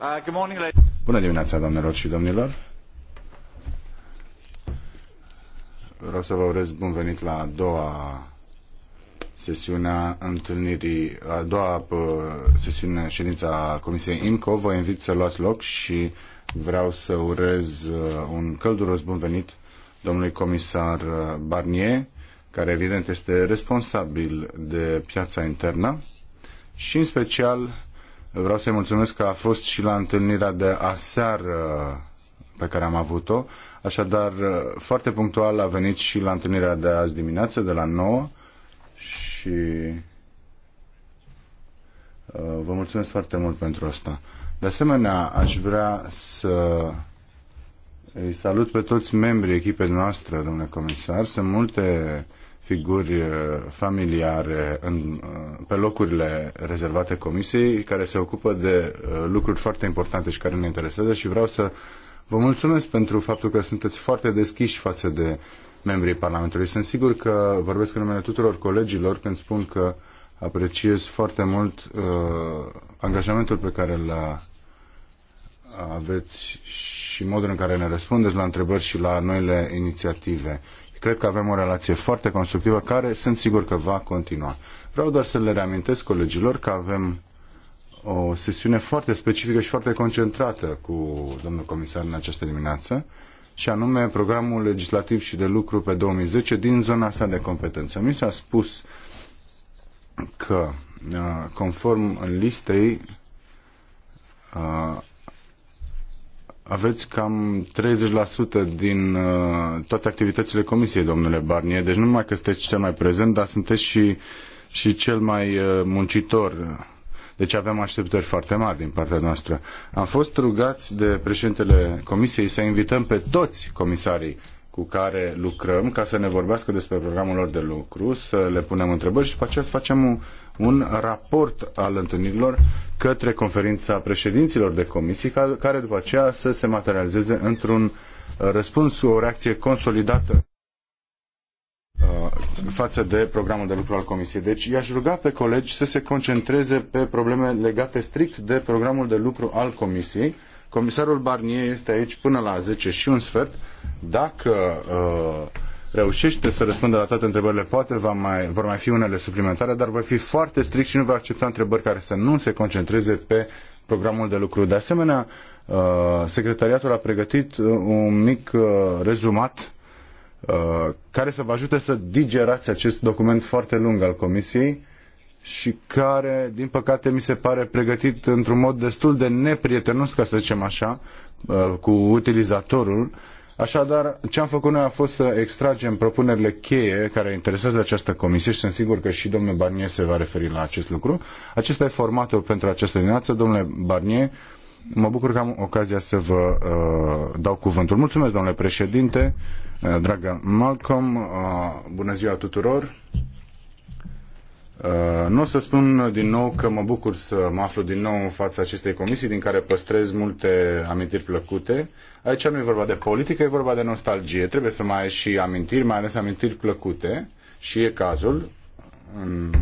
Uh, Bună dimineața, doamnelor și domnilor. Vreau să vă urez bun venit la a doua sesiunea întâlnirii, a doua uh, sesiune, ședința Comisiei IMCO. Vă invit să luați loc și vreau să urez uh, un călduros bun venit domnului comisar Barnier, care evident este responsabil de piața internă și în special vreau să-i mulțumesc că a fost și la întâlnirea de aseară pe care am avut-o. Așadar, foarte punctual a venit și la întâlnirea de azi dimineață, de la 9 și uh, vă mulțumesc foarte mult pentru asta. De asemenea, aș vrea să îi salut pe toți membrii echipei noastre, domnule comisar. Sunt multe figuri uh, familiare în, uh, pe locurile rezervate comisiei care se ocupă de uh, lucruri foarte importante și care ne interesează și vreau să vă mulțumesc pentru faptul că sunteți foarte deschiși față de membrii Parlamentului. Sunt sigur că vorbesc în numele tuturor colegilor când spun că apreciez foarte mult uh, angajamentul pe care l-a aveți și modul în care ne răspundeți la întrebări și la noile inițiative. Cred că avem o relație foarte constructivă care sunt sigur că va continua. Vreau doar să le reamintesc colegilor că avem o sesiune foarte specifică și foarte concentrată cu domnul comisar în această dimineață și anume programul legislativ și de lucru pe 2010 din zona sa de competență. Mi s-a spus că uh, conform listei uh, aveți cam 30% din uh, toate activitățile comisiei, domnule Barnier, deci nu numai că sunteți cel mai prezent, dar sunteți și, și cel mai uh, muncitor. Deci avem așteptări foarte mari din partea noastră. Am fost rugați de președintele comisiei să invităm pe toți comisarii cu care lucrăm ca să ne vorbească despre programul lor de lucru, să le punem întrebări și după aceea să facem un, un raport al întâlnirilor către conferința președinților de comisii, care după aceea să se materializeze într-un uh, răspuns, o reacție consolidată uh, față de programul de lucru al Comisiei. Deci i-aș ruga pe colegi să se concentreze pe probleme legate strict de programul de lucru al Comisiei. Comisarul Barnier este aici până la 10 și un sfert dacă uh, reușește să răspundă la toate întrebările, poate va mai, vor mai fi unele suplimentare, dar va fi foarte strict și nu va accepta întrebări care să nu se concentreze pe programul de lucru. De asemenea, uh, secretariatul a pregătit uh, un mic rezumat care să vă ajute să digerați acest document foarte lung al Comisiei și care, din păcate, mi se pare pregătit într-un mod destul de neprietenos, ca să zicem așa, cu utilizatorul Așadar, ce am făcut noi a fost să extragem propunerile cheie care interesează această comisie și sunt sigur că și domnul Barnier se va referi la acest lucru. Acesta e formatul pentru această dimineață. Domnule Barnier, mă bucur că am ocazia să vă uh, dau cuvântul. Mulțumesc, domnule președinte, uh, dragă Malcolm, uh, bună ziua tuturor. Uh, nu o să spun din nou că mă bucur să mă aflu din nou în fața acestei comisii, din care păstrez multe amintiri plăcute. Aici nu e vorba de politică, e vorba de nostalgie. Trebuie să mai ai și amintiri, mai ales amintiri plăcute, și e cazul în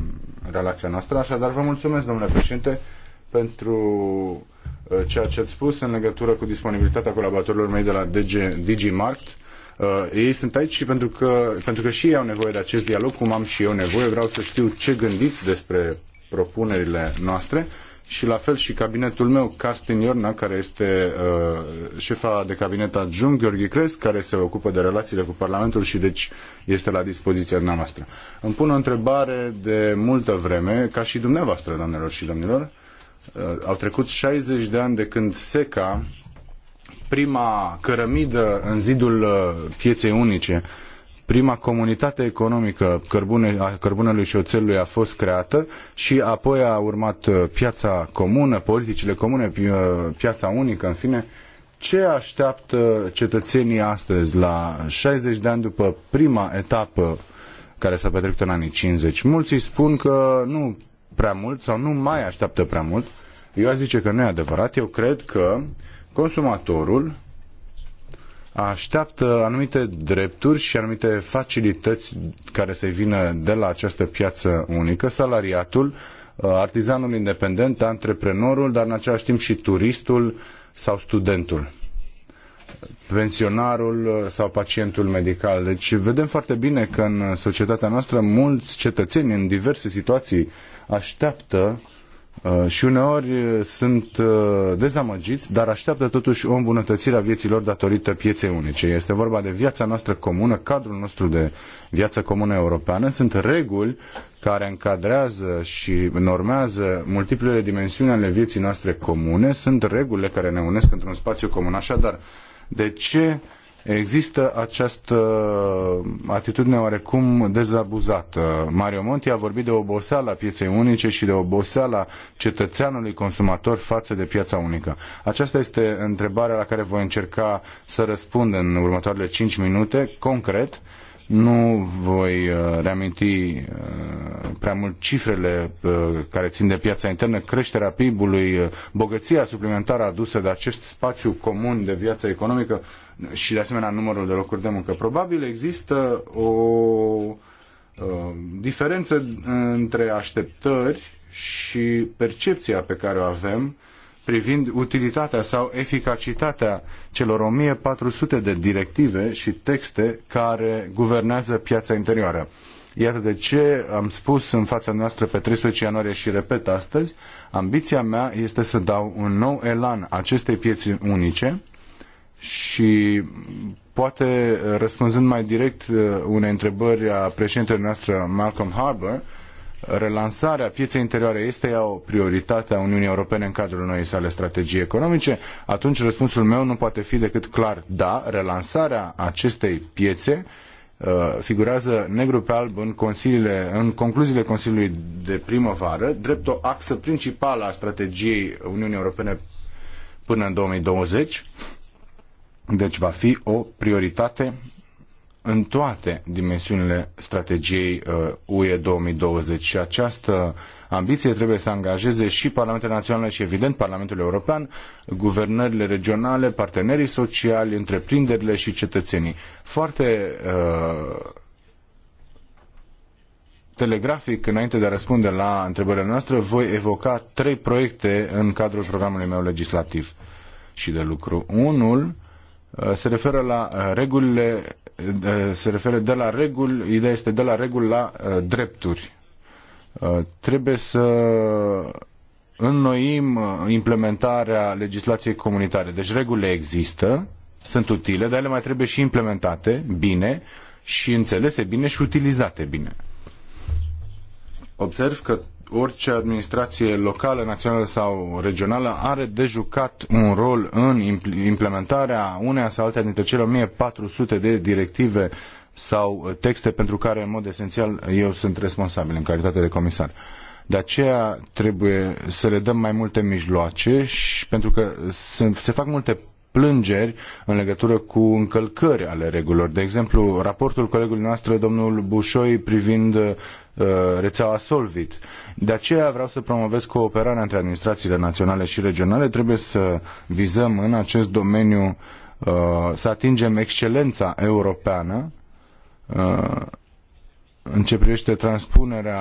relația noastră. Așadar, vă mulțumesc, domnule președinte, pentru uh, ceea ce ați spus în legătură cu disponibilitatea colaboratorilor mei de la DG, DigiMarkt Uh, ei sunt aici și pentru că, pentru că și ei au nevoie de acest dialog, cum am și eu nevoie. Vreau să știu ce gândiți despre propunerile noastre și la fel și cabinetul meu, Carsten Iorna, care este uh, șefa de cabinet adjunct, Gheorghe Cres, care se ocupă de relațiile cu Parlamentul și deci este la dispoziția noastră. Îmi pun o întrebare de multă vreme, ca și dumneavoastră, doamnelor și domnilor. Uh, au trecut 60 de ani de când SECA, prima cărămidă în zidul uh, pieței unice, prima comunitate economică cărbune, a cărbunelui și oțelului a fost creată și apoi a urmat uh, piața comună, politicile comune, uh, piața unică, în fine. Ce așteaptă cetățenii astăzi, la 60 de ani după prima etapă care s-a petrecut în anii 50? Mulți îi spun că nu prea mult sau nu mai așteaptă prea mult. Eu aș zice că nu e adevărat. Eu cred că uh, consumatorul așteaptă anumite drepturi și anumite facilități care să vină de la această piață unică, salariatul, uh, artizanul independent, antreprenorul, dar în același timp și turistul sau studentul pensionarul uh, sau pacientul medical. Deci vedem foarte bine că în societatea noastră mulți cetățeni în diverse situații așteaptă Uh, și uneori uh, sunt uh, dezamăgiți, dar așteaptă totuși o îmbunătățire a vieților datorită pieței unice. Este vorba de viața noastră comună, cadrul nostru de viață comună europeană. Sunt reguli care încadrează și normează multiplele dimensiuni ale vieții noastre comune. Sunt regulile care ne unesc într-un spațiu comun. Așadar, de ce există această atitudine oarecum dezabuzată. Mario Monti a vorbit de oboseala pieței unice și de oboseala cetățeanului consumator față de piața unică. Aceasta este întrebarea la care voi încerca să răspund în următoarele cinci minute, concret, nu voi uh, reaminti uh, prea mult cifrele uh, care țin de piața internă, creșterea PIB-ului, bogăția suplimentară adusă de acest spațiu comun de viață economică și, de asemenea, numărul de locuri de muncă. Probabil există o diferență între așteptări și percepția pe care o avem privind utilitatea sau eficacitatea celor 1400 de directive și texte care guvernează piața interioară. Iată de ce am spus în fața noastră pe 13 ianuarie și repet astăzi, ambiția mea este să dau un nou elan acestei piețe unice și poate răspunzând mai direct uh, unei întrebări a președintelui noastră Malcolm Harbour, relansarea pieței interioare este ea o prioritate a Uniunii Europene în cadrul noii sale strategii economice, atunci răspunsul meu nu poate fi decât clar da, relansarea acestei piețe uh, figurează negru pe alb în, consiliile, în concluziile Consiliului de primăvară, drept o axă principală a strategiei Uniunii Europene până în 2020. Deci va fi o prioritate în toate dimensiunile strategiei uh, UE 2020 și această ambiție trebuie să angajeze și Parlamentele Naționale și, evident, Parlamentul European, guvernările regionale, partenerii sociali, întreprinderile și cetățenii. Foarte uh, telegrafic, înainte de a răspunde la întrebările noastre, voi evoca trei proiecte în cadrul programului meu legislativ și de lucru. Unul uh, se referă la regulile se referă de la reguli, ideea este de la reguli la uh, drepturi. Uh, trebuie să înnoim uh, implementarea legislației comunitare. Deci regulile există, sunt utile, dar ele mai trebuie și implementate bine și înțelese bine și utilizate bine. Observ că orice administrație locală, națională sau regională are de jucat un rol în implementarea uneia sau altea dintre cele 1400 de directive sau texte pentru care, în mod esențial, eu sunt responsabil în calitate de comisar. De aceea trebuie să le dăm mai multe mijloace și pentru că se, se fac multe plângeri în legătură cu încălcări ale regulilor. De exemplu, raportul colegului noastră, domnul Bușoi, privind Uh, rețeaua Solvit. De aceea vreau să promovez cooperarea între administrațiile naționale și regionale. Trebuie să vizăm în acest domeniu uh, să atingem excelența europeană uh, în ce privește transpunerea,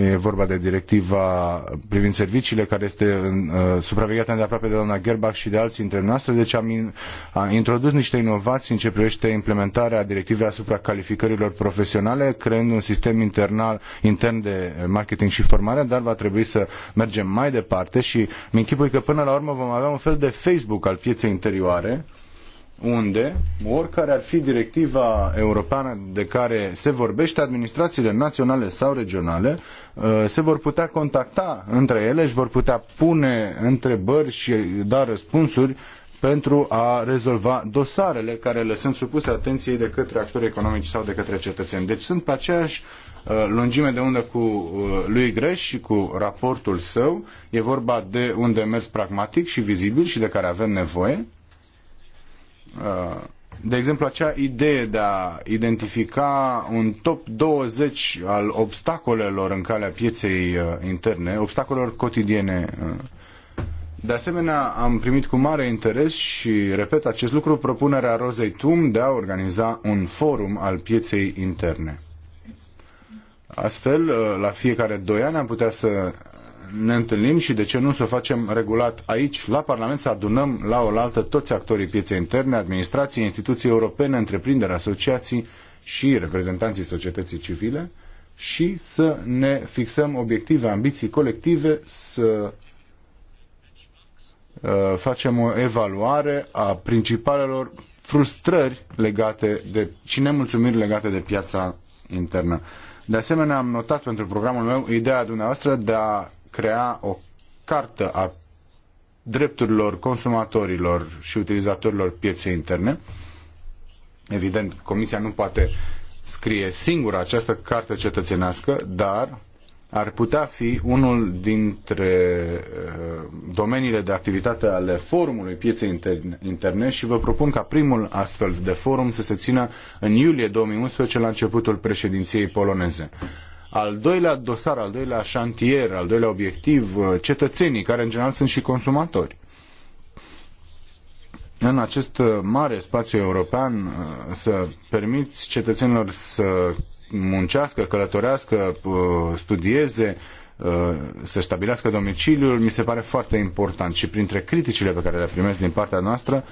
e vorba de directiva privind serviciile, care este uh, supravegheată de aproape de doamna Gerbach și de alții dintre noastre, deci am in, a introdus niște inovații în ce privește implementarea directivei asupra calificărilor profesionale, creând un sistem internal, intern de marketing și formare, dar va trebui să mergem mai departe și mi închipui că până la urmă vom avea un fel de Facebook al pieței interioare, uh, unde, oricare ar fi directiva europeană de care se vorbește, administrațiile naționale sau regionale uh, se vor putea contacta între ele, își vor putea pune întrebări și da răspunsuri pentru a rezolva dosarele care le sunt supuse atenției de către actori economici sau de către cetățeni. Deci sunt pe aceeași uh, lungime de undă cu uh, lui Greș și cu raportul său. E vorba de un demers pragmatic și vizibil și de care avem nevoie Uh, de exemplu, acea idee de a identifica un top 20 al obstacolelor în calea pieței uh, interne, obstacolelor cotidiene. Uh. De asemenea, am primit cu mare interes și, repet acest lucru, propunerea Rozei Tum de a organiza un forum al pieței interne. Astfel, la fiecare doi ani am putea să ne întâlnim și de ce nu să o facem regulat aici, la Parlament, să adunăm la oaltă toți actorii pieței interne, administrații, instituții europene, întreprinderi, asociații și reprezentanții societății civile și să ne fixăm obiective, ambiții colective, să uh, facem o evaluare a principalelor frustrări legate de, și nemulțumiri legate de piața internă. De asemenea, am notat pentru programul meu ideea dumneavoastră de a crea o cartă a drepturilor consumatorilor și utilizatorilor pieței interne. Evident, Comisia nu poate scrie singură această carte cetățenească, dar ar putea fi unul dintre uh, domeniile de activitate ale forumului pieței interne și vă propun ca primul astfel de forum să se țină în iulie 2011 la începutul președinției poloneze. Al doilea dosar, al doilea șantier, al doilea obiectiv, uh, cetățenii, care în general sunt și consumatori. În acest uh, mare spațiu european uh, să permiți cetățenilor să muncească, călătorească, studieze, să stabilească domiciliul, mi se pare foarte important și printre criticile pe care le primesc din partea noastră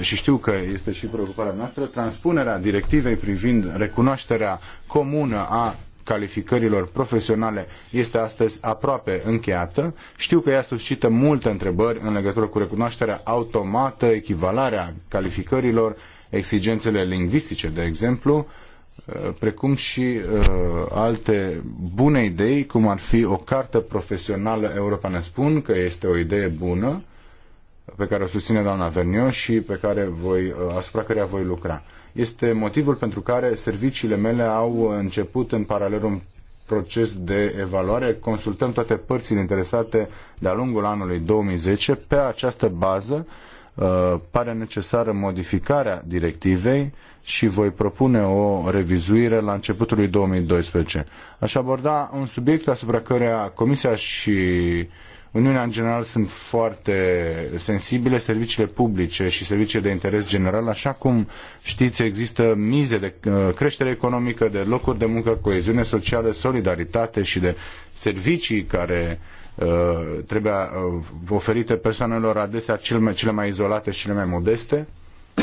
și știu că este și preocuparea noastră, transpunerea directivei privind recunoașterea comună a calificărilor profesionale este astăzi aproape încheiată. Știu că ea suscită multe întrebări în legătură cu recunoașterea automată, echivalarea calificărilor, exigențele lingvistice, de exemplu, uh, precum și uh, alte bune idei, cum ar fi o carte profesională europeană. Spun că este o idee bună pe care o susține doamna Vernio și pe care voi, uh, asupra căreia voi lucra este motivul pentru care serviciile mele au început în paralel un proces de evaluare. Consultăm toate părțile interesate de-a lungul anului 2010. Pe această bază uh, pare necesară modificarea directivei și voi propune o revizuire la începutul lui 2012. Aș aborda un subiect asupra căreia Comisia și Uniunea în general sunt foarte sensibile, serviciile publice și serviciile de interes general, așa cum știți, există mize de uh, creștere economică, de locuri de muncă, coeziune socială, solidaritate și de servicii care uh, trebuie uh, oferite persoanelor adesea cele mai, cele mai izolate și cele mai modeste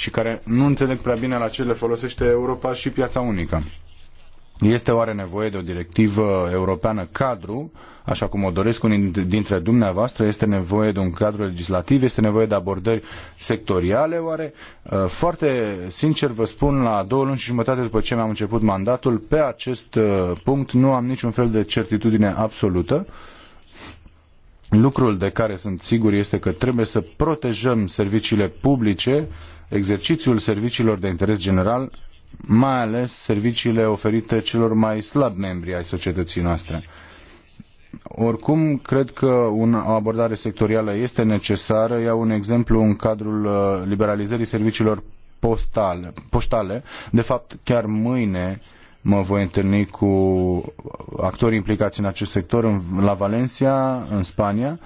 și care nu înțeleg prea bine la ce le folosește Europa și piața unică. Este oare nevoie de o directivă europeană cadru așa cum o doresc unii dintre dumneavoastră, este nevoie de un cadru legislativ, este nevoie de abordări sectoriale, oare? Uh, foarte sincer vă spun, la două luni și jumătate după ce mi-am început mandatul, pe acest uh, punct nu am niciun fel de certitudine absolută. Lucrul de care sunt sigur este că trebuie să protejăm serviciile publice, exercițiul serviciilor de interes general, mai ales serviciile oferite celor mai slabi membri ai societății noastre. Oricum, cred că un, o abordare sectorială este necesară. Iau un exemplu în cadrul uh, liberalizării serviciilor postale, poștale. De fapt, chiar mâine mă voi întâlni cu actorii implicați în acest sector în, la Valencia, în Spania,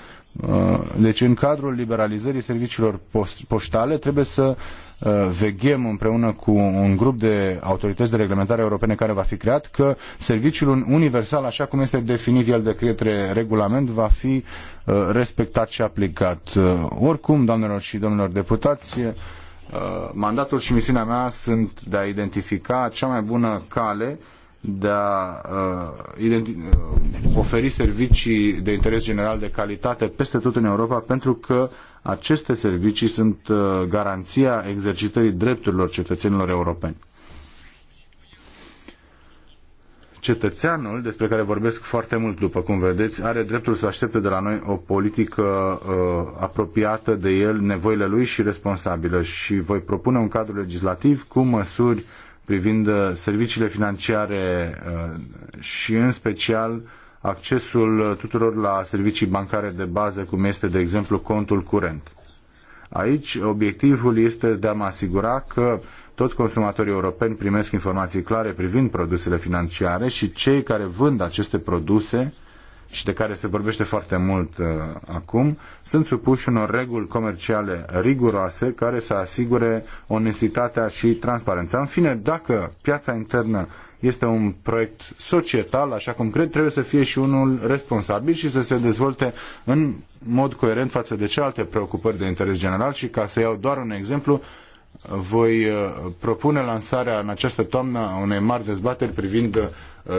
Uh, deci în cadrul liberalizării serviciilor poștale trebuie să uh, veghem împreună cu un grup de autorități de reglementare europene care va fi creat că serviciul universal, așa cum este definit el de către regulament, va fi uh, respectat și aplicat. Oricum, doamnelor și domnilor deputați, mandatul și misiunea mea sunt de a identifica cea mai bună cale de a uh, uh, oferi servicii de interes general de calitate peste tot în Europa, pentru că aceste servicii sunt uh, garanția exercitării drepturilor cetățenilor europeni. Cetățeanul, despre care vorbesc foarte mult, după cum vedeți, are dreptul să aștepte de la noi o politică uh, apropiată de el, nevoile lui și responsabilă. Și voi propune un cadru legislativ cu măsuri uh, privind uh, serviciile financiare uh, și în special accesul uh, tuturor la servicii bancare de bază, cum este, de exemplu, contul curent. Aici obiectivul este de a mă asigura că toți consumatorii europeni primesc informații clare privind produsele financiare și cei care vând aceste produse și de care se vorbește foarte mult uh, acum, sunt supuși unor reguli comerciale riguroase care să asigure onestitatea și transparența. În fine, dacă piața internă este un proiect societal, așa cum cred, trebuie să fie și unul responsabil și să se dezvolte în mod coerent față de celelalte preocupări de interes general și ca să iau doar un exemplu, voi uh, propune lansarea în această toamnă a unei mari dezbateri privind uh,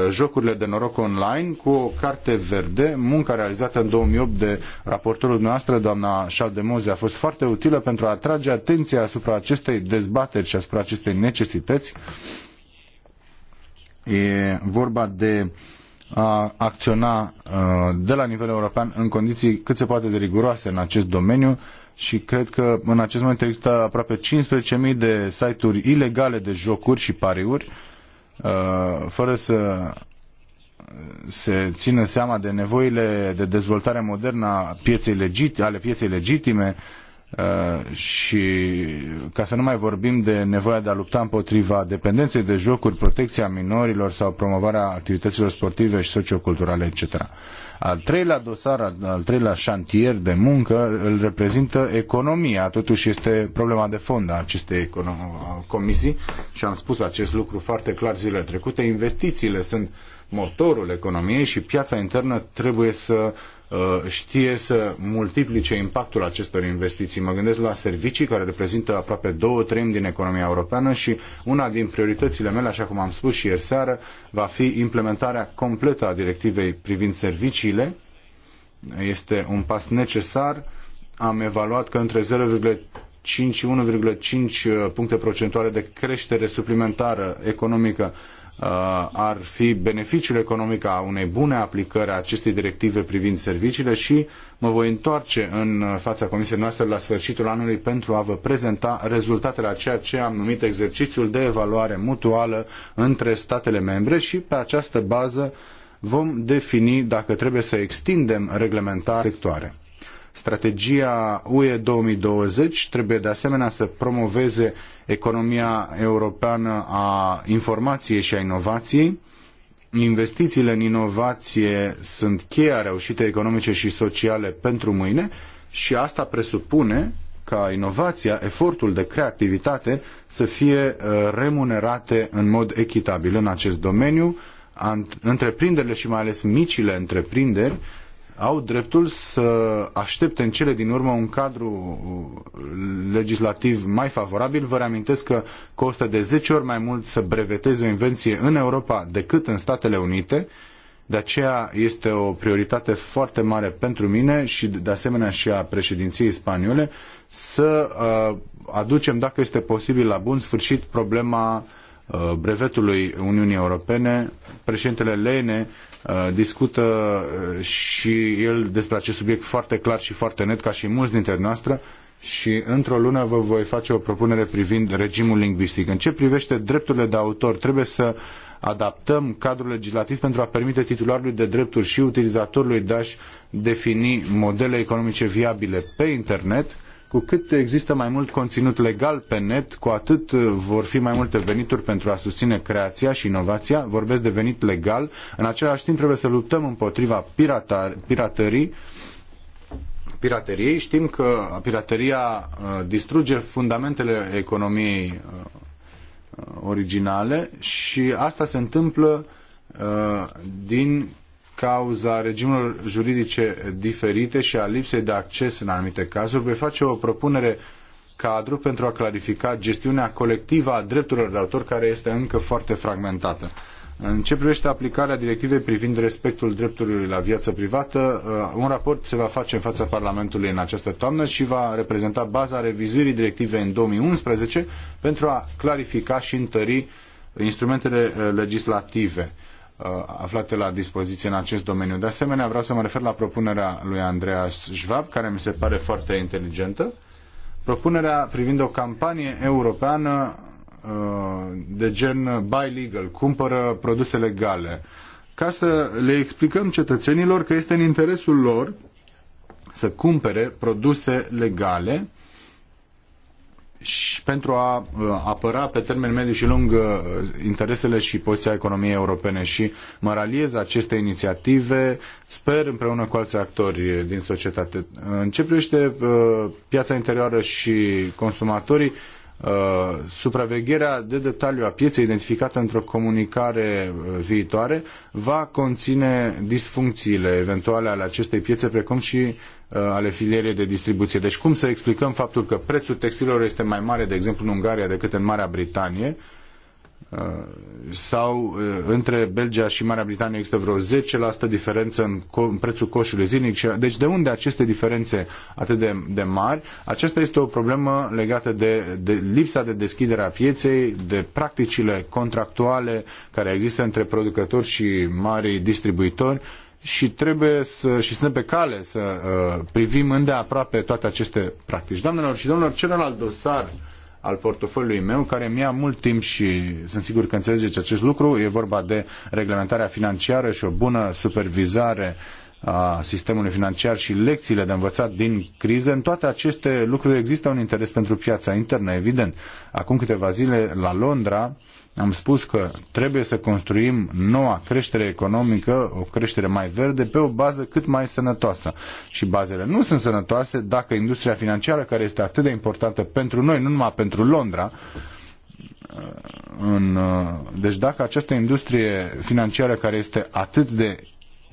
jocurile de noroc online cu o carte verde, munca realizată în 2008 de raportorul noastră, doamna Șaldemoze, a fost foarte utilă pentru a atrage atenția asupra acestei dezbateri și asupra acestei necesități. E vorba de a acționa uh, de la nivel european în condiții cât se poate de riguroase în acest domeniu, și cred că în acest moment există aproape 15.000 de site-uri ilegale de jocuri și pariuri, uh, fără să se țină seama de nevoile de dezvoltare modernă a pieței legit- ale pieței legitime uh, și ca să nu mai vorbim de nevoia de a lupta împotriva dependenței de jocuri, protecția minorilor sau promovarea activităților sportive și socioculturale, etc. Al treilea dosar, al treilea șantier de muncă îl reprezintă economia. Totuși este problema de fond a acestei comisii și am spus acest lucru foarte clar zilele trecute. Investițiile sunt motorul economiei și piața internă trebuie să Uh, știe să multiplice impactul acestor investiții. Mă gândesc la servicii care reprezintă aproape două treimi din economia europeană și una din prioritățile mele, așa cum am spus și ieri seară, va fi implementarea completă a directivei privind serviciile. Este un pas necesar. Am evaluat că între 0,5 și 1,5 uh, puncte procentuale de creștere suplimentară economică Uh, ar fi beneficiul economic a unei bune aplicări a acestei directive privind serviciile și mă voi întoarce în fața comisiei noastre la sfârșitul anului pentru a vă prezenta rezultatele a ceea ce am numit exercițiul de evaluare mutuală între statele membre și pe această bază vom defini dacă trebuie să extindem reglementarea sectoare. Strategia UE 2020 trebuie de asemenea să promoveze economia europeană a informației și a inovației. Investițiile în inovație sunt cheia reușitei economice și sociale pentru mâine și asta presupune ca inovația, efortul de creativitate să fie uh, remunerate în mod echitabil în acest domeniu. Întreprinderile și mai ales micile întreprinderi au dreptul să aștepte în cele din urmă un cadru uh, legislativ mai favorabil. Vă reamintesc că costă de zece ori mai mult să brevetezi o invenție în Europa decât în Statele Unite. De aceea este o prioritate foarte mare pentru mine și de asemenea și a președinției spaniole să uh, aducem, dacă este posibil, la bun sfârșit problema uh, brevetului Uniunii Europene. Președintele Leine Uh, discută uh, și el despre acest subiect foarte clar și foarte net, ca și mulți dintre noastre, și într-o lună vă voi face o propunere privind regimul lingvistic. În ce privește drepturile de autor, trebuie să adaptăm cadrul legislativ pentru a permite titularului de drepturi și utilizatorului de a-și defini modele economice viabile pe internet cu cât există mai mult conținut legal pe net, cu atât uh, vor fi mai multe venituri pentru a susține creația și inovația. Vorbesc de venit legal. În același timp trebuie să luptăm împotriva piratar- piratării pirateriei. Știm că pirateria uh, distruge fundamentele economiei uh, originale și asta se întâmplă din cauza regimurilor juridice diferite și a lipsei de acces în anumite cazuri, voi face o propunere cadru pentru a clarifica gestiunea colectivă a drepturilor de autor care este încă foarte fragmentată. În ce privește aplicarea directivei privind respectul drepturilor la viață privată, uh, un raport se va face în fața Parlamentului în această toamnă și va reprezenta baza revizuirii directivei în 2011 pentru a clarifica și întări instrumentele uh, legislative. Uh, aflate la dispoziție în acest domeniu. De asemenea, vreau să mă refer la propunerea lui Andreas Schwab, care mi se pare foarte inteligentă. Propunerea privind o campanie europeană uh, de gen buy legal, cumpără produse legale, ca să le explicăm cetățenilor că este în interesul lor să cumpere produse legale și pentru a uh, apăra pe termen mediu și lung uh, interesele și poziția economiei europene și mă raliez aceste inițiative, sper împreună cu alți actori din societate. În ce privește uh, piața interioară și consumatorii, Uh, supravegherea de detaliu a pieței identificată într-o comunicare uh, viitoare va conține disfuncțiile eventuale ale acestei piețe, precum și uh, ale filierei de distribuție. Deci cum să explicăm faptul că prețul textilor este mai mare, de exemplu, în Ungaria decât în Marea Britanie, uh, Uh, sau uh, între Belgia și Marea Britanie există vreo 10% diferență în, co- în prețul coșului zilnic. deci de unde aceste diferențe atât de, de mari? Aceasta este o problemă legată de, de lipsa de deschidere a pieței, de practicile contractuale care există între producători și mari distribuitori și trebuie să, și suntem pe cale să uh, privim îndeaproape toate aceste practici. Doamnelor și domnilor, celălalt dosar uh, al portofoliului meu, care mi-a mult timp și sunt sigur că înțelegeți acest lucru. E vorba de reglementarea financiară și o bună supervizare a sistemului financiar și lecțiile de învățat din criză, în toate aceste lucruri există un interes pentru piața internă, evident. Acum câteva zile la Londra am spus că trebuie să construim noua creștere economică, o creștere mai verde, pe o bază cât mai sănătoasă. Și bazele nu sunt sănătoase dacă industria financiară, care este atât de importantă pentru noi, nu numai pentru Londra, în, deci dacă această industrie financiară care este atât de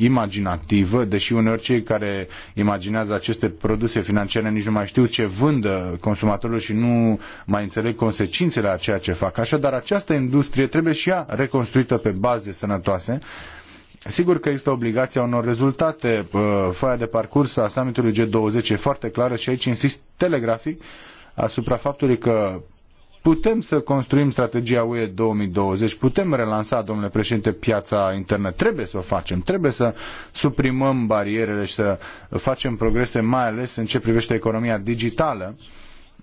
imaginativă, deși uneori cei care imaginează aceste produse financiare nici nu mai știu ce vând consumatorul și nu mai înțeleg consecințele a ceea ce fac. Așadar, această industrie trebuie și ea reconstruită pe baze sănătoase, Sigur că există obligația unor rezultate. Uh, foaia de parcurs a summitului G20 e foarte clară și aici insist telegrafic asupra faptului că putem să construim strategia UE 2020, putem relansa, domnule președinte, piața internă. Trebuie să o facem, trebuie să suprimăm barierele și să facem progrese, mai ales în ce privește economia digitală.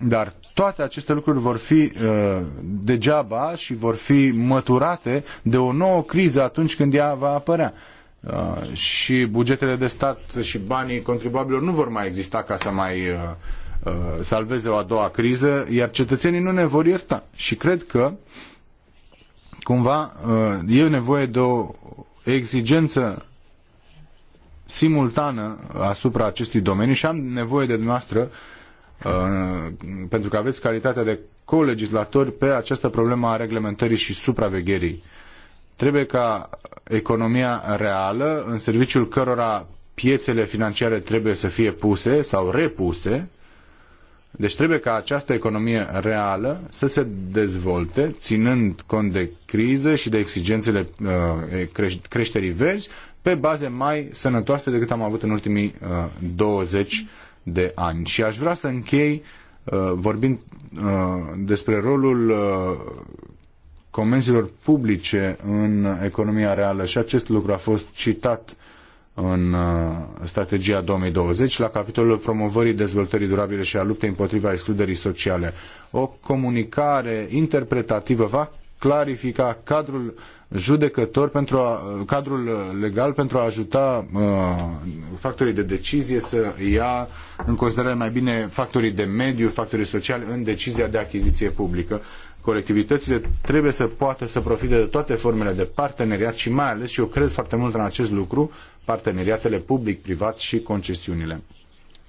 Dar toate aceste lucruri vor fi uh, degeaba și vor fi măturate de o nouă criză atunci când ea va apărea. Uh, și bugetele de stat și banii contribuabililor nu vor mai exista ca să mai uh, Uh, salveze o a doua criză, iar cetățenii nu ne vor ierta. Și cred că cumva uh, e nevoie de o exigență simultană asupra acestui domeniu și am nevoie de dumneavoastră uh, pentru că aveți calitatea de colegislatori pe această problemă a reglementării și supravegherii. Trebuie ca economia reală, în serviciul cărora piețele financiare trebuie să fie puse sau repuse, deci trebuie ca această economie reală să se dezvolte, ținând cont de crize și de exigențele uh, creșterii verzi, pe baze mai sănătoase decât am avut în ultimii 20 uh, de ani. Și aș vrea să închei uh, vorbind despre rolul comenzilor publice în economia reală și acest lucru a fost citat în uh, strategia 2020 la capitolul promovării dezvoltării durabile și a luptei împotriva excluderii sociale. O comunicare interpretativă va clarifica cadrul judecător pentru a, cadrul legal pentru a ajuta uh, factorii de decizie să ia în considerare mai bine factorii de mediu, factorii sociali în decizia de achiziție publică colectivitățile trebuie să poată să profite de toate formele de parteneriat și mai ales, și eu cred foarte mult în acest lucru, parteneriatele public-privat și concesiunile.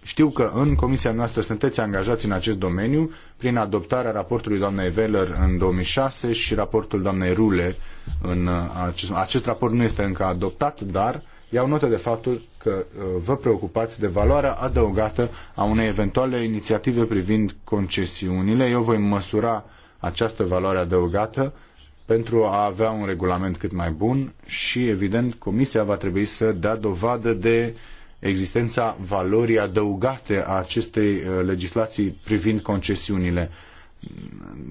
Știu că în comisia noastră sunteți angajați în acest domeniu prin adoptarea raportului doamnei Veller în 2006 și raportul doamnei Rule în uh, acest, acest raport nu este încă adoptat, dar iau notă de faptul că uh, vă preocupați de valoarea adăugată a unei eventuale inițiative privind concesiunile. Eu voi măsura această valoare adăugată pentru a avea un regulament cât mai bun și, evident, Comisia va trebui să dea dovadă de existența valorii adăugate a acestei uh, legislații privind concesiunile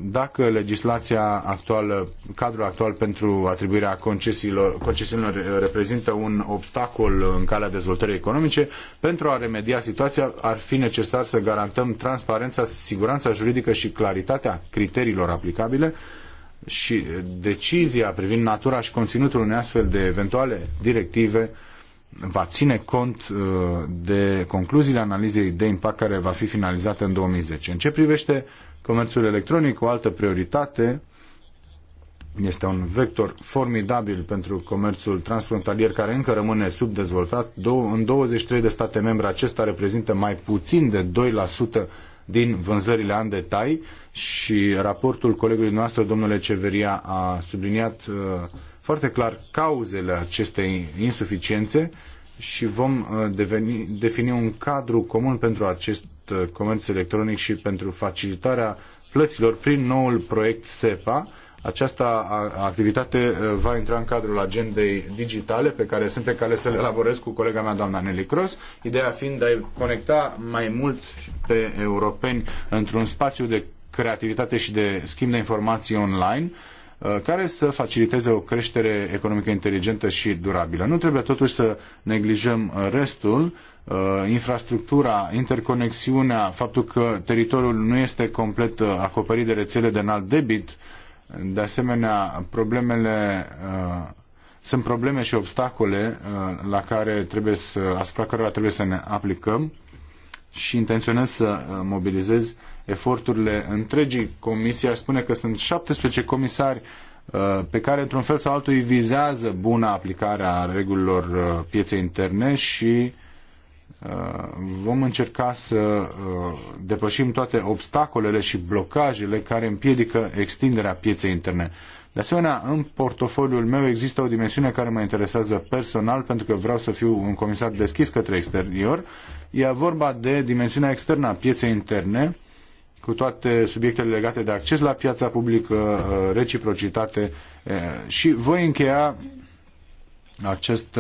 dacă legislația actuală, cadrul actual pentru atribuirea concesiilor, concesiilor reprezintă un obstacol în calea dezvoltării economice, pentru a remedia situația ar fi necesar să garantăm transparența, siguranța juridică și claritatea criteriilor aplicabile și decizia privind natura și conținutul unei astfel de eventuale directive va ține cont uh, de concluziile analizei de impact care va fi finalizată în 2010. În ce privește Comerțul electronic, o altă prioritate, este un vector formidabil pentru comerțul transfrontalier care încă rămâne subdezvoltat. În 23 de state membre acesta reprezintă mai puțin de 2% din vânzările an detai și raportul colegului noastră, domnule Ceveria, a subliniat uh, foarte clar cauzele acestei insuficiențe și vom uh, deveni, defini un cadru comun pentru acest Uh, comerț electronic și pentru facilitarea plăților prin noul proiect SEPA. Această activitate uh, va intra în cadrul agendei digitale pe care sunt pe care să le elaborez cu colega mea, doamna Nelly Cross, ideea fiind de a conecta mai mult pe europeni într-un spațiu de creativitate și de schimb de informații online, uh, care să faciliteze o creștere economică inteligentă și durabilă. Nu trebuie totuși să neglijăm restul Uh, infrastructura, interconexiunea, faptul că teritoriul nu este complet uh, acoperit de rețele de înalt debit, de asemenea, problemele uh, sunt probleme și obstacole la care trebuie să, asupra cărora trebuie să ne aplicăm și intenționez să mobilizez eforturile întregii comisii. Aș spune că sunt 17 comisari pe care, într-un fel sau altul, îi vizează buna aplicare a regulilor pieței interne și uh, Uh, vom încerca să uh, depășim toate obstacolele și blocajele care împiedică extinderea pieței interne. De asemenea, în portofoliul meu există o dimensiune care mă interesează personal pentru că vreau să fiu un comisar deschis către exterior. E vorba de dimensiunea externă a pieței interne cu toate subiectele legate de acces la piața publică, uh, reciprocitate și voi încheia acest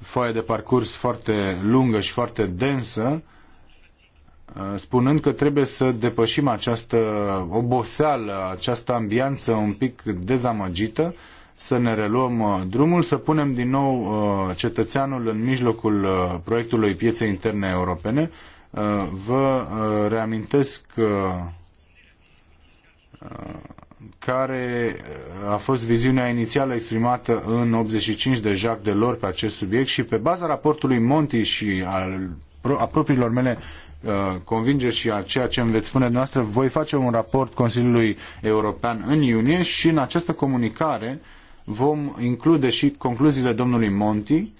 foaie de parcurs foarte lungă și foarte densă, uh, spunând că trebuie să depășim această oboseală, această ambianță un pic dezamăgită, să ne reluăm uh, drumul, să punem din nou uh, cetățeanul în mijlocul proiectului pieței interne europene. Vă reamintesc care uh, a fost viziunea inițială exprimată în 85 de Jacques Delors pe acest subiect și pe baza raportului Monti și al, a propriilor mele uh, convingeri și a ceea ce îmi veți spune dumneavoastră, voi face un raport Consiliului European în iunie și în această comunicare vom include și concluziile domnului Monti.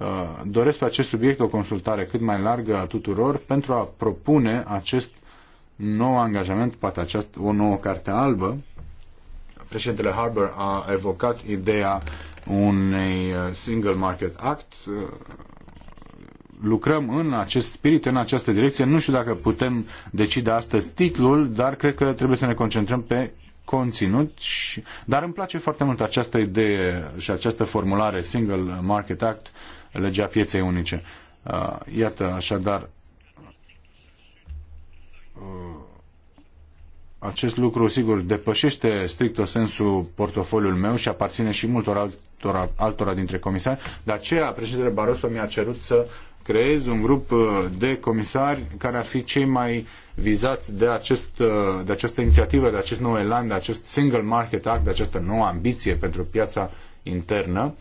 Uh, doresc pe acest subiect o consultare cât mai largă a tuturor pentru a propune acest nou angajament, poate aceast, o nouă carte albă Președintele Harbour a evocat ideea unei uh, Single Market Act. Uh, lucrăm în acest spirit, în această direcție. Nu știu dacă putem decide astăzi titlul, dar cred că trebuie să ne concentrăm pe conținut, și, dar îmi place foarte mult această idee și această formulare Single Market Act, legea pieței unice. Uh, iată, așadar, acest lucru, sigur, depășește strict o sensul portofoliul meu și aparține și multor altora, altora dintre comisari. De aceea, președintele Barroso mi-a cerut să creez un grup uh, de comisari care ar fi cei mai vizați de, acest, uh, de această inițiativă, de acest nou elan, de acest Single Market Act, de această nouă ambiție pentru piața internă.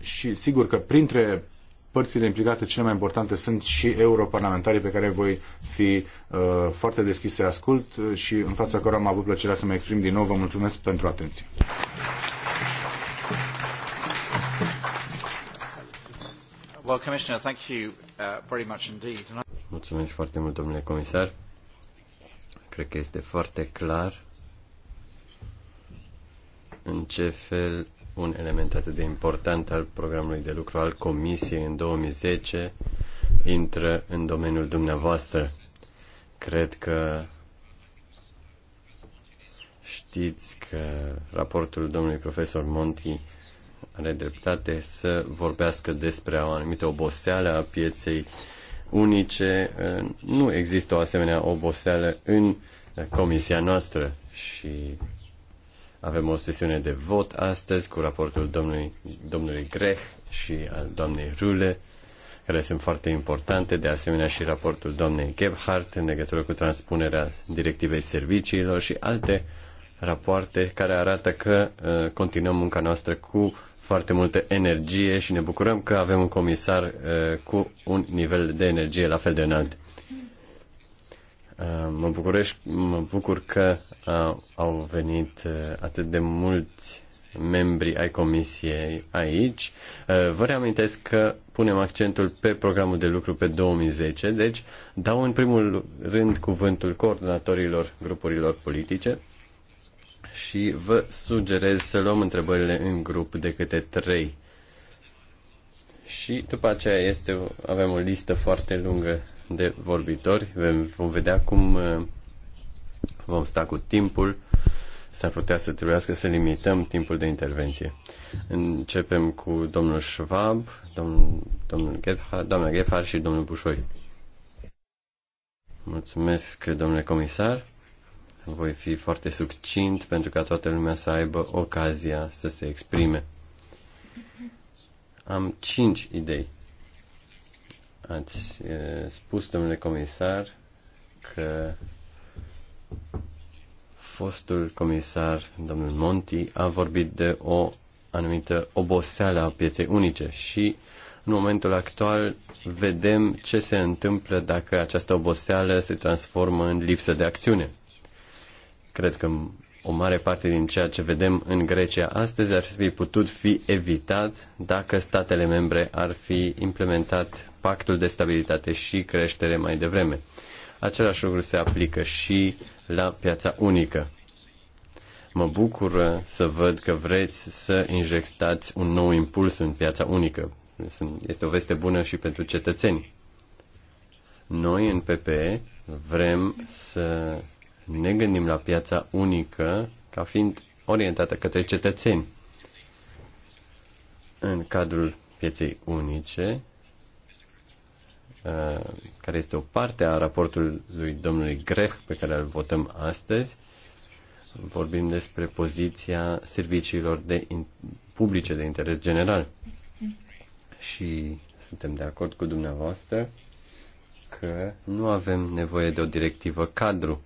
Și sigur că printre părțile implicate cele mai importante sunt și europarlamentarii pe care voi fi uh, foarte deschis să ascult uh, și în fața cărora am avut plăcerea să mă exprim din nou. Vă mulțumesc pentru atenție. Well, Commissioner, thank you uh, very much indeed. Mulțumesc foarte mult, domnule comisar. Cred că este foarte clar în ce fel un element atât de important al programului de lucru al Comisiei în 2010 intră în domeniul dumneavoastră. Cred că știți că raportul domnului profesor Monti are dreptate să vorbească despre o anumită oboseală a pieței unice. Nu există o asemenea oboseală în comisia noastră și avem o sesiune de vot astăzi cu raportul domnului, domnului Greh și al doamnei Rule, care sunt foarte importante, de asemenea și raportul doamnei Gebhardt în legătură cu transpunerea directivei serviciilor și alte rapoarte care arată că uh, continuăm munca noastră cu foarte multă energie și ne bucurăm că avem un comisar uh, cu un nivel de energie la fel de înalt. Uh, mă, bucurești, mă bucur că uh, au venit uh, atât de mulți membri ai comisiei aici. Vă reamintesc că punem accentul pe programul de lucru pe 2010, deci dau în primul rând cuvântul coordonatorilor grupurilor politice și vă sugerez să luăm întrebările în grup de câte trei. Și după aceea este, avem o listă foarte lungă de vorbitori. Vom vedea cum uh, vom sta cu timpul. S-ar putea să trebuiască să limităm timpul de intervenție. Începem cu domnul Schwab, domnul, domnul Gebhard, doamna și domnul Bușoi. Mulțumesc, domnule comisar. Voi fi foarte succint pentru ca toată lumea să aibă ocazia să se exprime. Am cinci idei. Ați spus, domnule comisar, că fostul comisar, domnul Monti, a vorbit de o anumită oboseală a pieței unice și în momentul actual vedem ce se întâmplă dacă această oboseală se transformă în lipsă de acțiune. Cred că o mare parte din ceea ce vedem în Grecia astăzi ar fi putut fi evitat dacă statele membre ar fi implementat pactul de stabilitate și creștere mai devreme. Același lucru se aplică și la piața unică. Mă bucur să văd că vreți să injectați un nou impuls în piața unică. Este o veste bună și pentru cetățeni. Noi în PPE vrem să ne gândim la piața unică ca fiind orientată către cetățeni. În cadrul pieței unice Uh, care este o parte a raportului domnului Greh pe care îl votăm astăzi. Vorbim despre poziția serviciilor de in, publice de interes general. Și suntem de acord cu dumneavoastră că nu avem nevoie de o directivă cadru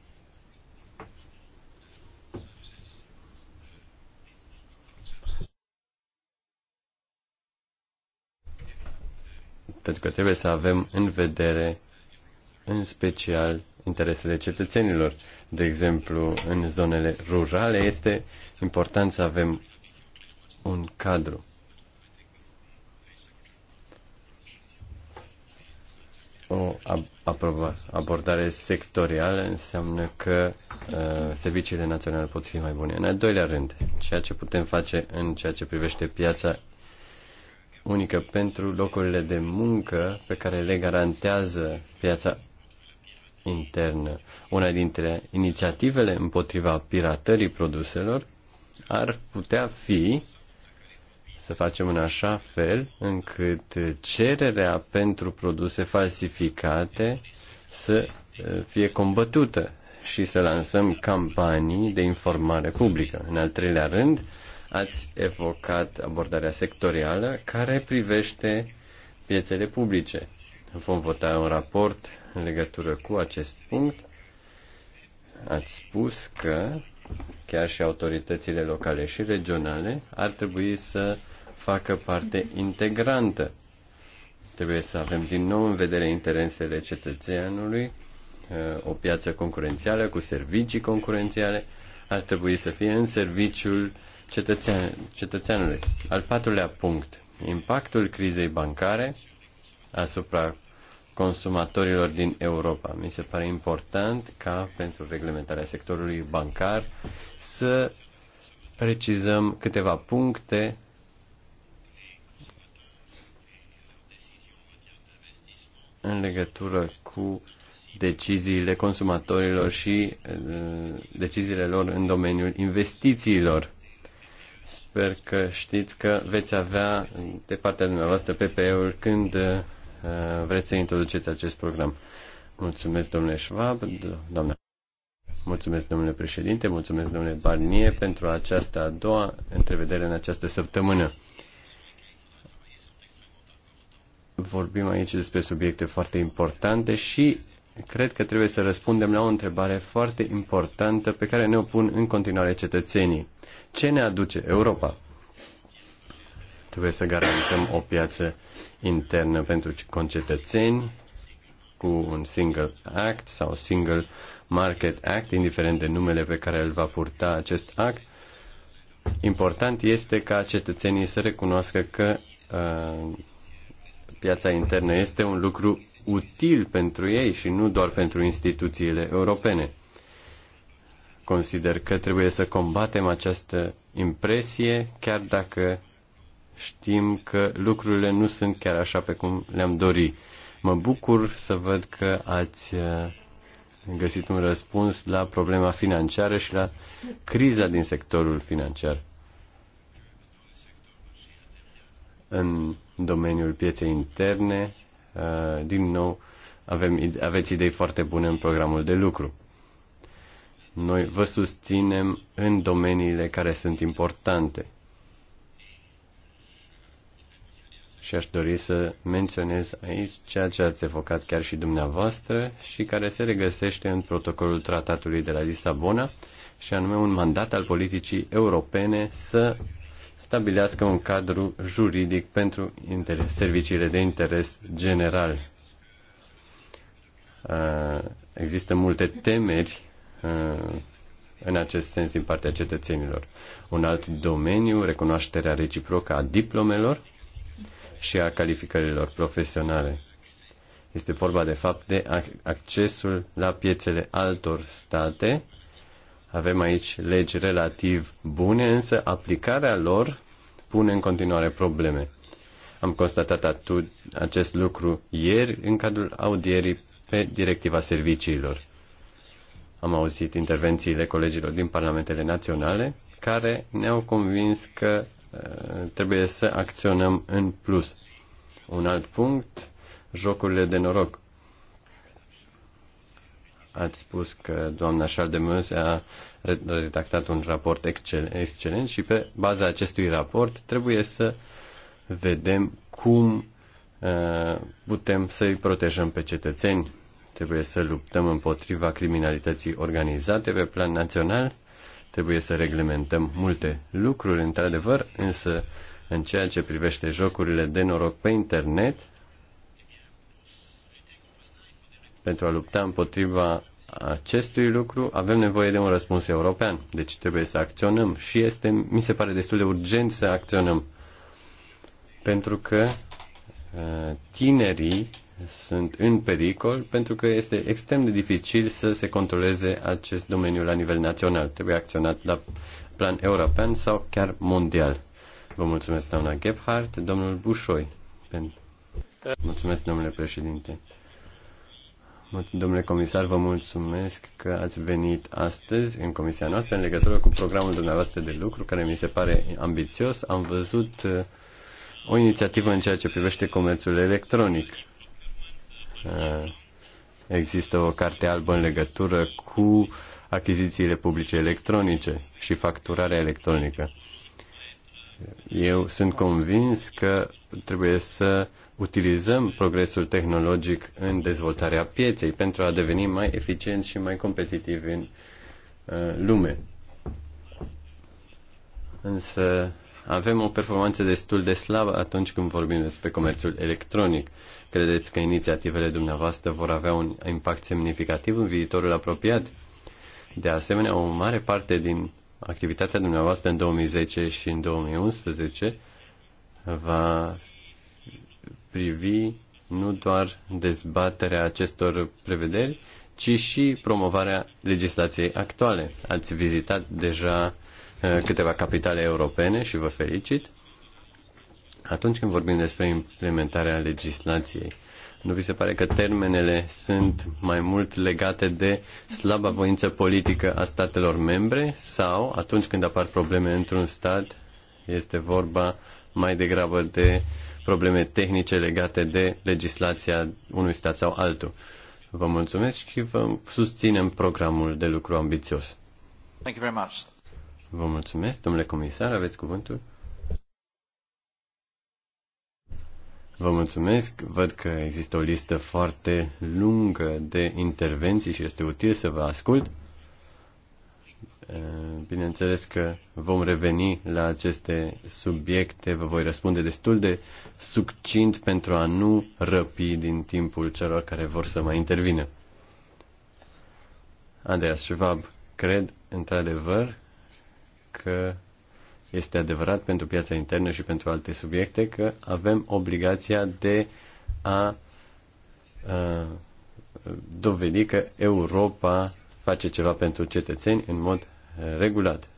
pentru că trebuie să avem în vedere în special interesele cetățenilor. De exemplu, în zonele rurale este important să avem un cadru. O abordare sectorială înseamnă că uh, serviciile naționale pot fi mai bune. În al doilea rând, ceea ce putem face în ceea ce privește piața unică pentru locurile de muncă pe care le garantează piața internă. Una dintre inițiativele împotriva piratării produselor ar putea fi să facem în așa fel încât cererea pentru produse falsificate să fie combătută și să lansăm campanii de informare publică. În al treilea rând, ați evocat abordarea sectorială care privește piețele publice. Vom vota un raport în legătură cu acest punct. Ați spus că chiar și autoritățile locale și regionale ar trebui să facă parte integrantă. Trebuie să avem din nou în vedere interesele cetățeanului, uh, o piață concurențială cu servicii concurențiale, ar trebui să fie în serviciul uh, cetățean, cetățeanului. Al patrulea punct. Impactul crizei bancare asupra consumatorilor din Europa. Mi se pare important ca pentru reglementarea sectorului bancar să precizăm câteva puncte în legătură cu deciziile consumatorilor și eh, deciziile lor în domeniul investițiilor. Sper că știți că veți avea de partea dumneavoastră PPE-ul când uh, vreți să introduceți acest program. Mulțumesc, domnule Schwab, doamna. Mulțumesc, domnule președinte, mulțumesc, domnule Barnier, pentru această a doua întrevedere în această săptămână. Vorbim aici despre subiecte foarte importante și cred că trebuie să răspundem la o întrebare foarte importantă pe care ne-o pun în continuare cetățenii ce ne aduce Europa. Trebuie să garantăm o piață internă pentru concetățeni cu un single act sau single market act, indiferent de numele pe care îl va purta acest act. Important este ca cetățenii să recunoască că uh, piața internă este un lucru util pentru ei și nu doar pentru instituțiile europene. Consider că trebuie să combatem această impresie, chiar dacă știm că lucrurile nu sunt chiar așa pe cum le-am dori. Mă bucur să văd că ați uh, găsit un răspuns la problema financiară și la criza din sectorul financiar. În domeniul pieței interne, uh, din nou, avem, aveți idei foarte bune în programul de lucru. Noi vă susținem în domeniile care sunt importante. Și aș dori să menționez aici ceea ce ați evocat chiar și dumneavoastră și care se regăsește în protocolul tratatului de la Lisabona, și anume un mandat al politicii europene să stabilească un cadru juridic pentru interes, serviciile de interes general. Uh, există multe temeri Uh, în acest sens din partea cetățenilor. Un alt domeniu, recunoașterea reciprocă a diplomelor și a calificărilor profesionale. Este vorba de fapt de accesul la piețele altor state. Avem aici legi relativ bune, însă aplicarea lor pune în continuare probleme. Am constatat atât acest lucru ieri în cadrul audierii pe directiva serviciilor. Am auzit intervențiile colegilor din parlamentele naționale care ne-au convins că uh, trebuie să acționăm în plus. Un alt punct, jocurile de noroc. Ați spus că doamna Charles a redactat un raport excelent și pe baza acestui raport trebuie să vedem cum uh, putem să i protejăm pe cetățeni Trebuie să luptăm împotriva criminalității organizate pe plan național. Trebuie să reglementăm multe lucruri, într-adevăr, însă în ceea ce privește jocurile de noroc pe internet, pentru a lupta împotriva acestui lucru, avem nevoie de un răspuns european. Deci trebuie să acționăm și este, mi se pare destul de urgent să acționăm. Pentru că uh, tinerii sunt în pericol pentru că este extrem de dificil să se controleze acest domeniu la nivel național. Trebuie acționat la plan european sau chiar mondial. Vă mulțumesc, doamna Gebhardt, domnul Bușoi. Mulțumesc, domnule președinte. Domnule comisar, vă mulțumesc că ați venit astăzi în comisia noastră în legătură cu programul dumneavoastră de lucru, care mi se pare ambițios. Am văzut uh, o inițiativă în ceea ce privește comerțul electronic Eh, există o carte albă în legătură cu achizițiile publice electronice și facturarea electronică. Eu sunt convins că trebuie să utilizăm progresul tehnologic în dezvoltarea pieței pentru a deveni mai eficienți și mai competitivi în eh, lume. Însă avem o performanță destul de slabă atunci când vorbim despre comerțul electronic. Uh, Credeți că inițiativele dumneavoastră vor avea un impact semnificativ în viitorul apropiat? De asemenea, o mare parte din activitatea dumneavoastră în 2010 și în 2011 va privi nu doar dezbaterea acestor prevederi, ci și promovarea legislației actuale. Ați vizitat deja eh, câteva capitale europene și vă felicit. Atunci când vorbim despre implementarea legislației, nu vi se pare că termenele sunt mai mult legate de slaba voință politică a statelor membre sau atunci când apar probleme într-un stat este vorba mai degrabă de probleme tehnice legate de legislația unui stat sau altul? Vă mulțumesc și vă susținem programul de lucru ambițios. Thank you very much. Vă mulțumesc, domnule comisar, aveți cuvântul. Vă mulțumesc. Văd că există o listă foarte lungă de intervenții și este util să vă ascult. Bineînțeles că vom reveni la aceste subiecte, vă voi răspunde destul de succint pentru a nu răpi din timpul celor care vor să mai intervină. Andreas Schwab, cred într-adevăr că este adevărat pentru piața internă și pentru alte subiecte că avem obligația de a, a dovedi că Europa face ceva pentru cetățeni în mod regulat.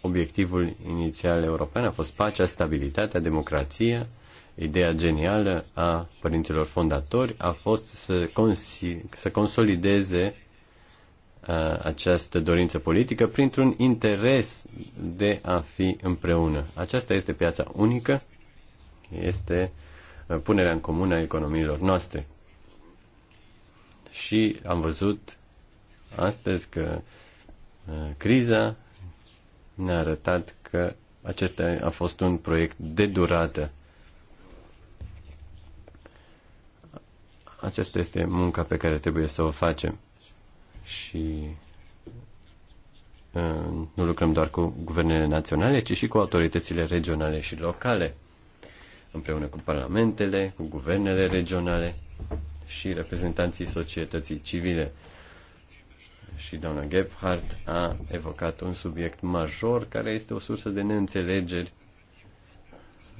Obiectivul inițial european a fost pacea, stabilitatea, democrația. Ideea genială a părinților fondatori a fost să, consi- să consolideze această dorință politică printr-un interes de a fi împreună. Aceasta este piața unică, este punerea în comun a economiilor noastre. Și am văzut astăzi că criza ne-a arătat că acesta a fost un proiect de durată. Aceasta este munca pe care trebuie să o facem și uh, nu lucrăm doar cu guvernele naționale, ci și cu autoritățile regionale și locale, împreună cu parlamentele, cu guvernele regionale și reprezentanții societății civile. Și doamna Gebhardt a evocat un subiect major care este o sursă de neînțelegeri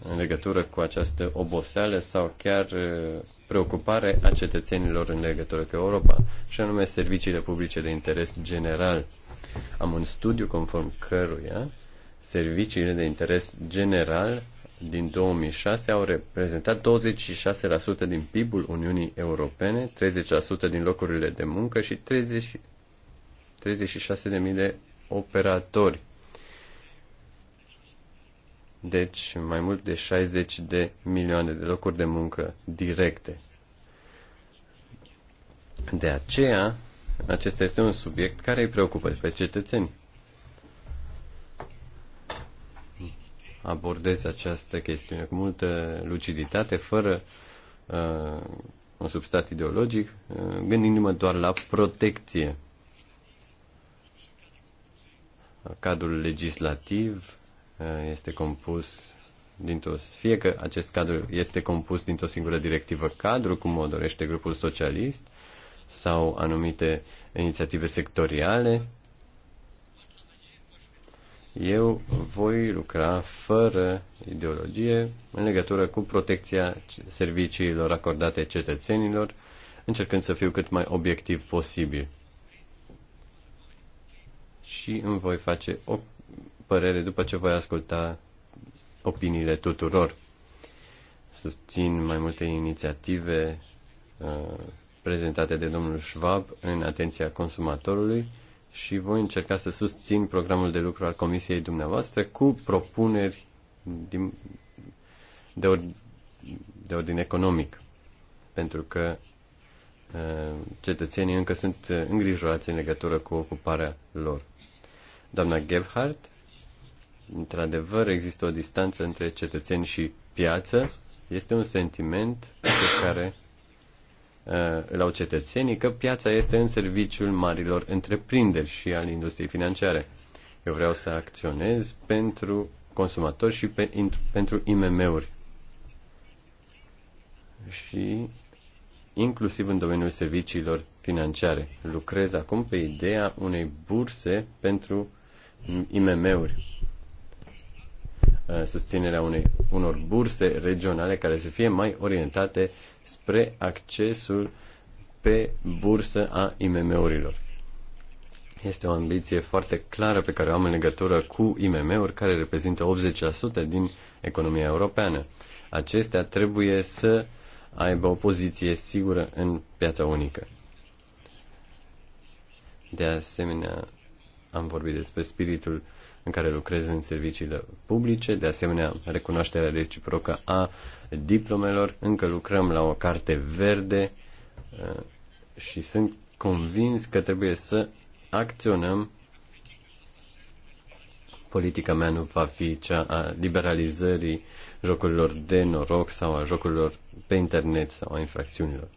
în legătură cu această oboseală sau chiar preocupare a cetățenilor în legătură cu Europa, și anume serviciile publice de interes general. Am un studiu conform căruia serviciile de interes general din 2006 au reprezentat 26% din PIB-ul Uniunii Europene, 30% din locurile de muncă și 30, 36.000 de operatori deci mai mult de 60 de milioane de locuri de muncă directe. De aceea, acesta este un subiect care îi preocupă pe cetățeni. Abordez această chestiune cu multă luciditate, fără uh, un substat ideologic, uh, gândindu-mă doar la protecție. Cadrul legislativ Uh, este compus dintr-o, fie că acest cadru este compus dintr-o singură directivă cadru, cum o dorește grupul socialist, sau anumite inițiative sectoriale. Eu voi lucra fără ideologie în legătură cu protecția serviciilor acordate cetățenilor, încercând să fiu cât mai obiectiv posibil. Și îmi voi face o părere după ce voi asculta opiniile tuturor. Susțin mai multe inițiative uh, prezentate de domnul Schwab în atenția consumatorului și voi încerca să susțin programul de lucru al comisiei dumneavoastră cu propuneri din, de, or, de ordin economic, pentru că uh, cetățenii încă sunt uh, îngrijorați în legătură cu ocuparea lor. Doamna Gebhardt într-adevăr există o distanță între cetățeni și piață, este un sentiment pe care uh, îl au cetățenii că piața este în serviciul marilor întreprinderi și al industriei financiare. Eu vreau să acționez pentru consumatori și pe, in, pentru IMM-uri. Și inclusiv în domeniul serviciilor financiare. Lucrez acum pe ideea unei burse pentru IMM-uri Uh, susținerea unei, unor burse regionale care să fie mai orientate spre accesul pe bursă a IMM-urilor. Este o ambiție foarte clară pe care o am în legătură cu IMM-uri, care reprezintă 80% din economia europeană. Acestea trebuie să aibă o poziție sigură în piața unică. De asemenea, am vorbit despre spiritul uh, în care lucrez în serviciile publice, de asemenea recunoașterea reciprocă a diplomelor, încă lucrăm la o carte verde uh, și sunt convins că trebuie să acționăm. Politica mea nu va fi cea a liberalizării jocurilor de noroc sau a jocurilor pe internet sau a infracțiunilor.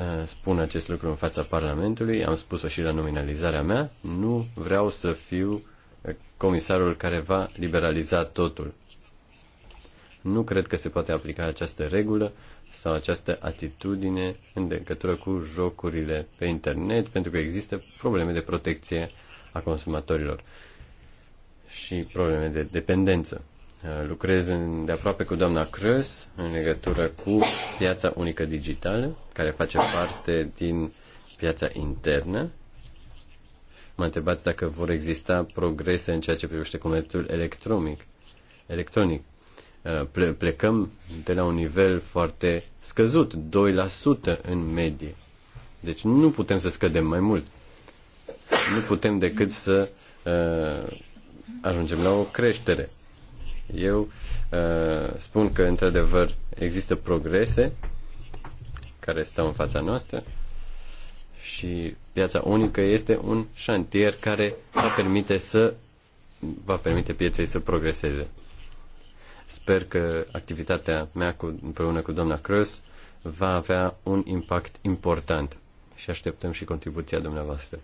Uh, spun acest lucru în fața Parlamentului, am spus-o și la nominalizarea mea, nu vreau să fiu uh, comisarul care va liberaliza totul. Nu cred că se poate aplica această regulă sau această atitudine în legătură cu jocurile pe internet, pentru că există probleme de protecție a consumatorilor și probleme de dependență lucrez în, de aproape cu doamna Crăs în legătură cu piața unică digitală, care face parte din piața internă. Mă întrebați dacă vor exista progrese în ceea ce privește comerțul electronic. electronic. Uh, ple- plecăm de la un nivel foarte scăzut, 2% în medie. Deci nu putem să scădem mai mult. Nu putem decât să uh, ajungem la o creștere eu uh, spun că, într-adevăr, există progrese care stau în fața noastră și piața unică este un șantier care va permite să va permite pieței să progreseze. Sper că activitatea mea cu, împreună cu doamna Cruz va avea un impact important și așteptăm și contribuția dumneavoastră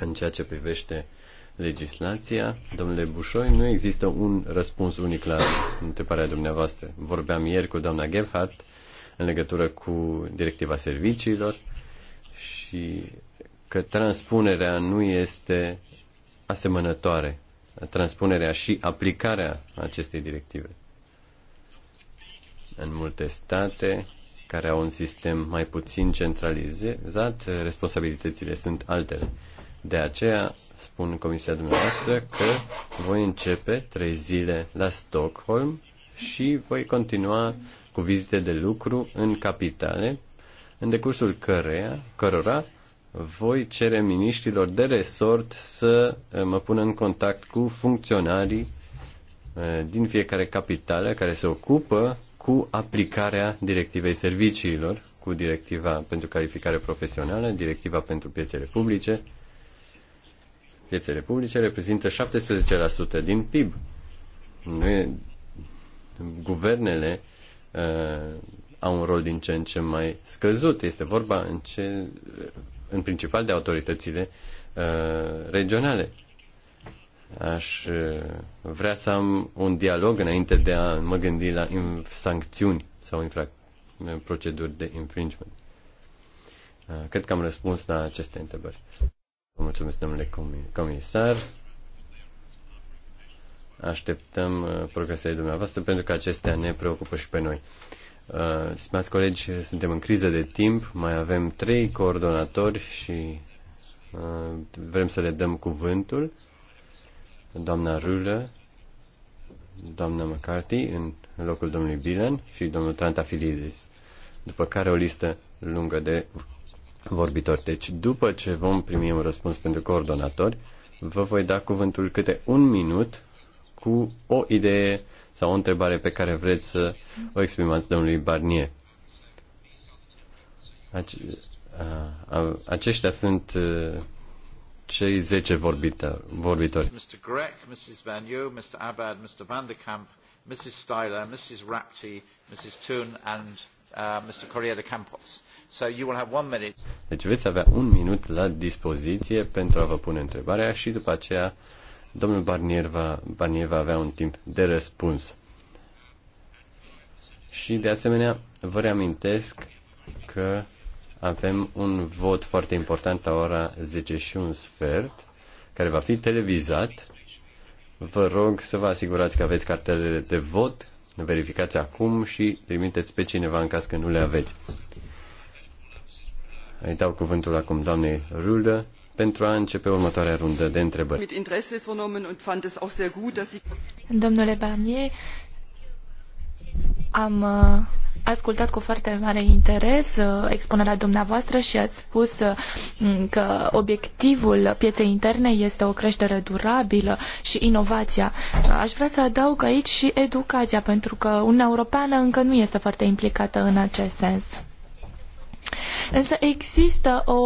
în ceea ce privește uh, legislația. Domnule Bușoi, nu există un răspuns unic la întrebarea dumneavoastră. Vorbeam ieri cu doamna Gebhardt în legătură cu directiva serviciilor și că transpunerea nu este asemănătoare, transpunerea și aplicarea acestei directive. În multe state care au un sistem mai puțin centralizat, responsabilitățile sunt altele. De aceea spun comisia dumneavoastră că voi începe trei zile la Stockholm și voi continua cu vizite de lucru în capitale, în decursul căreia, cărora voi cere miniștrilor de resort să eh, mă pună în contact cu funcționarii eh, din fiecare capitală care se ocupă cu aplicarea directivei serviciilor, cu directiva pentru calificare profesională, directiva pentru piețele publice Piețele publice reprezintă 17% din PIB. Nu e... Guvernele uh, au un rol din ce în ce mai scăzut. Este vorba în, ce, în principal de autoritățile uh, regionale. Aș uh, vrea să am un dialog înainte de a mă gândi la sancțiuni sau infrac- proceduri de infringement. Uh, cred că am răspuns la aceste întrebări. Mulțumesc, domnule comisar. Așteptăm uh, progresele dumneavoastră pentru că acestea ne preocupă și pe noi. Uh, stimați colegi, suntem în criză de timp, mai avem trei coordonatori și uh, vrem să le dăm cuvântul. Doamna Rulă, doamna McCarthy în locul domnului Bilan și domnul Trantafilidis, după care o listă lungă de vorbitori. Deci, după ce vom primi un răspuns pentru coordonatori, vă voi da cuvântul câte un minut cu o idee sau o întrebare pe care vreți să o exprimați domnului Barnier. aceștia sunt uh, cei 10 vorbitori. Mr. Grech, Mrs. Van Yu, Mr. Abad, Mr. Van de Kamp, Mrs. Styler, Mrs. Rapti, Mrs. Toon and Uh, Mr. Correa de Campos. So you will have one minute. Deci veți avea un minut la dispoziție pentru a vă pune întrebarea și după aceea domnul Barnier va, Barnier va avea un timp de răspuns. Și de asemenea vă reamintesc că avem un vot foarte important la ora 10 și un sfert, care va fi televizat. Vă rog să vă asigurați că aveți cartelele de vot verificați acum și trimiteți pe cineva în caz că nu le aveți. Îi dau cuvântul acum doamnei Rulă pentru a începe următoarea rundă de întrebări. Domnule Barnier, am uh, ascultat cu foarte mare interes uh, expunerea dumneavoastră și ați spus uh, că obiectivul pieței interne este o creștere durabilă și inovația. Aș vrea să adaug aici și educația, pentru că Uniunea Europeană încă nu este foarte implicată în acest sens. Însă există o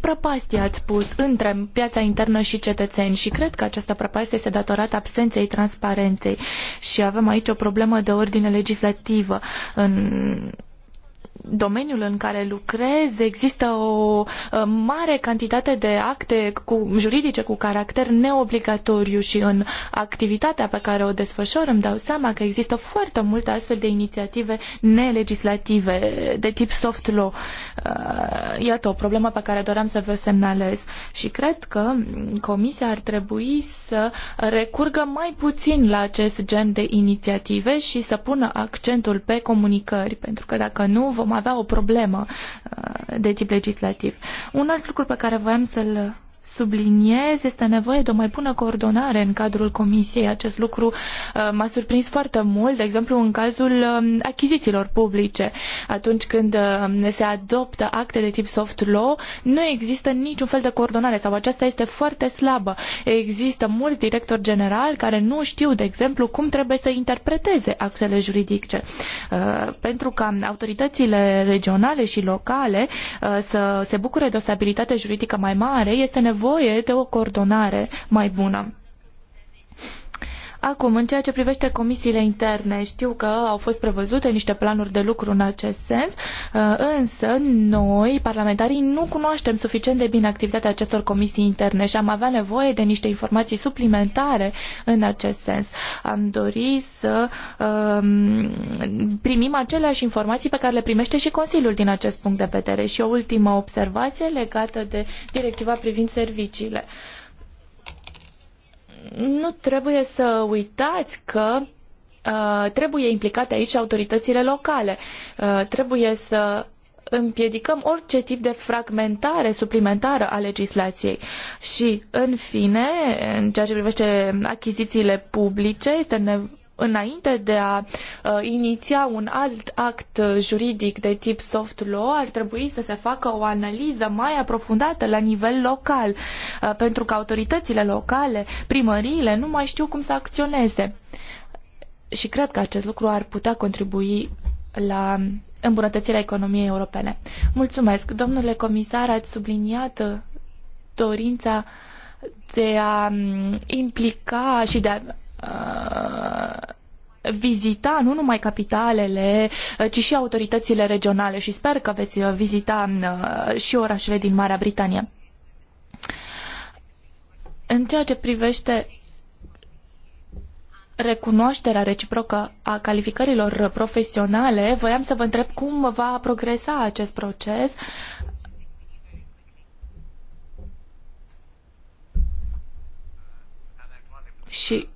prăpastie, ați spus, între piața internă și cetățeni și cred că această prăpastie este datorată absenței transparenței și avem aici o problemă de ordine legislativă în domeniul în care lucrez există o uh, mare cantitate de acte cu, juridice cu caracter neobligatoriu și în activitatea pe care o desfășor îmi dau seama că există foarte multe astfel de inițiative nelegislative de tip soft law. Uh, iată o problemă pe care doream să vă semnalez și cred că Comisia ar trebui să recurgă mai puțin la acest gen de inițiative și să pună accentul pe comunicări, pentru că dacă nu vom avea o problemă uh, de tip legislativ. Un alt lucru pe care voiam să-l subliniez, este nevoie de o mai bună coordonare în cadrul comisiei. Acest lucru uh, m-a surprins foarte mult, de exemplu în cazul um, achizițiilor publice. Atunci când um, se adoptă acte de tip soft law, nu există niciun fel de coordonare sau aceasta este foarte slabă. Există mulți directori generali care nu știu, de exemplu, cum trebuie să interpreteze actele juridice. Uh, pentru ca autoritățile regionale și locale uh, să se bucure de o stabilitate juridică mai mare, este nevoie nevoie de o coordonare mai bună. Acum, în ceea ce privește comisiile interne, știu că au fost prevăzute niște planuri de lucru în acest sens, uh, însă noi, parlamentarii, nu cunoaștem suficient de bine activitatea acestor comisii interne și am avea nevoie de niște informații suplimentare în acest sens. Am dorit să um, primim aceleași informații pe care le primește și Consiliul din acest punct de vedere. Și o ultimă observație legată de directiva privind serviciile. Uh, nu trebuie să uitați că uh, trebuie implicate aici autoritățile locale. Uh, trebuie să împiedicăm orice tip de fragmentare suplimentară a legislației. Și, în fine, în ceea ce privește achizițiile publice, este nevoie înainte de a uh, iniția un alt act juridic de tip soft law, ar trebui să se facă o analiză mai aprofundată la nivel local, uh, pentru că autoritățile locale, primăriile, nu mai știu cum să acționeze. Și cred că acest lucru ar putea contribui la îmbunătățirea economiei europene. Mulțumesc. Domnule comisar, ați subliniat uh, dorința de a mm, implica și de a Uh, vizita nu numai capitalele, uh, ci și autoritățile regionale și sper că veți uh, vizita și orașele din Marea Britanie. În ceea ce privește recunoașterea reciprocă a calificărilor profesionale, voiam să vă întreb cum va progresa acest proces. Și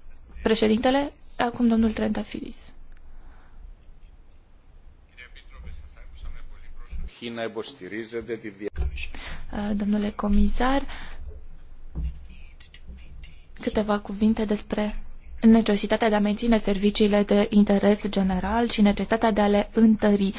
Președintele, acum domnul Trenta Filis. Domnule comisar, câteva cuvinte despre necesitatea de a menține serviciile de interes general și necesitatea de a le întări.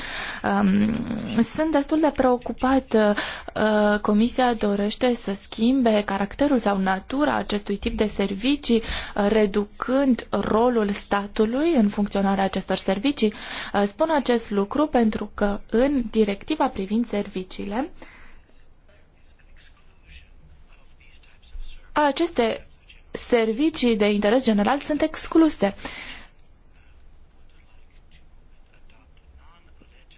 Um, sunt destul de preocupat. Uh, comisia dorește să schimbe caracterul sau natura acestui tip de servicii, uh, reducând rolul statului în funcționarea acestor servicii. Uh, spun acest lucru pentru că în directiva privind serviciile, aceste servicii de interes general sunt excluse.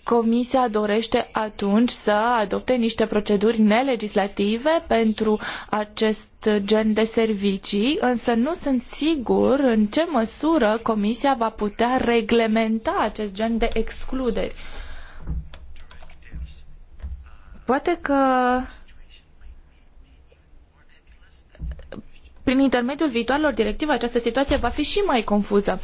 Comisia dorește atunci să adopte niște proceduri nelegislative pentru acest gen de servicii, însă nu sunt sigur în ce măsură Comisia va putea reglementa acest gen de excluderi. Poate că prin intermediul viitoarelor directive, această situație va fi și mai confuză.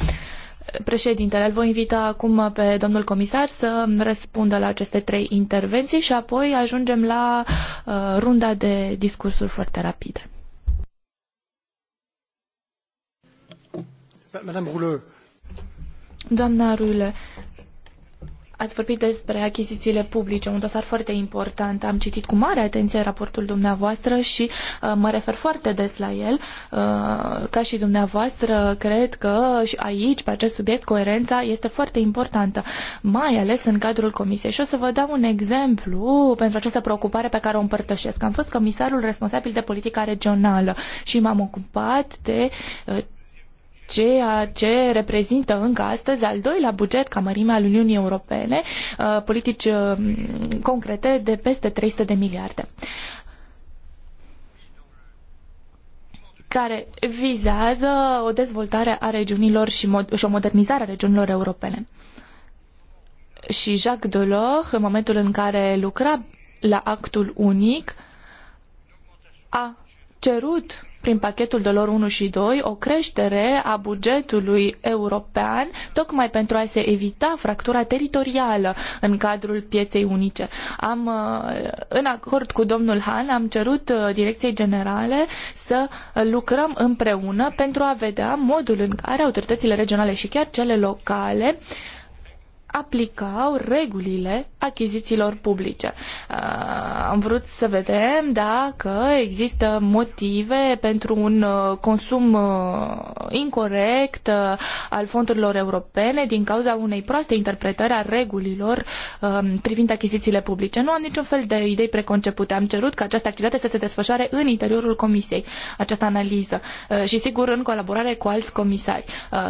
Președintele, îl voi invita acum pe domnul comisar să răspundă la aceste trei intervenții și apoi ajungem la uh, runda de discursuri foarte rapide. Madame Rouleux. Doamna Rule, Ați vorbit despre achizițiile publice, un dosar foarte important. Am citit cu mare atenție raportul dumneavoastră și uh, mă refer foarte des la el. Uh, ca și dumneavoastră, cred că și aici, pe acest subiect, coerența este foarte importantă, mai ales în cadrul comisiei. Și o să vă dau un exemplu pentru această preocupare pe care o împărtășesc. Am fost comisarul responsabil de politica regională și m-am ocupat de uh, ceea ce reprezintă încă astăzi al doilea buget ca mărime al Uniunii Europene, uh, politici uh, concrete de peste 300 de miliarde. care vizează o dezvoltare a regiunilor și, mod- și o modernizare a regiunilor europene. Și Jacques Delors, în momentul în care lucra la actul unic, a cerut prin pachetul de lor 1 și 2, o creștere a bugetului european, tocmai pentru a se evita fractura teritorială în cadrul pieței unice. Am, uh, în acord cu domnul Han, am cerut uh, Direcției Generale să lucrăm împreună pentru a vedea modul în care autoritățile regionale și chiar cele locale aplicau regulile achizițiilor publice. Uh, am vrut să vedem dacă există motive pentru un uh, consum uh, incorrect al fondurilor europene din cauza unei proaste interpretări a regulilor um, privind achizițiile publice. Nu am niciun fel de idei preconcepute. Am cerut ca această activitate să se desfășoare în interiorul Comisiei, această analiză și sigur în colaborare cu alți comisari.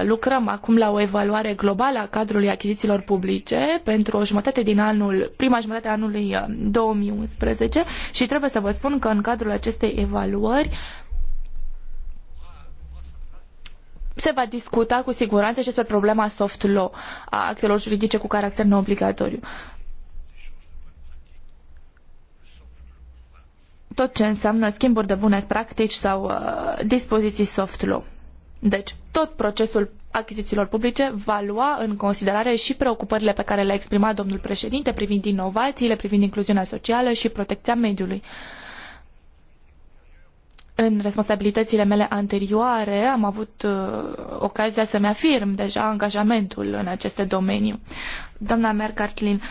Lucrăm acum la o evaluare globală a cadrului achizițiilor publice publice pentru o jumătate din anul, prima jumătate a anului 2011 uh, și trebuie să vă spun că în cadrul acestei evaluări se va discuta cu siguranță și despre problema soft law a actelor juridice cu caracter neobligatoriu. Tot ce înseamnă schimburi de bune practici sau uh, dispoziții soft law. Deci, tot procesul achizițiilor publice va lua în considerare și preocupările pe care le-a exprimat domnul președinte privind inovațiile, privind incluziunea socială și protecția mediului. În responsabilitățile mele anterioare am avut uh, ocazia să-mi afirm deja angajamentul în aceste domenii. Doamna Mercartlin,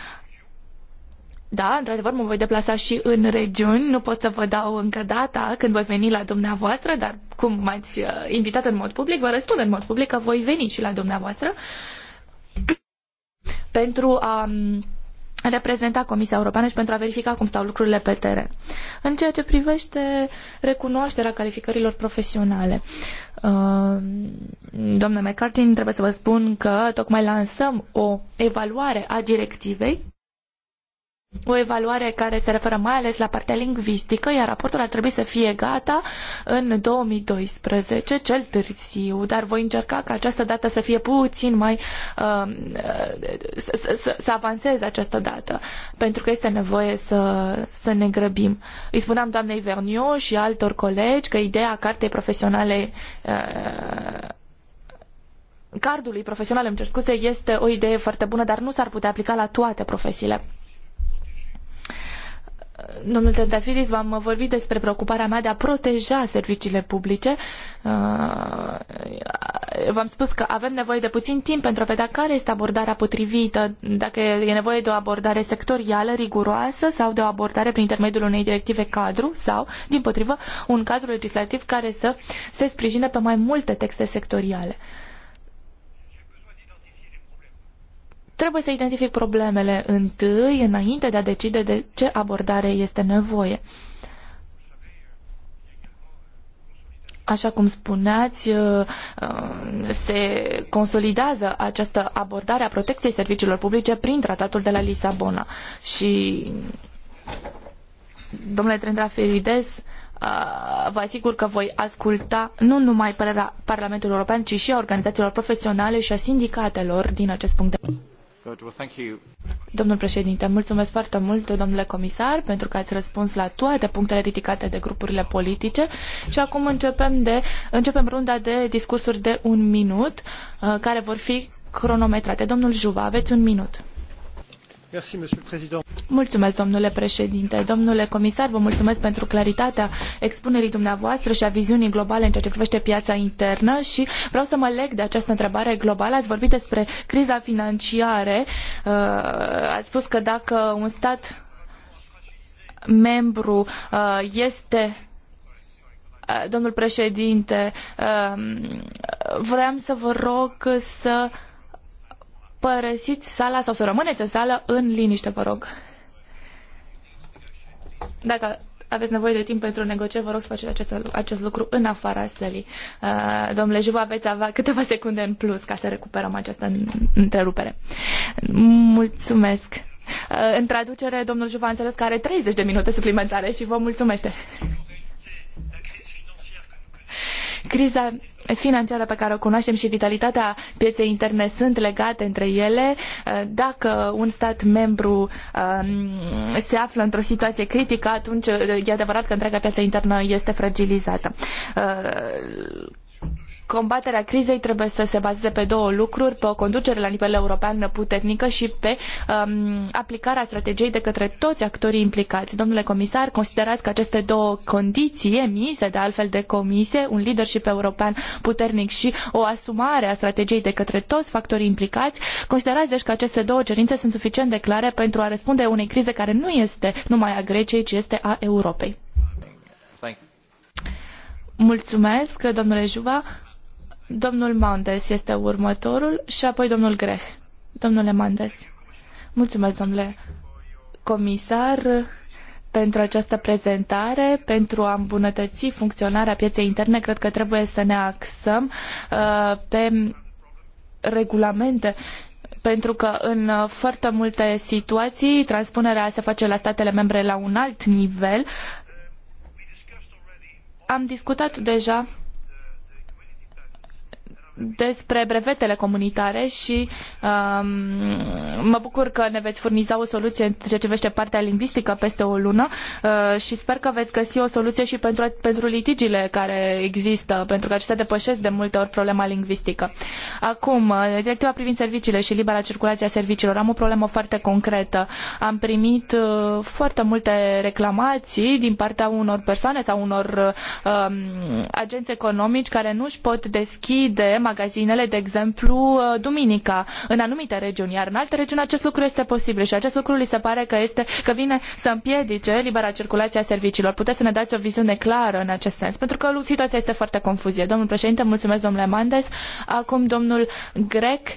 da, într-adevăr, mă voi deplasa și în regiuni. Nu pot să vă dau încă data când voi veni la dumneavoastră, dar cum m-ați uh, invitat în mod public, vă răspund în mod public că voi veni și la dumneavoastră pentru a um, reprezenta Comisia Europeană și pentru a verifica cum stau lucrurile pe teren. În ceea ce privește recunoașterea calificărilor profesionale, uh, doamna McCartin, trebuie să vă spun că tocmai lansăm o evaluare a directivei o evaluare care se referă mai ales la partea lingvistică, iar raportul ar trebui să fie gata în 2012, cel târziu, dar voi încerca ca această dată să fie puțin mai... Um, să, avanseze avansez această dată, pentru că este nevoie să, să ne grăbim. Îi spuneam doamnei Verniu și altor colegi că ideea cartei profesionale uh, cardului profesional, îmi cer scuze, este o idee foarte bună, dar nu s-ar putea aplica la toate profesiile domnul Tentafilis, v-am vorbit despre preocuparea mea de a proteja serviciile publice. Uh, v-am spus că avem nevoie de puțin timp pentru a vedea care este abordarea potrivită, dacă e nevoie de o abordare sectorială, riguroasă sau de o abordare prin intermediul unei directive cadru sau, din potrivă, un cadru legislativ care să se sprijine pe mai multe texte sectoriale. Trebuie să identific problemele întâi, înainte de a decide de ce abordare este nevoie. Așa cum spuneați, uh, uh, se consolidează această abordare a protecției serviciilor publice prin tratatul de la Lisabona. Și, domnule Trendrafirides, uh, vă asigur că voi asculta nu numai părerea Parlamentului European, ci și a organizațiilor profesionale și a sindicatelor din acest punct de vedere. Domnul președinte, mulțumesc foarte mult, domnule comisar, pentru că ați răspuns la toate punctele ridicate de grupurile politice. Și acum începem, de, începem runda de discursuri de un minut, uh, care vor fi cronometrate. Domnul Juva, aveți un minut. Mulțumesc, domnule președinte. Domnule comisar, vă mulțumesc pentru claritatea expunerii dumneavoastră și a viziunii globale în ceea ce privește piața internă și vreau să mă leg de această întrebare globală. Ați vorbit despre criza financiară. Uh, ați spus că dacă un stat membru uh, este uh, domnul președinte, vreau să vă rog să părăsiți sala sau să rămâneți în sală în liniște, vă rog. Dacă aveți nevoie de timp pentru negocieri, vă rog să faceți acest, acest lucru în afara sălii. Uh, domnule Jivu, aveți ava câteva secunde în plus ca să recuperăm această întrerupere. Mulțumesc. Uh, în traducere, domnul Jivu a înțeles că are 30 de minute suplimentare și vă mulțumește. Criza financiară pe care o cunoaștem și vitalitatea pieței interne sunt legate între ele. Eh, dacă un stat membru ehm, se află într-o situație critică, atunci eh, e adevărat că întreaga piață internă este fragilizată eh, combaterea crizei trebuie să se bazeze pe două lucruri, pe o conducere la nivel european puternică și pe um, aplicarea strategiei de către toți actorii implicați. Domnule comisar, considerați că aceste două condiții emise de altfel de comisie, un leadership european puternic și o asumare a strategiei de către toți factorii implicați, considerați deci că aceste două cerințe sunt suficient de clare pentru a răspunde unei crize care nu este numai a Greciei, ci este a Europei. Mulțumesc, domnule Juva. Domnul Mandes este următorul și apoi domnul Greh. Domnule Mandes, mulțumesc, domnule comisar, pentru această prezentare, pentru a îmbunătăți funcționarea pieței interne. Cred că trebuie să ne axăm uh, pe regulamente pentru că în foarte multe situații transpunerea se face la statele membre la un alt nivel. Am discutat deja despre brevetele comunitare și um, mă bucur că ne veți furniza o soluție în ceea ce privește partea lingvistică peste o lună uh, și sper că veți găsi o soluție și pentru, pentru litigiile care există, pentru că acestea depășesc de multe ori problema lingvistică. Acum, uh, directiva privind serviciile și libera circulație a serviciilor, am o problemă foarte concretă. Am primit uh, foarte multe reclamații din partea unor persoane sau unor uh, um, agenți economici care nu își pot deschide magazinele, de exemplu, uh, duminica în anumite regiuni, iar în alte regiuni acest lucru este posibil și acest lucru li se pare că, este, că vine să împiedice libera circulație a serviciilor. Puteți să ne dați o viziune clară în acest sens, pentru că situația este foarte confuzie. Domnul președinte, mulțumesc domnule Mandes. Acum domnul Grec,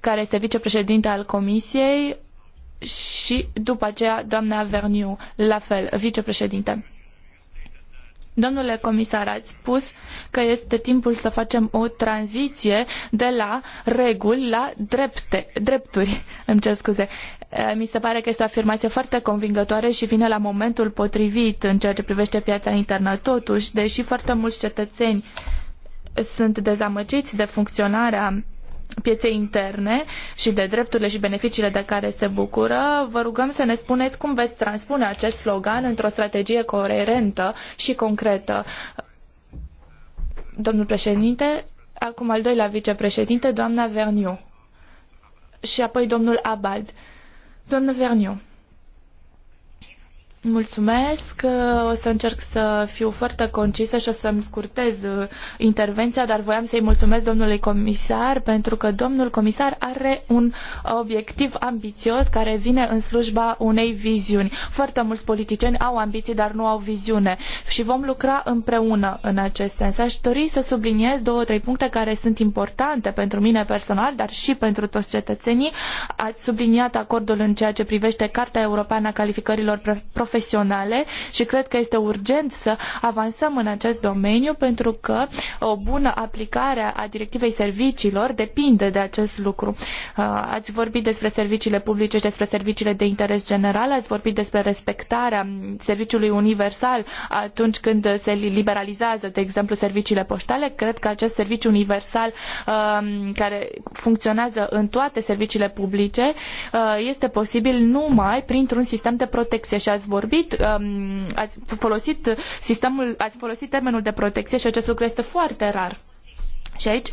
care este vicepreședinte al Comisiei, și după aceea doamna Verniu, la fel, vicepreședinte. Domnule comisar, ați spus că este timpul să facem o tranziție de la reguli la drepte, drepturi. Îmi cer scuze. Mi se pare că este o afirmație foarte convingătoare și vine la momentul potrivit în ceea ce privește piața internă. Totuși, deși foarte mulți cetățeni sunt dezamăgiți de funcționarea pieței interne și de drepturile și beneficiile de care se bucură, vă rugăm să ne spuneți cum veți transpune acest slogan într-o strategie coerentă și concretă. Domnul președinte, acum al doilea vicepreședinte, doamna Verniu și apoi domnul Abad. Doamnă Verniu. Mulțumesc, o să încerc să fiu foarte concisă și o să-mi scurtez uh, intervenția, dar voiam să-i mulțumesc domnului comisar pentru că domnul comisar are un obiectiv ambițios care vine în slujba unei viziuni. Foarte mulți politicieni au ambiții, dar nu au viziune și vom lucra împreună în acest sens. Aș dori să subliniez două, trei puncte care sunt importante pentru mine personal, dar și pentru toți cetățenii. Ați subliniat acordul în ceea ce privește Carta Europeană a Calificărilor Profesionale profesionale și cred că este urgent să avansăm în acest domeniu pentru că o bună aplicare a directivei serviciilor depinde de acest lucru. Uh, ați vorbit despre serviciile publice și despre serviciile de interes general, ați vorbit despre respectarea serviciului universal atunci când se liberalizează, de exemplu, serviciile poștale. Cred că acest serviciu universal um, care funcționează în toate serviciile publice uh, este posibil numai printr-un sistem de protecție și ați vorbit vorbit, um, ați folosit sistemul, ați folosit termenul de protecție și acest lucru este foarte rar. Și aici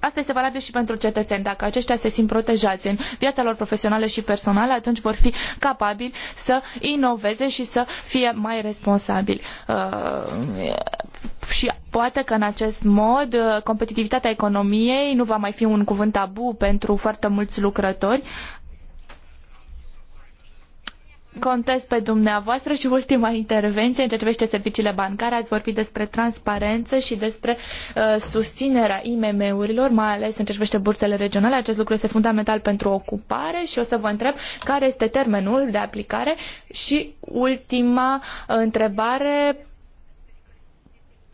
Asta este valabil și pentru cetățeni. Dacă aceștia se simt protejați în viața lor profesională și personală, atunci vor fi capabili să inoveze și să fie mai responsabili. Uh, și poate că în acest mod uh, competitivitatea economiei nu va mai fi un cuvânt tabu pentru foarte mulți lucrători, contez pe dumneavoastră și ultima intervenție în ceea ce privește serviciile bancare. Ați vorbit despre transparență și despre uh, susținerea IMM-urilor, mai ales în ceea ce privește bursele regionale. Acest lucru este fundamental pentru ocupare și o să vă întreb care este termenul de aplicare și ultima uh, întrebare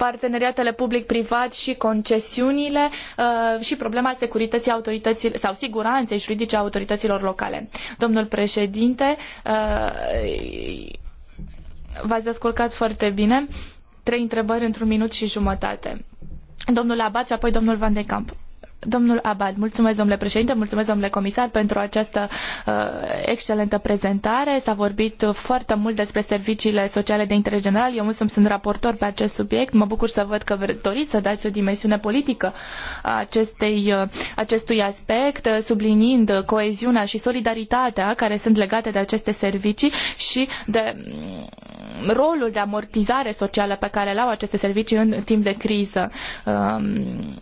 parteneriatele public-privat și concesiunile uh, și problema securității autorităților sau siguranței juridice a autorităților locale. Domnul președinte, uh, v-ați descurcat foarte bine. Trei întrebări într-un minut și jumătate. Domnul Abaci, apoi domnul Van de Camp. Domnul Abad, mulțumesc domnule președinte, mulțumesc domnule comisar pentru această uh, excelentă prezentare. S-a vorbit foarte mult despre serviciile sociale de interes general. Eu însumi sunt raportor pe acest subiect. Mă bucur să văd că doriți să dați o dimensiune politică a acestei, uh, acestui aspect, uh, subliniind coeziunea și solidaritatea care sunt legate de aceste servicii și de um, rolul de amortizare socială pe care îl au aceste servicii în timp de criză. Um,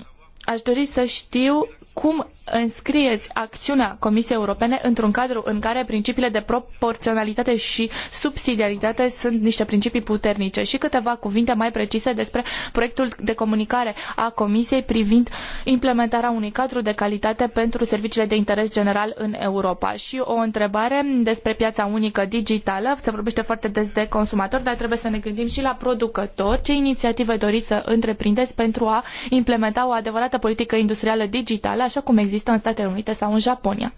aș dori să știu cum înscrieți acțiunea Comisiei Europene într-un cadru în care principiile de proporționalitate și subsidiaritate sunt niște principii puternice și câteva cuvinte mai precise despre proiectul de comunicare a Comisiei privind implementarea unui cadru de calitate pentru serviciile de interes general în Europa. Și o întrebare despre piața unică digitală. Se vorbește foarte des de consumatori, dar trebuie să ne gândim și la producători. Ce inițiative doriți să întreprindeți pentru a implementa o adevărată adevărată politică industrială digitală, așa cum există în Statele Unite sau în Japonia.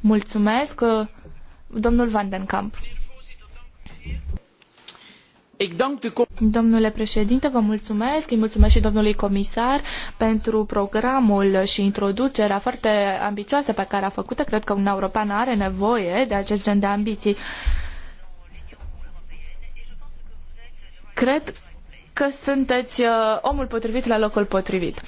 Mulțumesc, uh, domnul Van den Kamp. Domnule președinte, vă mulțumesc, îi mulțumesc și domnului comisar pentru programul și introducerea foarte ambicioasă pe care a făcut-o. Cred că Uniunea Europeană are nevoie de acest gen de ambiții. Cred că sunteți uh, omul potrivit la locul potrivit.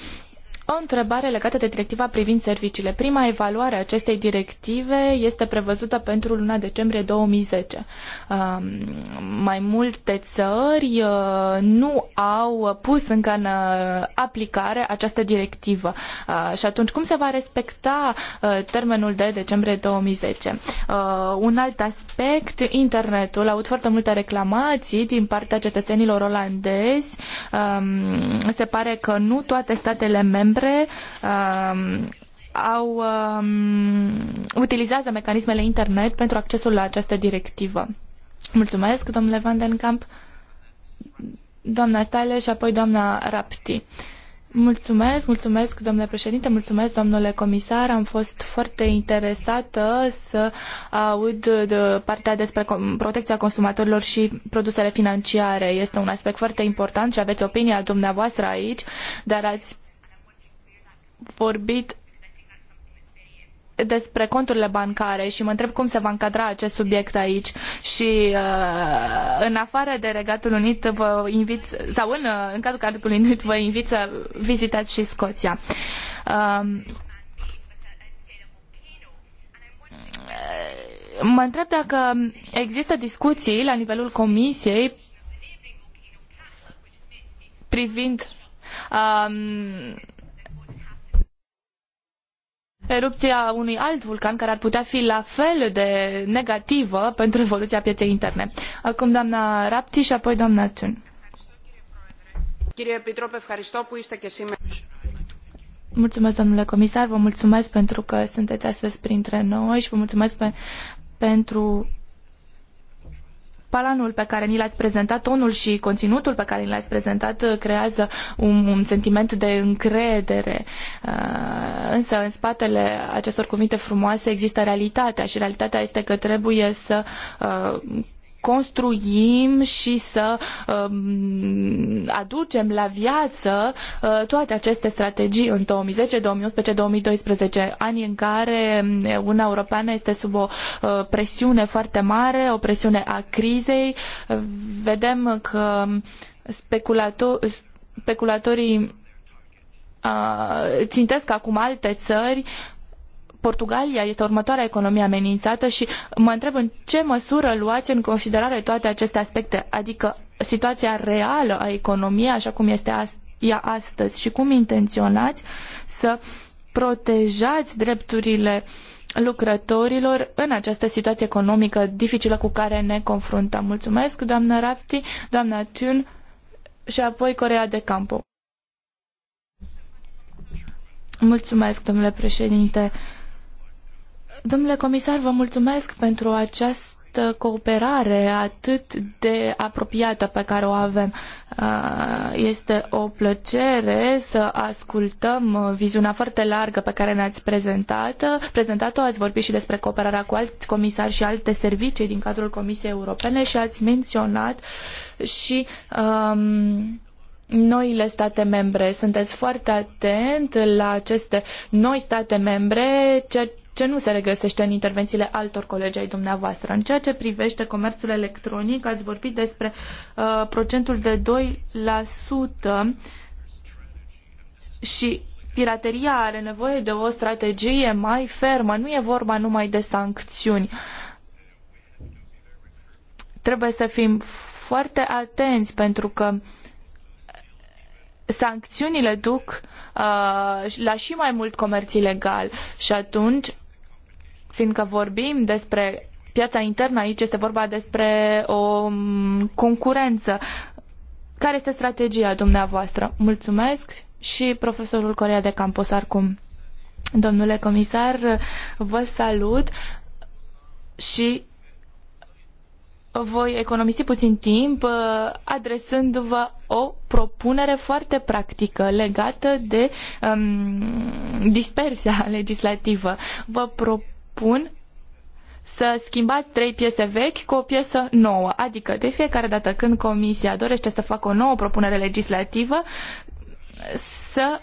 O întrebare legată de directiva privind serviciile. Prima evaluare a acestei directive este prevăzută pentru luna decembrie 2010. Uh, mai multe țări uh, nu au pus încă în uh, aplicare această directivă. Uh, și atunci cum se va respecta uh, termenul de decembrie 2010? Uh, un alt aspect, internetul. Aud foarte multe reclamații din partea cetățenilor olandezi. Um, se pare că nu toate statele membre membre um, au, um, utilizează mecanismele internet pentru accesul la această directivă. Mulțumesc, domnule Van den Kamp, doamna Stale și apoi doamna Rapti. Mulțumesc, mulțumesc, domnule președinte, mulțumesc, domnule comisar. Am fost foarte interesată să aud de partea despre protecția consumatorilor și produsele financiare. Este un aspect foarte important și aveți opinia dumneavoastră aici, dar ați vorbit despre conturile bancare și mă întreb cum se va încadra acest subiect aici și uh, în afară de Regatul Unit vă invit, sau în, uh, în cadrul Regatului Unit vă invit să vizitați și Scoția. Um, mă întreb dacă există discuții la nivelul Comisiei privind um, erupția unui alt vulcan care ar putea fi la fel de negativă pentru evoluția pieței interne. Acum doamna Rapti și apoi doamna Tun. Mulțumesc, domnule comisar, vă mulțumesc pentru că sunteți astăzi printre noi și vă mulțumesc pe, pentru Palanul pe care ni l-ați prezentat, tonul și conținutul pe care ni l-ați prezentat uh, creează un, un sentiment de încredere. Uh, însă în spatele acestor cuvinte frumoase există realitatea și realitatea este că trebuie să uh, construim și să um, aducem la viață uh, toate aceste strategii în 2010, 2011, 2012, ani în care um, Uniunea Europeană este sub o uh, presiune foarte mare, o presiune a crizei. Uh, vedem că um, speculator, speculatorii țintesc acum alte țări Portugalia este următoarea economie amenințată și mă întreb în ce măsură luați în considerare toate aceste aspecte, adică situația reală a economiei așa cum este ea astăzi și cum intenționați să protejați drepturile lucrătorilor în această situație economică dificilă cu care ne confruntăm. Mulțumesc, doamnă Rapti, doamna Thun și apoi Corea de Campo. Mulțumesc, domnule președinte. Domnule comisar, vă mulțumesc pentru această cooperare atât de apropiată pe care o avem. Uh, este o plăcere să ascultăm viziunea foarte largă pe care ne-ați prezentat-o. prezentat-o. Ați vorbit și despre cooperarea cu alți comisari și alte servicii din cadrul Comisiei Europene și ați menționat și um, noile state membre. Sunteți foarte atent la aceste noi state membre, ceea ce nu se regăsește în intervențiile altor colegi ai dumneavoastră. În ceea ce privește comerțul electronic, ați vorbit despre uh, procentul de 2% și pirateria are nevoie de o strategie mai fermă. Nu e vorba numai de sancțiuni. Trebuie să fim foarte atenți pentru că sancțiunile duc uh, la și mai mult comerț ilegal și atunci fiindcă vorbim despre piața internă, aici este vorba despre o mm, concurență. Care este strategia dumneavoastră? Mulțumesc și profesorul Corea de Campos acum. Domnule comisar, vă salut și voi economisi puțin timp uh, adresându-vă o propunere foarte practică legată de um, dispersia legislativă. Vă propun propun să schimbați trei piese vechi cu o piesă nouă. Adică de fiecare dată când Comisia dorește să facă o nouă propunere legislativă, să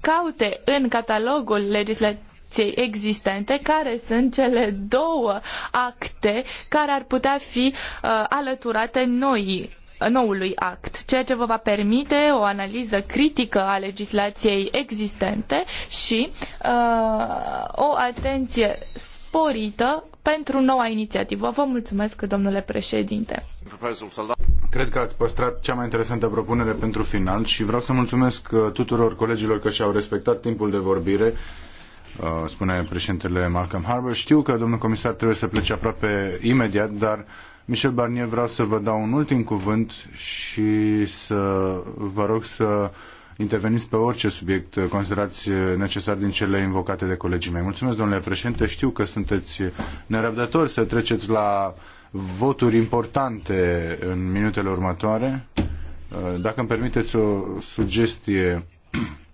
caute în catalogul legislativ legislației existente, care sunt cele două acte care ar putea fi uh, alăturate noi noului act, ceea ce vă va permite o analiză critică a legislației existente și uh, o atenție sporită pentru noua inițiativă. Vă mulțumesc, domnule președinte. Cred că ați păstrat cea mai interesantă propunere pentru final și vreau să mulțumesc uh, tuturor colegilor că și-au respectat timpul de vorbire uh, spune președintele Malcolm Harbour. Știu că domnul comisar trebuie să plece aproape imediat, dar Michel Barnier, vreau să vă dau un ultim cuvânt și să vă rog să interveniți pe orice subiect considerați necesar din cele invocate de colegii mei. Mulțumesc, domnule președinte. Știu că sunteți nerăbdători să treceți la voturi importante în minutele următoare. Dacă îmi permiteți o sugestie,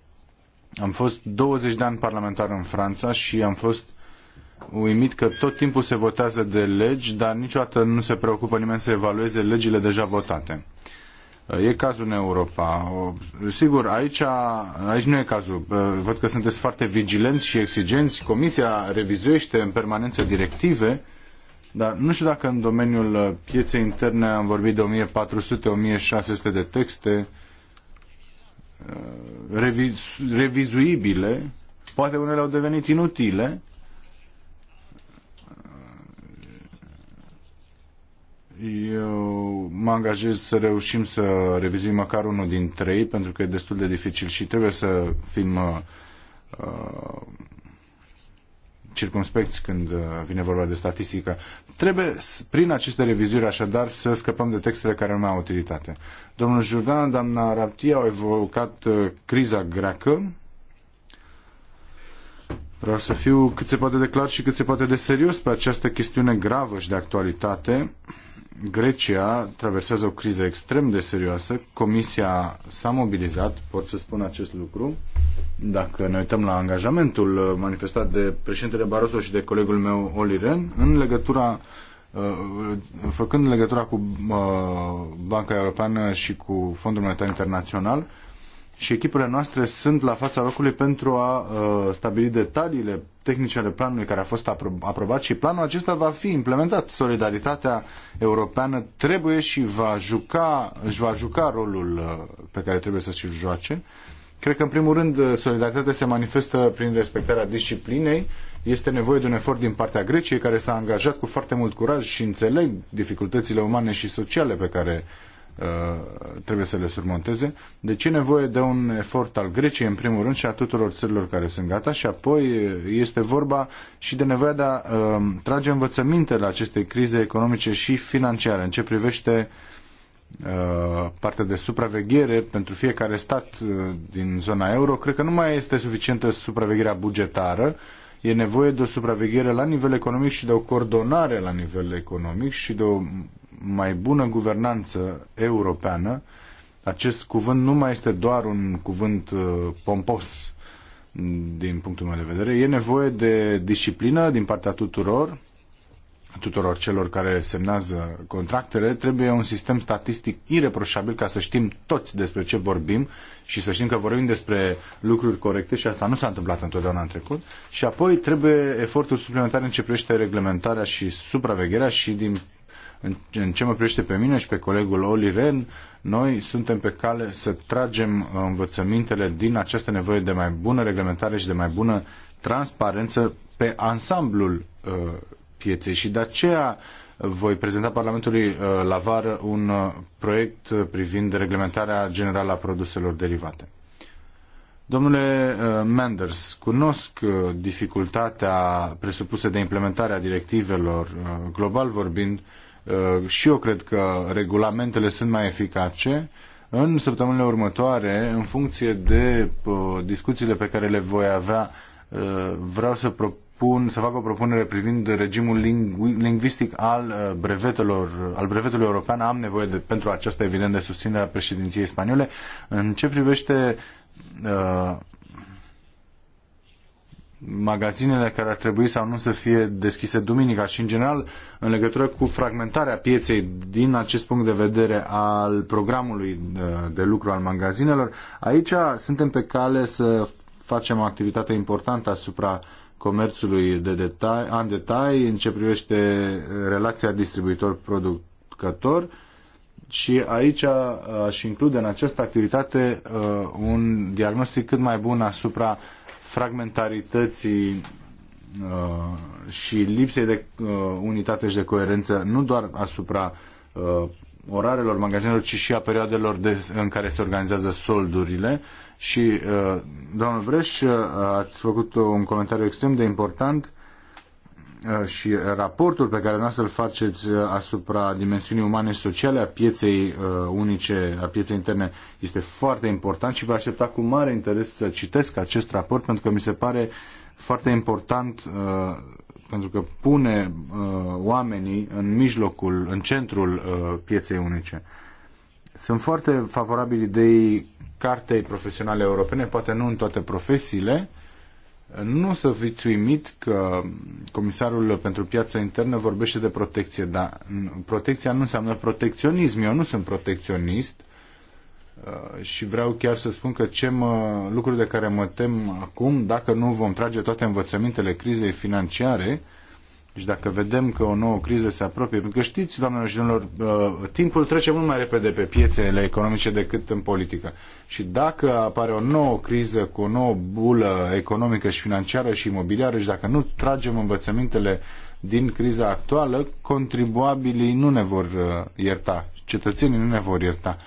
am fost 20 de ani parlamentar în Franța și am fost uimit că tot timpul se votează de legi, dar niciodată nu se preocupă nimeni să evalueze legile deja votate. E cazul în Europa. Sigur, aici, aici nu e cazul. Văd că sunteți foarte vigilenți și exigenți. Comisia revizuiește în permanență directive, dar nu știu dacă în domeniul pieței interne am vorbit de 1400-1600 de texte uh, revizuibile. Poate unele au devenit inutile, Eu mă angajez să reușim să revizuim măcar unul din trei, pentru că e destul de dificil și trebuie să fim uh, circumspecți când uh, vine vorba de statistică. Trebuie, prin aceste revizuiri, așadar, să scăpăm de textele care nu mai au utilitate. Domnul Jordan, doamna Rapti au evocat uh, criza greacă. Vreau să fiu cât se poate de clar și cât se poate de serios pe această chestiune gravă și de actualitate. Grecia traversează o criză extrem de serioasă. Comisia s-a mobilizat, pot să spun acest lucru. Dacă ne uităm la angajamentul uh, manifestat de președintele Barroso și de colegul meu Oli Ren, în legătura uh, făcând legătura cu uh, Banca Europeană și cu Fondul Monetar Internațional și echipele noastre sunt la fața locului pentru a stabili detaliile tehnice ale planului care a fost apro- aprobat și planul acesta va fi implementat. Solidaritatea europeană trebuie și va juca, își va juca rolul uh, pe care trebuie să și-l joace. Cred că, în primul rând, uh, solidaritatea se manifestă prin respectarea disciplinei. Este nevoie de un efort din partea Greciei, care s-a angajat cu foarte mult curaj și înțeleg dificultățile umane și sociale pe care Uh, trebuie să le surmonteze. Deci e nevoie de un efort al Greciei, în primul rând, și a tuturor țărilor care sunt gata și apoi uh, este vorba și de nevoia de a uh, trage la aceste crize economice și financiare în ce privește partea de supraveghere pentru fiecare stat din zona euro, cred că nu mai este suficientă supravegherea bugetară, e nevoie de o supraveghere la nivel economic și de o coordonare la nivel economic și de o mai bună guvernanță europeană, acest cuvânt nu mai este doar un cuvânt uh, pompos mm, din punctul meu de vedere. E nevoie de disciplină din partea tuturor, tuturor celor care semnează contractele, trebuie un sistem statistic ireproșabil ca să știm toți despre ce vorbim și să știm că vorbim despre lucruri corecte și asta nu s-a întâmplat întotdeauna în trecut. Și apoi trebuie eforturi suplimentare în ce privește reglementarea și supravegherea și din în, ce mă privește pe mine și pe colegul Oli Ren, noi suntem pe cale să tragem învățămintele din această nevoie de mai bună reglementare și de mai bună transparență pe ansamblul uh, pieței și de aceea voi prezenta Parlamentului uh, la vară un uh, proiect privind reglementarea generală a produselor derivate. Domnule uh, Manders, cunosc uh, dificultatea presupusă de implementarea directivelor, uh, global vorbind, Uh, și eu cred că regulamentele sunt mai eficace. În săptămânile următoare, în funcție de uh, discuțiile pe care le voi avea, uh, vreau să propun să fac o propunere privind regimul lingvistic al brevetelor, al brevetului european. Am nevoie de, pentru aceasta, evident, de susținerea președinției spaniole. În ce privește magazinele care ar trebui sau nu să fie deschise duminica și în general în legătură cu fragmentarea pieței din acest punct de vedere al programului uh, de lucru al magazinelor. Aici suntem pe cale să facem o activitate importantă asupra comerțului de detai, în detalii în ce privește uh, relația distribuitor-producător și aici uh, aș include în această activitate un diagnostic cât mai bun asupra uh, fragmentarității uh, și lipsei de uh, unitate și de coerență, nu doar asupra uh, orarelor magazinelor, ci și a perioadelor de, în care se organizează soldurile. Și, uh, domnul Breș, uh, ați făcut un comentariu extrem de important Uh, și raportul pe care noastră îl faceți uh, asupra dimensiunii umane și sociale a pieței uh, unice, a pieței interne, este foarte important și vă aștepta cu mare interes să citesc acest raport pentru că mi se pare foarte important pentru că pune oamenii în mijlocul, în centrul pieței unice. Sunt foarte favorabil idei cartei profesionale europene, poate nu în toate profesiile, nu o să fiți uimit că comisarul pentru piața internă vorbește de protecție, dar protecția nu înseamnă protecționism. Eu nu sunt protecționist uh, și vreau chiar să spun că ce mă, lucruri de care mă tem acum, dacă nu vom trage toate învățămintele crizei financiare, deci dacă vedem că o nouă criză se apropie, pentru că știți, doamnelor și domnilor, uh, timpul trece mult mai repede pe piețele economice decât în politică. Și dacă apare o nouă criză cu o nouă bulă economică și financiară și imobiliară și dacă nu tragem învățămintele din criza actuală, contribuabilii nu ne vor uh, ierta, cetățenii nu ne vor ierta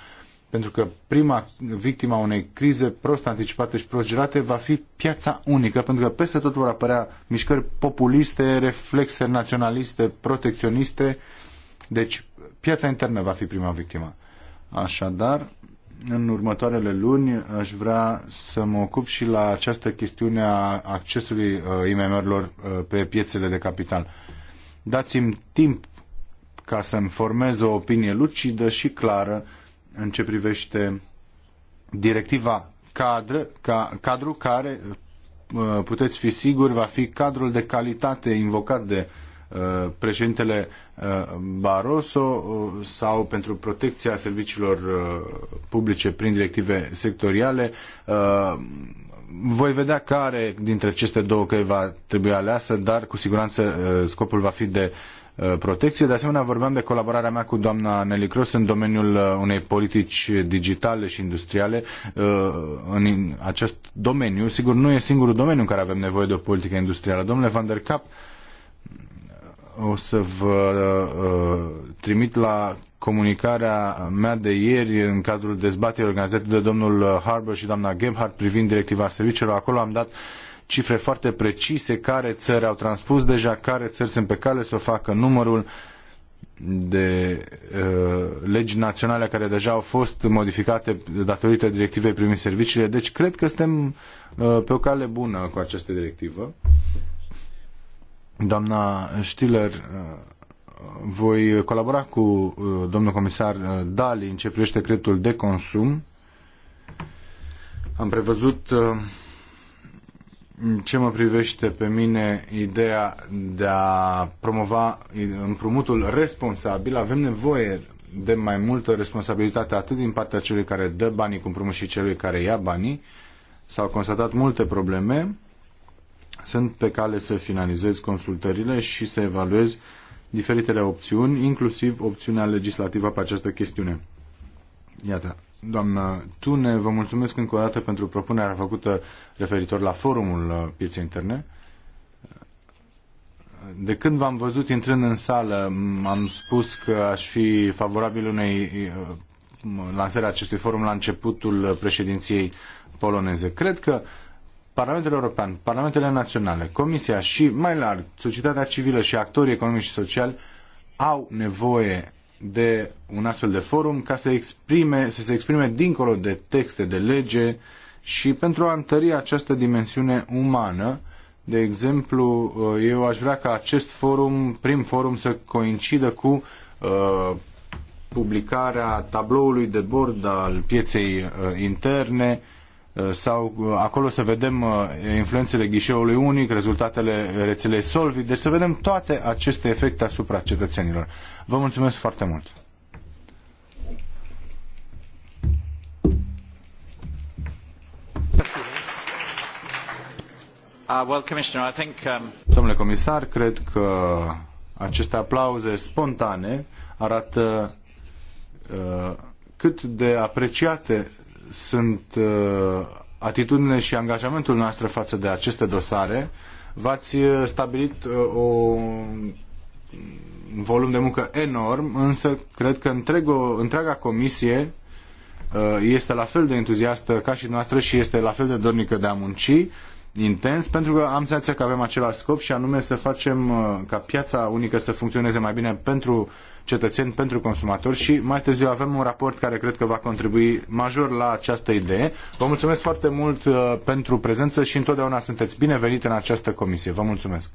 pentru că prima victima unei crize prost anticipate și prost girate va fi piața unică, pentru că peste tot vor apărea mișcări populiste, reflexe naționaliste, protecționiste. Deci piața internă va fi prima victimă. Așadar, în următoarele luni aș vrea să mă ocup și la această chestiune a accesului uh, IMM-urilor uh, pe piețele de capital. Dați-mi timp ca să-mi formez o opinie lucidă și clară în ce privește directiva cadru, ca, cadru care uh, puteți fi siguri va fi cadrul de calitate invocat de uh, președintele uh, Barroso sau pentru protecția serviciilor publice prin directive sectoriale. Voi vedea care dintre aceste două căi va trebui aleasă, dar cu siguranță scopul va fi de Uh, protecție. De asemenea, vorbeam de colaborarea mea cu doamna Nelly Cross în domeniul uh, unei politici digitale și industriale. Uh, în acest domeniu, sigur, nu e singurul domeniu în care avem nevoie de o politică industrială. Domnule Van der Cap, o să vă trimit la comunicarea mea de ieri în cadrul dezbaterii organizate de domnul Harbour și doamna Gebhardt privind directiva serviciilor. Acolo am dat cifre foarte precise, care țări au transpus deja, care țări sunt pe cale să o facă, numărul de uh, legi naționale care deja au fost modificate datorită directivei primii serviciile. Deci cred că suntem uh, pe o cale bună cu această directivă. Doamna Stiller, uh, voi colabora cu uh, domnul comisar uh, Dali în ce privește creditul de consum. Am prevăzut uh, ce mă privește pe mine ideea de a promova împrumutul responsabil, avem nevoie de mai multă responsabilitate atât din partea celui care dă banii cu împrumut și celui care ia banii. S-au constatat multe probleme. Sunt pe cale să finalizez consultările și să evaluez diferitele opțiuni, inclusiv opțiunea legislativă pe această chestiune. Iată, Doamnă Tune, vă mulțumesc încă o dată pentru propunerea făcută referitor la forumul uh, pieței interne. De când v-am văzut intrând în sală, am spus că aș fi favorabil unei uh, lansări acestui forum la începutul președinției poloneze. Cred că Parlamentul European, Parlamentele Naționale, Comisia și, mai larg, societatea civilă și actorii economici și sociali au nevoie de un astfel de forum ca să, exprime, să se exprime dincolo de texte, de lege și pentru a întări această dimensiune umană. De exemplu, uh, eu aș vrea ca acest forum, prim forum, să coincidă cu uh, publicarea tabloului de bord al pieței uh, interne Uh, sau uh, acolo să vedem uh, influențele ghișeului unic, rezultatele rețelei Solvit, deci să vedem toate aceste efecte asupra cetățenilor. Vă mulțumesc foarte mult! Um, Domnule comisar, cred că aceste aplauze spontane arată uh, cât de apreciate sunt uh, atitudinile și angajamentul noastră față de aceste dosare. V-ați uh, stabilit uh, o, un volum de muncă enorm, însă cred că întreaga, întreaga comisie este la fel de entuziastă ca și noastră și este la fel de dornică de a munci intens, pentru că am senzația că avem același scop și anume să facem ca piața unică să funcționeze mai bine pentru cetățeni pentru consumatori și mai târziu avem un raport care cred că va contribui major la această idee. Vă mulțumesc foarte mult uh, pentru prezență și întotdeauna sunteți binevenit în această comisie. Vă mulțumesc!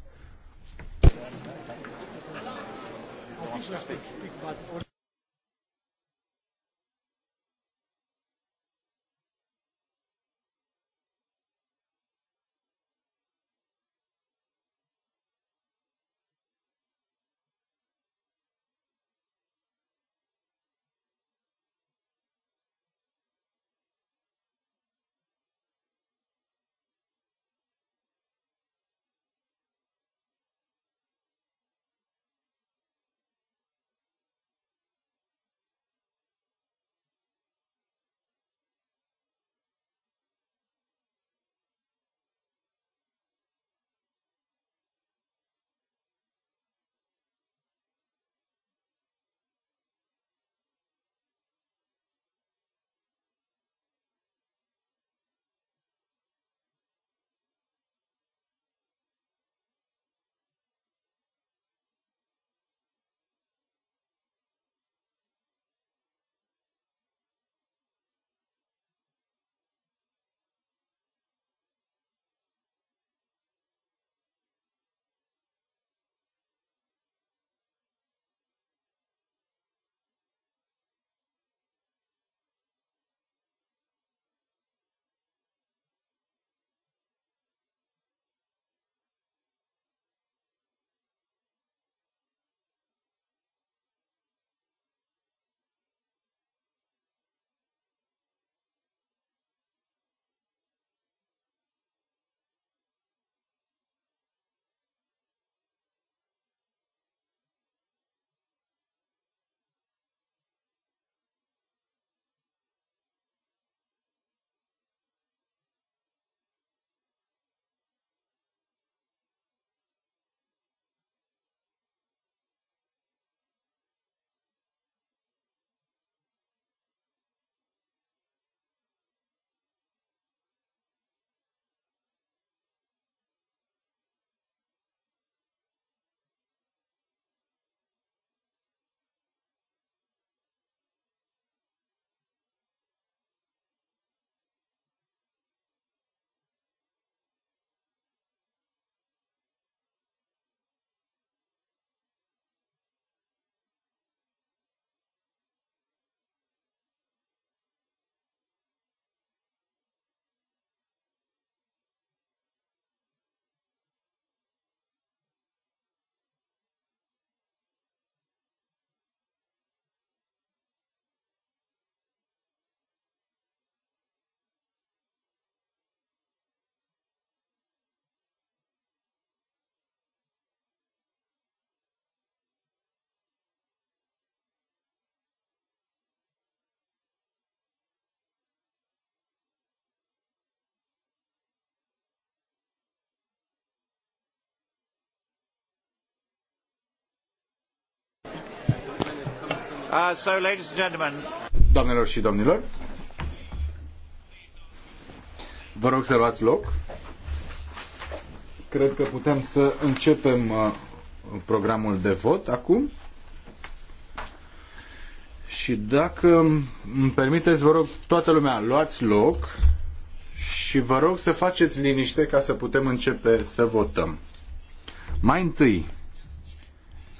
Uh, so, ladies and gentlemen. Doamnelor și domnilor, vă rog să luați loc. Cred că putem să începem uh, programul de vot acum. Și dacă îmi permiteți, vă rog, toată lumea, luați loc și vă rog să faceți liniște ca să putem începe să votăm. Mai întâi,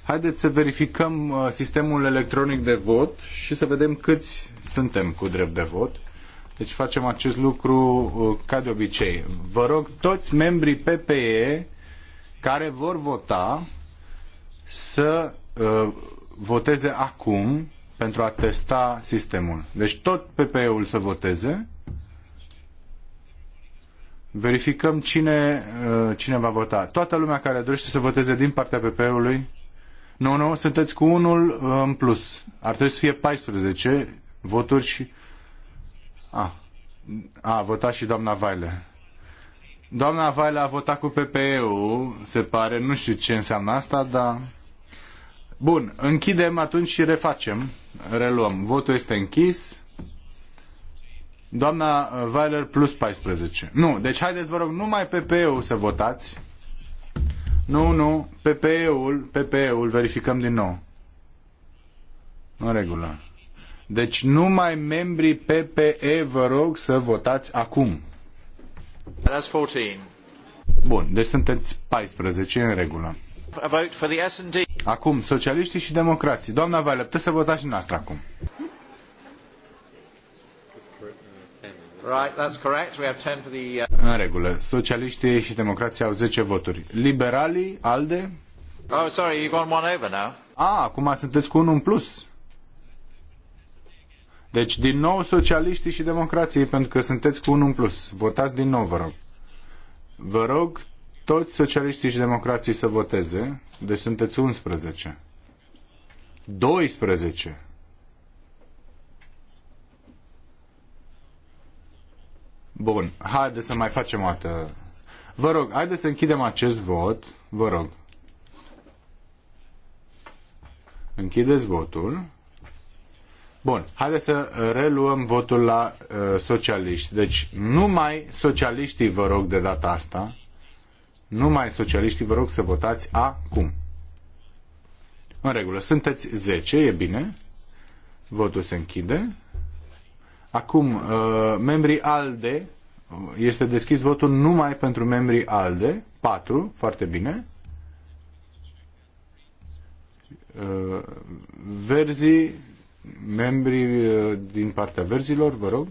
Haideți să verificăm uh, sistemul electronic de vot și să vedem câți suntem cu drept de vot. Deci facem acest lucru uh, ca de obicei. Vă rog toți membrii PPE care vor vota să uh, voteze acum pentru a testa sistemul. Deci tot PPE-ul să voteze. Verificăm cine, cine va vota. Toată lumea care dorește să voteze din partea PPE-ului nu, nu, sunteți cu unul în plus. Ar trebui să fie 14 voturi și... A, a votat și doamna Vaile. Doamna Vaile a votat cu PPE-ul, se pare. Nu știu ce înseamnă asta, dar... Bun, închidem atunci și refacem. Reluăm. Votul este închis. Doamna Weiler plus 14. Nu, deci haideți, vă rog, numai PPE-ul să votați. Nu, nu, PPE-ul, PPE-ul, verificăm din nou. În regulă. Deci numai membrii PPE vă rog să votați acum. That's 14. Bun, deci sunteți 14, în regulă. Acum, socialiștii și democrații. Doamna Vale, puteți să votați și noastră acum. Right, that's correct. We have 10 for the, uh, În regulă. Socialiștii și democrații au 10 voturi. Liberalii, ALDE? Oh, sorry, you've gone one over now. Ah, acum sunteți cu unul în plus. Deci din nou socialiștii și democrații, pentru că sunteți cu unul în plus. Votați din nou, vă rog. Vă rog toți socialiștii și democrații să voteze. Deci sunteți 11. 12. Bun, haideți să mai facem o dată. Vă rog, haideți să închidem acest vot. Vă rog. Închideți votul. Bun, haideți să reluăm votul la uh, socialiști. Deci, numai socialiștii vă rog de data asta, numai socialiștii vă rog să votați acum. În regulă, sunteți 10, e bine. Votul se închide. Acum, uh, membrii ALDE, este deschis votul numai pentru membrii ALDE, 4, foarte bine. Uh, Verzii, membrii uh, din partea verzilor, vă rog,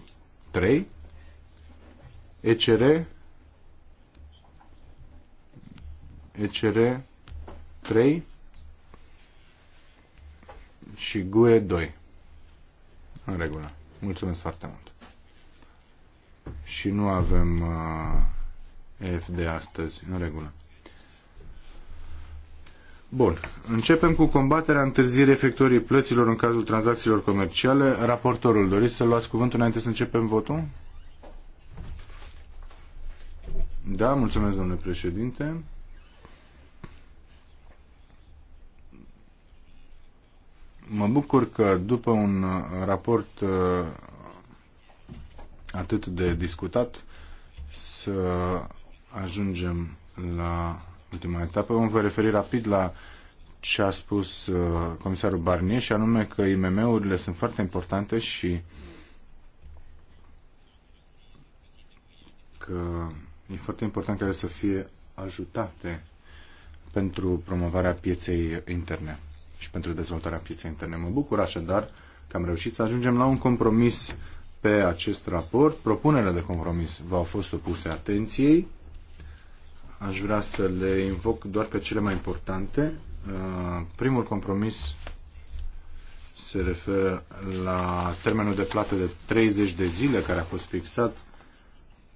3. ECR, ECR 3 și GUE 2. În regulă. Mulțumesc foarte mult. Și nu avem uh, F de astăzi, în regulă. Bun. Începem cu combaterea întârzierii efectuării plăților în cazul tranzacțiilor comerciale. Raportorul, doriți să luați cuvântul înainte să începem votul? Da, mulțumesc, domnule președinte. Mă bucur că după un uh, raport uh, atât de discutat să ajungem la ultima etapă. Vom vă referi rapid la ce a spus uh, comisarul Barnier și anume că IMM-urile sunt foarte importante și că e foarte important ca să fie ajutate pentru promovarea pieței interne și pentru dezvoltarea pieței interne. Mă bucur așadar că am reușit să ajungem la un compromis pe acest raport. Propunerile de compromis v-au fost supuse atenției. Aș vrea să le invoc doar pe cele mai importante. Uh, primul compromis se referă la termenul de plată de 30 de zile care a fost fixat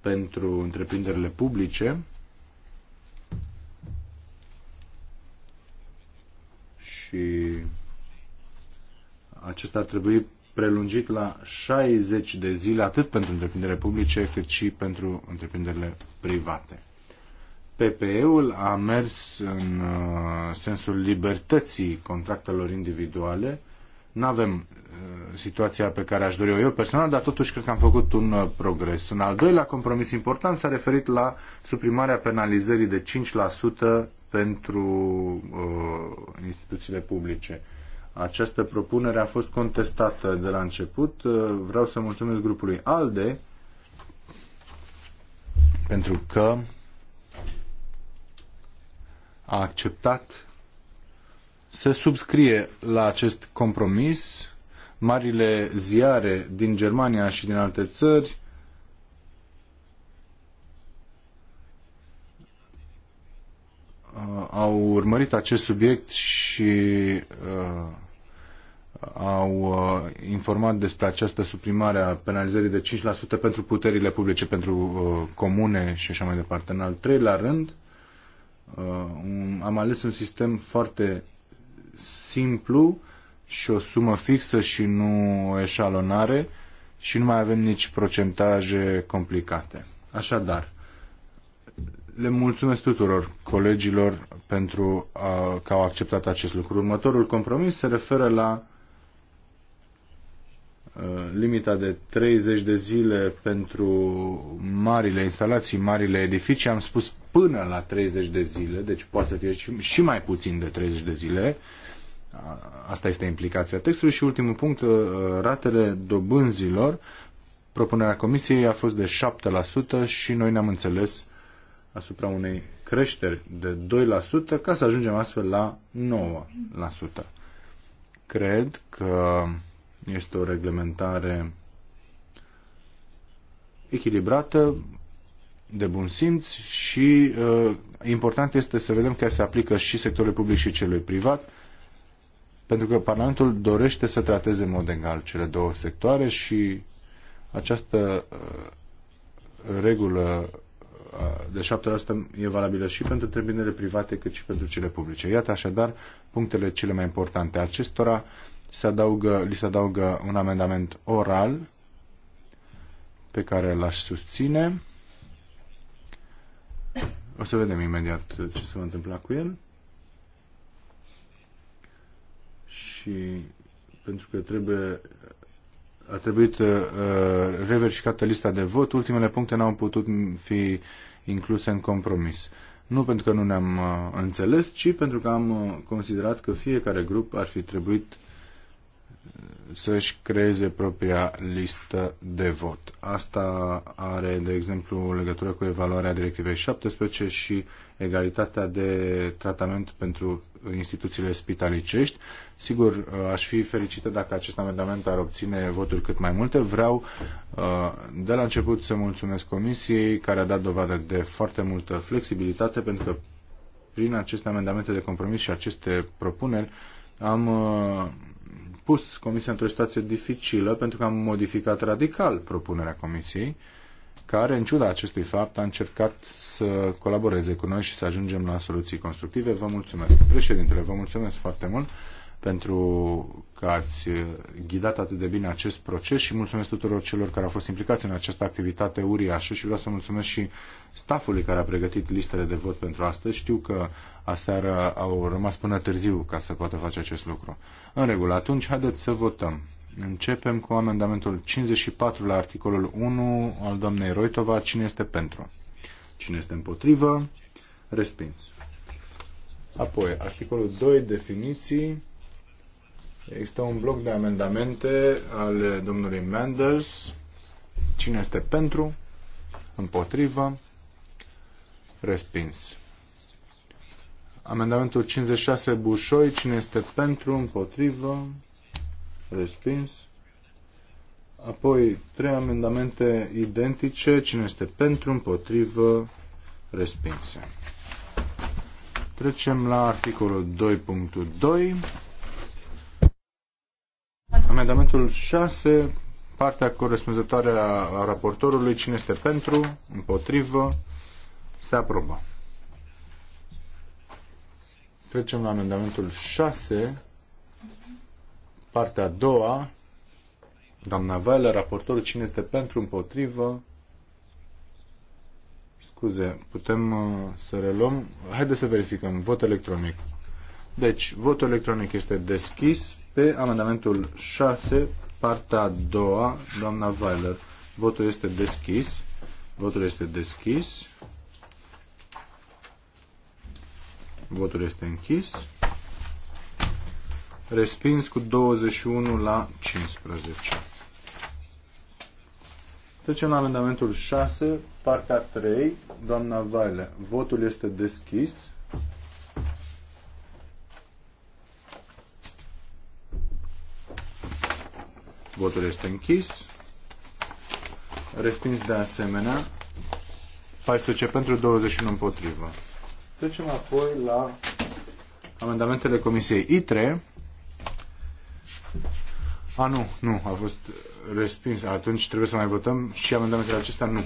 pentru întreprinderile publice. și acesta ar trebui prelungit la 60 de zile, atât pentru întreprinderile publice, cât și pentru întreprinderile private. PPE-ul a mers în uh, sensul libertății contractelor individuale. Nu avem uh, situația pe care aș dori-o eu personal, dar totuși cred că am făcut un uh, progres. În al doilea compromis important s-a referit la suprimarea penalizării de 5% pentru uh, instituțiile publice. Această propunere a fost contestată de la început. Uh, vreau să mulțumesc grupului ALDE pentru că a acceptat să subscrie la acest compromis marile ziare din Germania și din alte țări Uh, au urmărit acest subiect și uh, au uh, informat despre această suprimare a penalizării de 5% pentru puterile publice, pentru comune și așa mai departe. În al treilea rând, am ales un sistem foarte simplu și o sumă fixă și nu o eșalonare și nu mai avem nici procentaje complicate. Așadar, le mulțumesc tuturor colegilor pentru uh, că au acceptat acest lucru. Următorul compromis se referă la limita de 30 de zile pentru marile instalații, marile edificii. Am spus până la 30 de zile, deci poate să fie și, mai puțin de 30 de zile. Asta este implicația textului și ultimul punct, ratele dobânzilor. Propunerea comisiei a fost de 7% și noi ne-am înțeles asupra unei creșteri de 2% ca să ajungem astfel la 9%. Cred că este o reglementare echilibrată, de bun simț și uh, important este să vedem că se aplică și sectorului public și celui privat, pentru că Parlamentul dorește să trateze în mod egal cele două sectoare și această uh, regulă de asta e valabilă și pentru întreprinderile private cât și pentru cele publice. Iată așadar punctele cele mai importante. Acestora se adaugă, li se adaugă un amendament oral pe care l-aș susține. O să vedem imediat ce se va întâmpla cu el. Și pentru că trebuie a trebuit uh, reverificată lista de vot. Ultimele puncte n-au putut fi incluse în compromis. Nu pentru că nu ne-am uh, înțeles, ci pentru că am uh, considerat că fiecare grup ar fi trebuit să-și creeze propria listă de vot. Asta are, de exemplu, legătură cu evaluarea Directivei 17 și egalitatea de tratament pentru instituțiile spitalicești. Sigur, uh, aș fi fericită dacă acest amendament ar obține voturi cât mai multe. Vreau uh, de la început să mulțumesc Comisiei care a dat dovadă de foarte multă flexibilitate pentru că prin aceste amendamente de compromis și aceste propuneri am uh, pus Comisia într-o situație dificilă pentru că am modificat radical propunerea Comisiei care, în ciuda acestui fapt, a încercat să colaboreze cu noi și să ajungem la soluții constructive. Vă mulțumesc. Președintele, vă mulțumesc foarte mult pentru că ați ghidat atât de bine acest proces și mulțumesc tuturor celor care au fost implicați în această activitate uriașă și vreau să mulțumesc și staffului care a pregătit listele de vot pentru astăzi. Știu că aseară au rămas până târziu ca să poată face acest lucru. În regulă, atunci haideți să votăm. Începem cu amendamentul 54 la articolul 1 al doamnei Roitova. Cine este pentru? Cine este împotrivă? Respins. Apoi, articolul 2, definiții. Există un bloc de amendamente al domnului Manders. Cine este pentru? Împotrivă? Respins. Amendamentul 56, Bușoi. Cine este pentru? Împotrivă? Respins. Apoi trei amendamente identice. Cine este pentru, împotrivă, respinse. Trecem la articolul 2.2. Amendamentul 6, partea corespunzătoare a raportorului. Cine este pentru, împotrivă, se aprobă. Trecem la amendamentul 6, Partea a doua, doamna Vale, raportorul, cine este pentru, împotrivă? Scuze, putem uh, să reluăm? Haideți să verificăm. Vot electronic. Deci, votul electronic este deschis pe amendamentul 6, partea a doua, doamna Weiler. Votul este deschis. Votul este deschis. Votul este închis respins cu 21 la 15. Trecem la amendamentul 6, partea 3, doamna Vaile. Votul este deschis. Votul este închis. Respins de asemenea. 14 pentru 21 împotrivă. Trecem apoi la amendamentele Comisiei I3. A, nu, nu, a fost respins. Atunci trebuie să mai votăm și amendamentele acestea nu.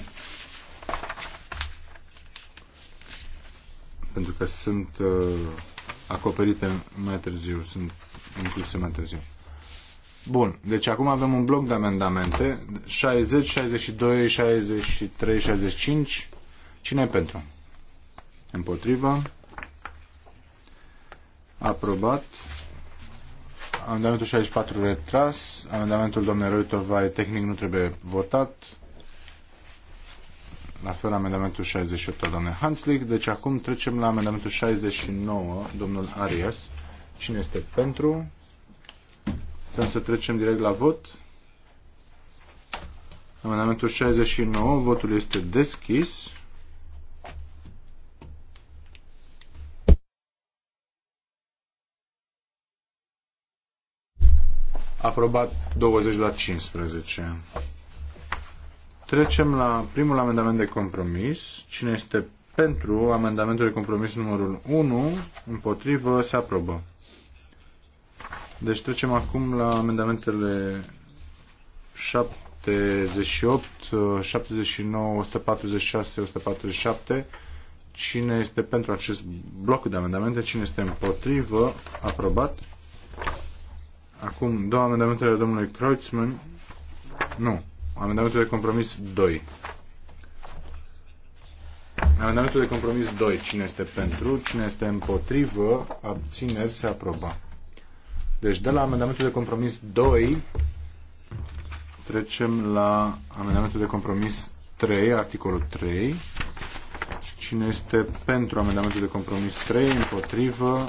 Pentru că sunt uh, acoperite mai târziu, sunt incluse mai târziu. Bun, deci acum avem un bloc de amendamente 60, 62, 63, 65. Cine e pentru? Împotrivă. Aprobat. Amendamentul 64 retras. Amendamentul domnului Roitova e tehnic, nu trebuie votat. La fel, amendamentul 68 al domnului Hanslick. Deci acum trecem la amendamentul 69, domnul Arias. Cine este pentru? Putem să trecem direct la vot. Amendamentul 69, votul este deschis. Aprobat 20 la 15. Trecem la primul amendament de compromis. Cine este pentru amendamentul de compromis numărul 1, împotrivă, se aprobă. Deci trecem acum la amendamentele 78, 79, 146, 147. Cine este pentru acest bloc de amendamente? Cine este împotrivă? Aprobat. Acum, două amendamente ale domnului Kreutzmann. Nu. Amendamentul de compromis 2. Amendamentul de compromis 2. Cine este pentru, cine este împotrivă, abțineri, se aproba. Deci de la amendamentul de compromis 2 trecem la amendamentul de compromis 3, articolul 3. Cine este pentru amendamentul de compromis 3, împotrivă,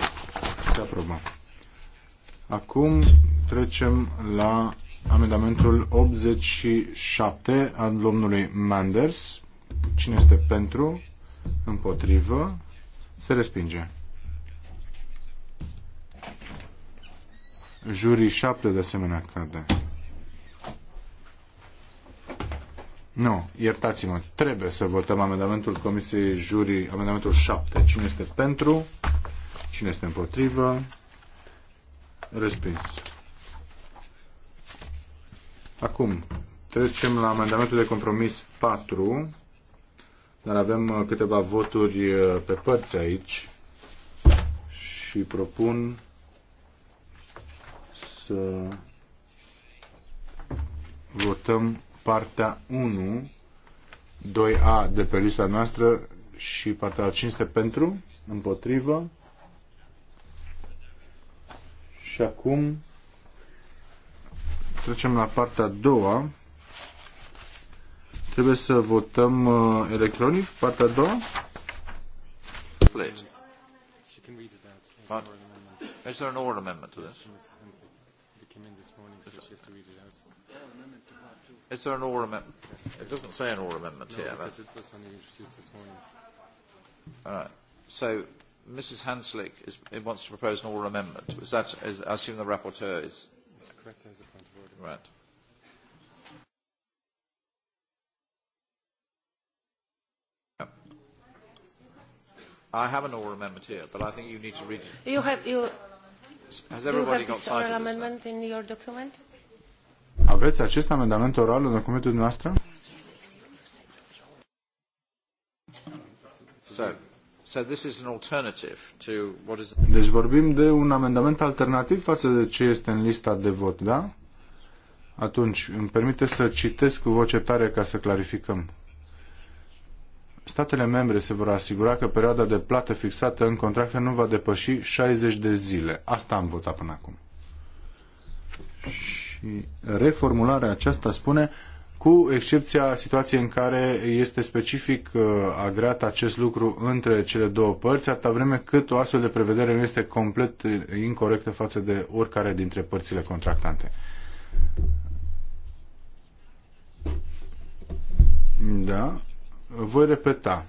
se aprobă. Acum trecem la amendamentul 87 al domnului Manders. Cine este pentru? Împotrivă? Se respinge. Jurii 7 de asemenea cade. Nu, iertați-mă, trebuie să votăm amendamentul Comisiei Jurii, amendamentul 7. Cine este pentru? Cine este împotrivă? Respins. Acum, trecem la amendamentul de compromis 4, dar avem uh, câteva voturi uh, pe părți aici și propun să votăm partea 1, 2A de pe lista noastră și partea 5 pentru, împotrivă, și acum trecem la partea a doua. Trebuie să votăm uh, electronic partea a doua. Please. But is there an order amendment to this? Is there an order amendment? It doesn't say an order amendment no, here. No, Because it was only introduced this morning. All right. So Mrs. Hanslick is, wants to propose an oral amendment. Is that, is, I assume the rapporteur is... Right. I have an oral amendment here, but I think you need to read it. You have, you, Has everybody you have this oral amendment in your document? Aveți acest amendament oral în documentul noastră? So, So this is an alternative to what is... Deci vorbim de un amendament alternativ față de ce este în lista de vot, da? Atunci, îmi permite să citesc cu voce tare ca să clarificăm. Statele membre se vor asigura că perioada de plată fixată în contracte nu va depăși 60 de zile. Asta am votat până acum. Și reformularea aceasta spune cu excepția situației în care este specific uh, agreat acest lucru între cele două părți, atâta vreme cât o astfel de prevedere nu este complet incorrectă față de oricare dintre părțile contractante. Da, voi repeta.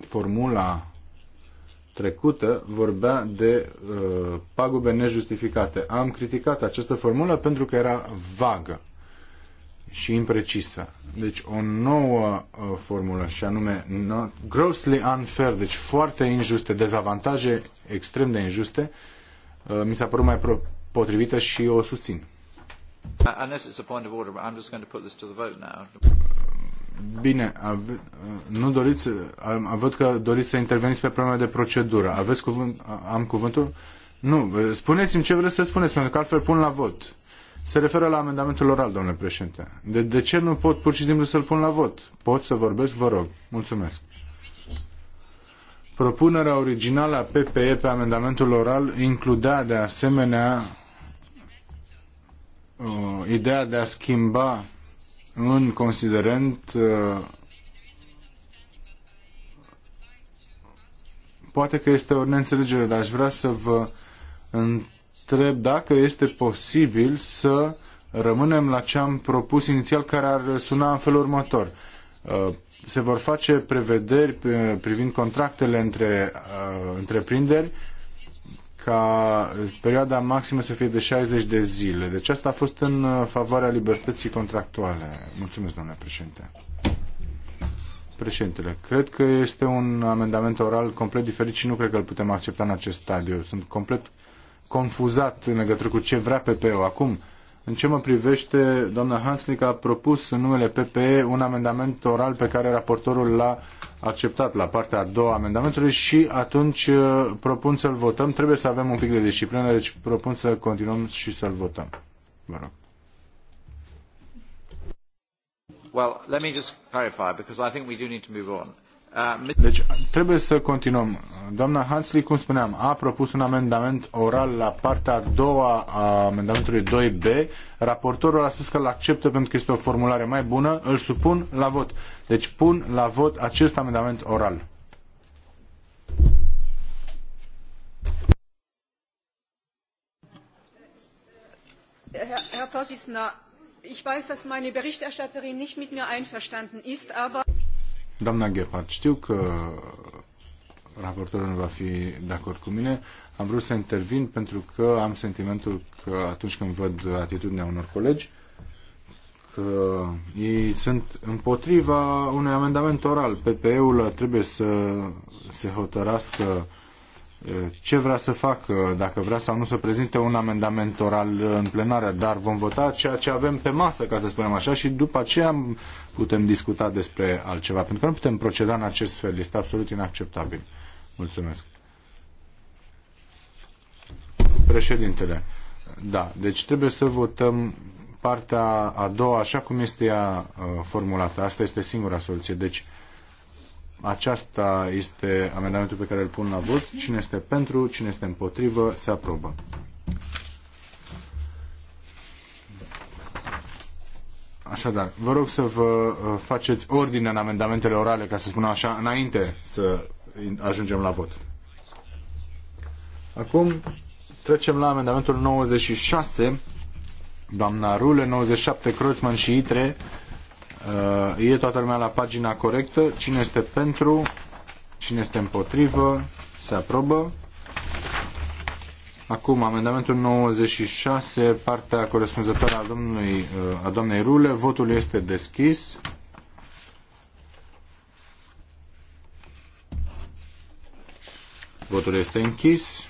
Formula trecută vorbea de uh, pagube nejustificate. Am criticat această formulă pentru că era vagă și imprecisă. Deci o nouă uh, formulă și anume not, grossly unfair, deci foarte injuste, dezavantaje extrem de injuste, uh, mi s-a părut mai potrivită și o susțin. Bine, ave, nu doriți, văd că doriți să interveniți pe problema de procedură. Aveți cuvânt, am cuvântul? Nu, spuneți-mi ce vreți să spuneți, pentru că altfel pun la vot. Se referă la amendamentul oral, domnule președinte. De, de ce nu pot pur și simplu să-l pun la vot? Pot să vorbesc? Vă rog. Mulțumesc. Propunerea originală a PPE pe amendamentul oral includea de asemenea uh, ideea de a schimba în considerent uh, poate că este o neînțelegere, dar aș vrea să vă întreb dacă este posibil să rămânem la ce am propus inițial, care ar suna în felul următor. Uh, se vor face prevederi privind contractele între uh, întreprinderi ca perioada maximă să fie de 60 de zile. Deci asta a fost în favoarea libertății contractuale. Mulțumesc, domnule președinte. Președintele, cred că este un amendament oral complet diferit și nu cred că îl putem accepta în acest stadiu. Sunt complet confuzat în legătură cu ce vrea PPO. ul Acum, în ce mă privește, doamna Hanslick a propus în numele PPE un amendament oral pe care raportorul l-a acceptat la partea a doua a amendamentului și atunci uh, propun să-l votăm. Trebuie să avem un pic de disciplină, deci propun să continuăm și să-l votăm. Vă rog. Well, let me just clarify because I think we do need to move on. Deci trebuie să continuăm. Doamna Hansley, cum spuneam, a propus un amendament oral la partea a doua a amendamentului 2B. Raportorul a spus că îl acceptă pentru că este o formulare mai bună. Îl supun la vot. Deci pun la vot acest amendament oral. Herr Vorsitzender, ich weiß, dass meine Berichterstatterin nicht mit mir einverstanden ist, aber Doamna Gephardt, știu că raportorul nu va fi de acord cu mine. Am vrut să intervin pentru că am sentimentul că atunci când văd atitudinea unor colegi, că ei sunt împotriva unui amendament oral. PPE-ul trebuie să se hotărască ce vrea să facă, dacă vrea sau nu să prezinte un amendament oral în plenară, dar vom vota ceea ce avem pe masă, ca să spunem așa, și după aceea putem discuta despre altceva, pentru că nu putem proceda în acest fel, este absolut inacceptabil. Mulțumesc. Președintele, da, deci trebuie să votăm partea a doua așa cum este ea uh, formulată. Asta este singura soluție. Deci, aceasta este amendamentul pe care îl pun la vot. Cine este pentru, cine este împotrivă, se aprobă. Așadar, vă rog să vă uh, faceți ordine în amendamentele orale, ca să spunem așa, înainte să ajungem la vot. Acum trecem la amendamentul 96, doamna Rule, 97, Croțman și Itre, Uh, e toată lumea la pagina corectă. Cine este pentru? Cine este împotrivă? Se aprobă. Acum, amendamentul 96, partea corespunzătoare a, domnului, uh, a doamnei Rule. Votul este deschis. Votul este închis.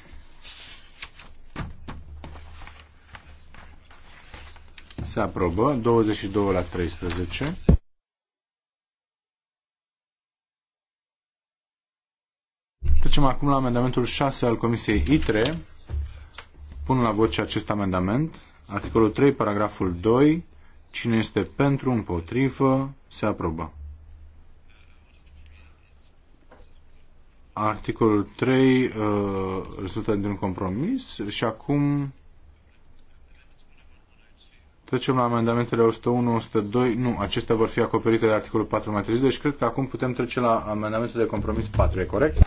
se aprobă, 22 la 13. Trecem acum la amendamentul 6 al Comisiei ITRE. Pun la voce acest amendament. Articolul 3, paragraful 2. Cine este pentru, împotrivă, se aprobă. Articolul 3 uh, rezultă dintr un compromis și acum Trecem la amendamentele 101, 102. Nu, acestea vor fi acoperite de articolul 4 mai târziu, deci cred că acum putem trece la amendamentul de compromis 4, e corect?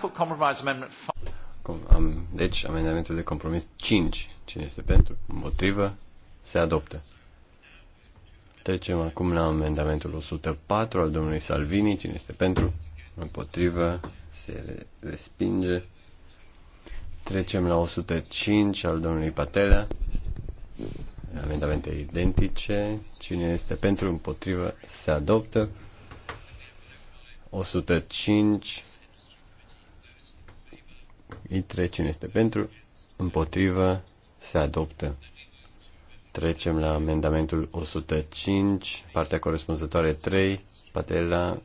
Deci, amendamentul de compromis 5. Cine este pentru? Motivă, Se adoptă. Trecem acum la amendamentul 104 al domnului Salvini. Cine este pentru? Împotrivă? Se respinge. Trecem la 105 al domnului Patela. Amendamente identice. Cine este pentru, împotrivă, se adoptă. 105. Itre, Cine este pentru, împotrivă, se adoptă. Trecem la amendamentul 105, partea corespunzătoare 3, Patela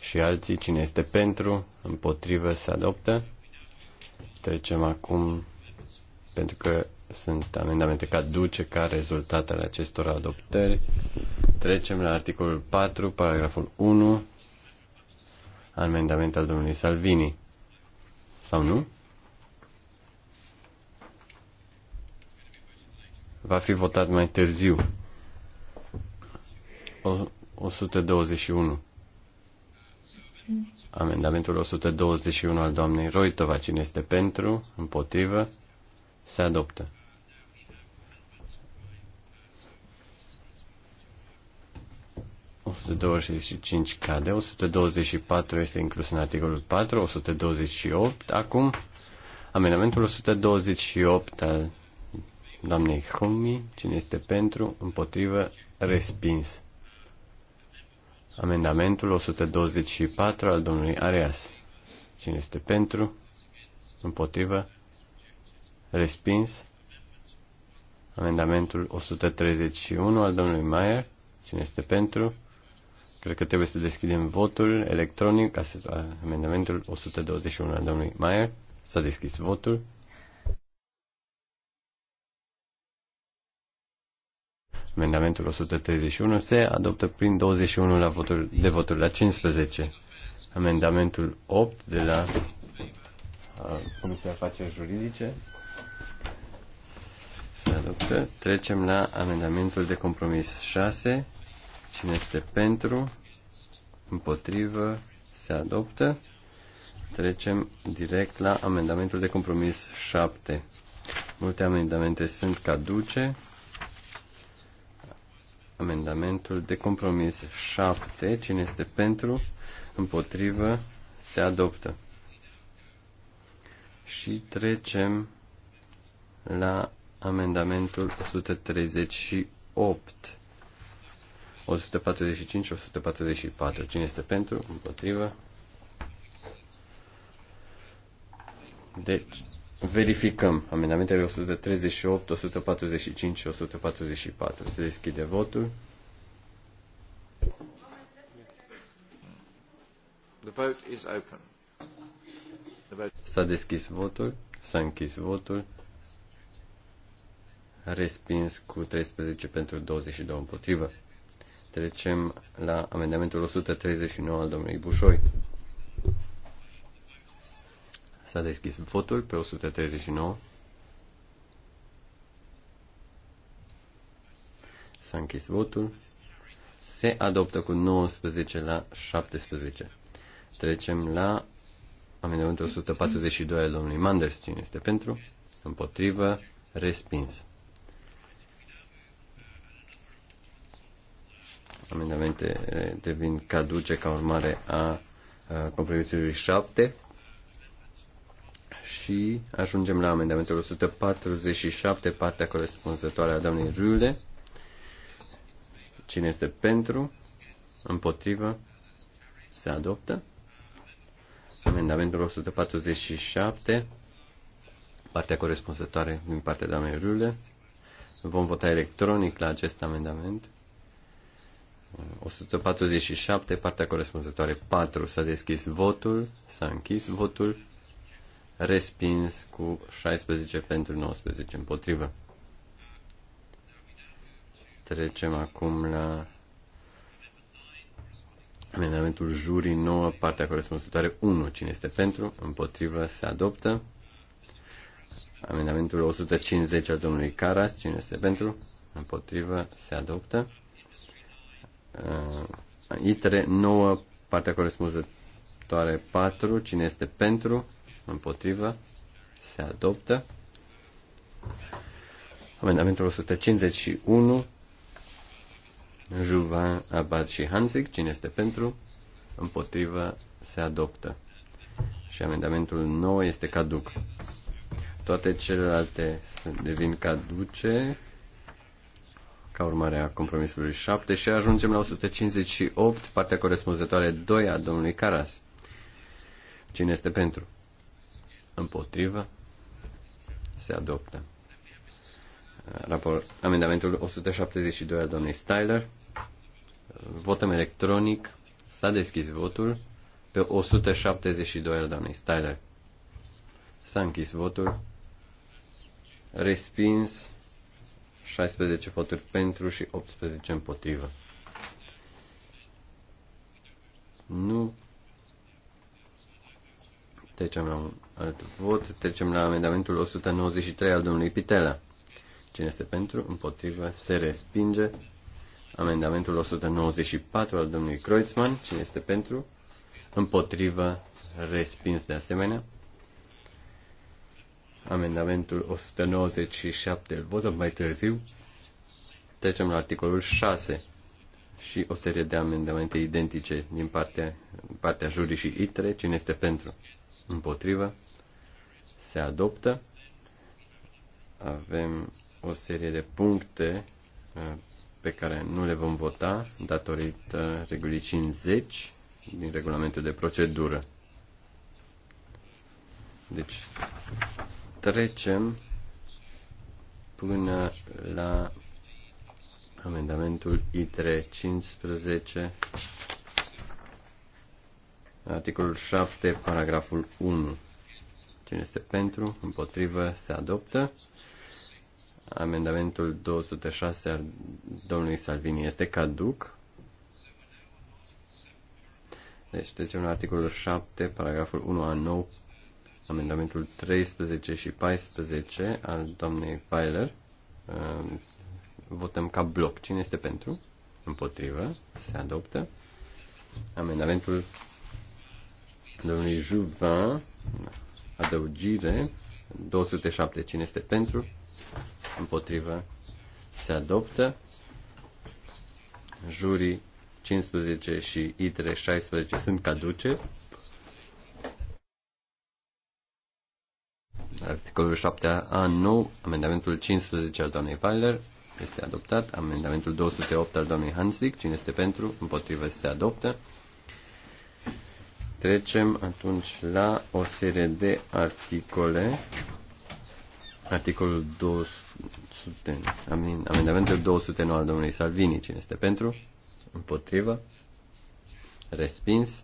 și alții. Cine este pentru, împotrivă, se adoptă. Trecem acum, pentru că sunt amendamente caduce ca rezultat ale acestor adoptări. Trecem la articolul 4, paragraful 1, amendament al domnului Salvini. Sau nu? Va fi votat mai târziu. O, 121. Amendamentul 121 al doamnei Roitova. Cine este pentru? Împotrivă? Se adoptă. 125 cade, 124 este inclus în articolul 4, 128 acum, amendamentul 128 al doamnei Humi, cine este pentru, împotrivă, respins. Amendamentul 124 al domnului Areas, cine este pentru, împotrivă, respins. Amendamentul 131 al domnului Mayer, cine este pentru, Cred că trebuie să deschidem votul electronic, amendamentul 121 al domnului Maier. S-a deschis votul. Amendamentul 131 se adoptă prin 21 la voturi, de voturi la 15. Amendamentul 8 de la uh, Comisia Afaceri Juridice se adoptă. Trecem la amendamentul de compromis 6 Cine este pentru? Împotrivă? Se adoptă. Trecem direct la amendamentul de compromis 7. Multe amendamente sunt caduce. Amendamentul de compromis 7. Cine este pentru? Împotrivă? Se adoptă. Și trecem la amendamentul 138. 145, 144. Cine este pentru? Împotrivă. Deci, verificăm amendamentele 138, 145 și 144. Se deschide votul. The vote is open. S-a deschis votul, s-a închis votul, respins cu 13 pentru 22 împotrivă. Trecem la amendamentul 139 al domnului Bușoi. S-a deschis votul pe 139. S-a închis votul. Se adoptă cu 19 la 17. Trecem la amendamentul 142 al domnului Manders. Cine este pentru? Împotrivă. Respins. amendamente eh, devin caduce ca urmare a eh, compromisului 7 și ajungem la amendamentul 147, partea corespunzătoare a doamnei Rule. Cine este pentru? Împotrivă? Se adoptă. Amendamentul 147, partea corespunzătoare din partea doamnei Rule. Vom vota electronic la acest amendament. 147, partea corespunzătoare 4. S-a deschis votul, s-a închis votul, respins cu 16 pentru 19 împotrivă. Trecem acum la amendamentul jurii 9, partea corespunzătoare 1. Cine este pentru? Împotrivă se adoptă. Amendamentul 150 al domnului Caras. Cine este pentru? Împotrivă se adoptă. Uh, ITRE 9, partea corespunzătoare 4, cine este pentru, împotrivă, se adoptă. Amendamentul 151, Juvan, Abad și Hansic, cine este pentru, împotrivă, se adoptă. Și amendamentul 9 este caduc. Toate celelalte devin caduce ca urmare a compromisului 7 și ajungem la 158, partea corespunzătoare 2 a domnului Caras. Cine este pentru? Împotrivă? Se adoptă. Raport, amendamentul 172 al domnului Styler. Votăm electronic. S-a deschis votul pe 172 al domnului Styler. S-a închis votul. Respins 16 voturi pentru și 18 împotrivă. Nu. Trecem la un alt vot. Trecem la amendamentul 193 al domnului Pitela. Cine este pentru? Împotrivă. Se respinge. Amendamentul 194 al domnului Kreutzmann. Cine este pentru? Împotrivă. Respins de asemenea amendamentul 197. Îl votăm mai târziu. Trecem la articolul 6 și o serie de amendamente identice din partea, partea jurii și ITRE. Cine este pentru? Împotrivă? Se adoptă. Avem o serie de puncte uh, pe care nu le vom vota datorită regulii 50 din regulamentul de procedură. Deci, trecem până la amendamentul ITRE 15, articolul 7, paragraful 1. Cine este pentru, împotrivă, se adoptă. Amendamentul 206 al domnului Salvini este caduc. Deci trecem la articolul 7, paragraful 1 a nou amendamentul 13 și 14 al doamnei Weiler. Ehm, votăm ca bloc. Cine este pentru? Împotrivă. Se adoptă. Amendamentul domnului Juvin, adăugire, 207. Cine este pentru? Împotrivă. Se adoptă. Jurii 15 și ITRE 16 sunt caduce. Articolul 7 a nou, amendamentul 15 al doamnei Weiler este adoptat. Amendamentul 208 al doamnei Hanslick, cine este pentru, împotrivă, se adoptă. Trecem atunci la o serie de articole. Articolul 200, amendamentul 209 al domnului Salvini, cine este pentru, împotrivă, respins.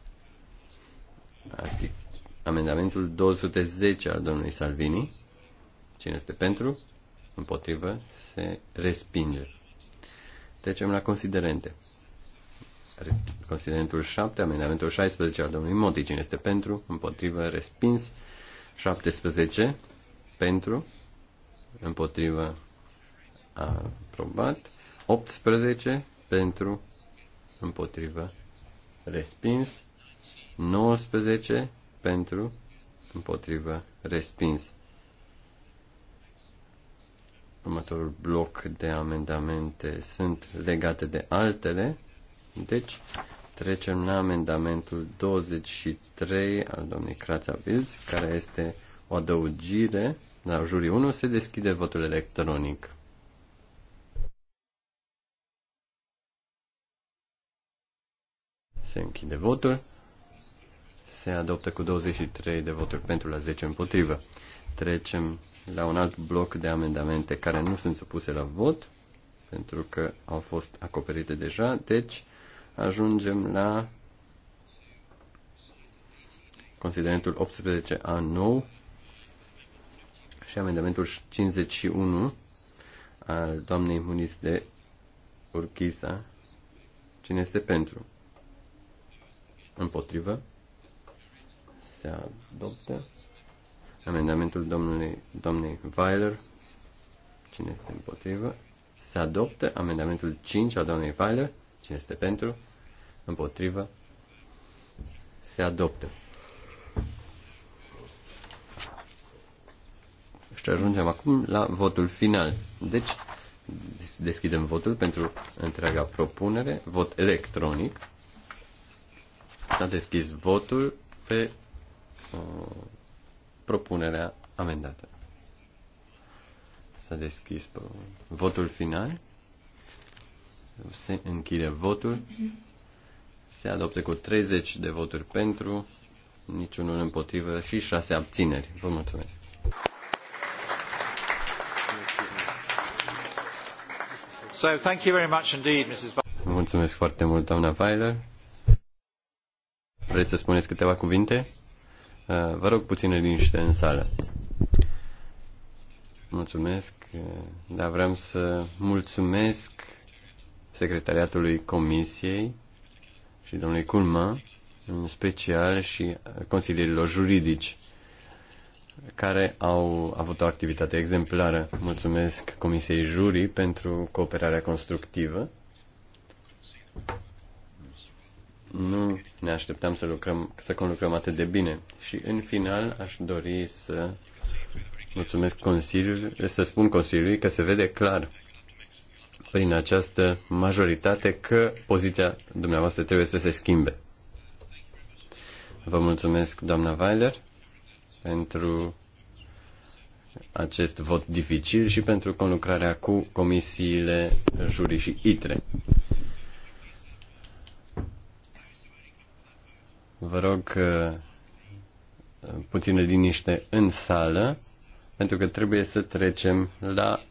Articolul Amendamentul 210 al domnului Salvini. Cine este pentru? Împotrivă? Se respinge. Trecem la considerente. Considerentul 7, amendamentul 16 al domnului Moti. Cine este pentru? Împotrivă? Respins. 17 pentru, împotrivă, aprobat, 18 pentru, împotrivă, respins, 19 pentru, împotrivă, respins. Următorul bloc de amendamente sunt legate de altele, deci trecem la amendamentul 23 al domnului Crața Bilz, care este o adăugire la jurii 1, se deschide votul electronic. Se închide votul se adoptă cu 23 de voturi pentru la 10 împotrivă. Trecem la un alt bloc de amendamente care nu sunt supuse la vot, pentru că au fost acoperite deja. Deci, ajungem la considerentul 18A9 și amendamentul 51 al doamnei Muniz de Urchiza. Cine este pentru? Împotrivă? se adoptă. Amendamentul domnului, domnului Weiler. Cine este împotrivă? Se adoptă amendamentul 5 al domnului Weiler. Cine este pentru? Împotrivă? Se adoptă. Și ajungem acum la votul final. Deci, deschidem votul pentru întreaga propunere, vot electronic. S-a deschis votul pe Uh, propunerea amendată. S-a deschis uh, votul final. Se închide votul. Se adoptă cu 30 de voturi pentru, niciunul împotrivă și 6 abțineri. Vă mulțumesc. So, thank you very much indeed, Mrs. Mulțumesc foarte mult, doamna Weiler. Vreți să spuneți câteva cuvinte? Eh, vă rog puțin liniște în sală. Mulțumesc, eh, dar vreau să mulțumesc secretariatului Comisiei și domnului Culma, în special și consilierilor juridici care au avut o activitate exemplară. Mulțumesc Comisiei Jurii pentru cooperarea constructivă nu ne așteptam să lucrăm, să conlucrăm atât de bine. Și în final aș dori să mulțumesc Consiliului, să spun Consiliului că se vede clar prin această majoritate că poziția dumneavoastră trebuie să se schimbe. Vă mulțumesc, doamna Weiler, pentru acest vot dificil și pentru conlucrarea cu comisiile jurii și ITRE. Vă rog uh, puțină liniște în sală, pentru că trebuie să trecem la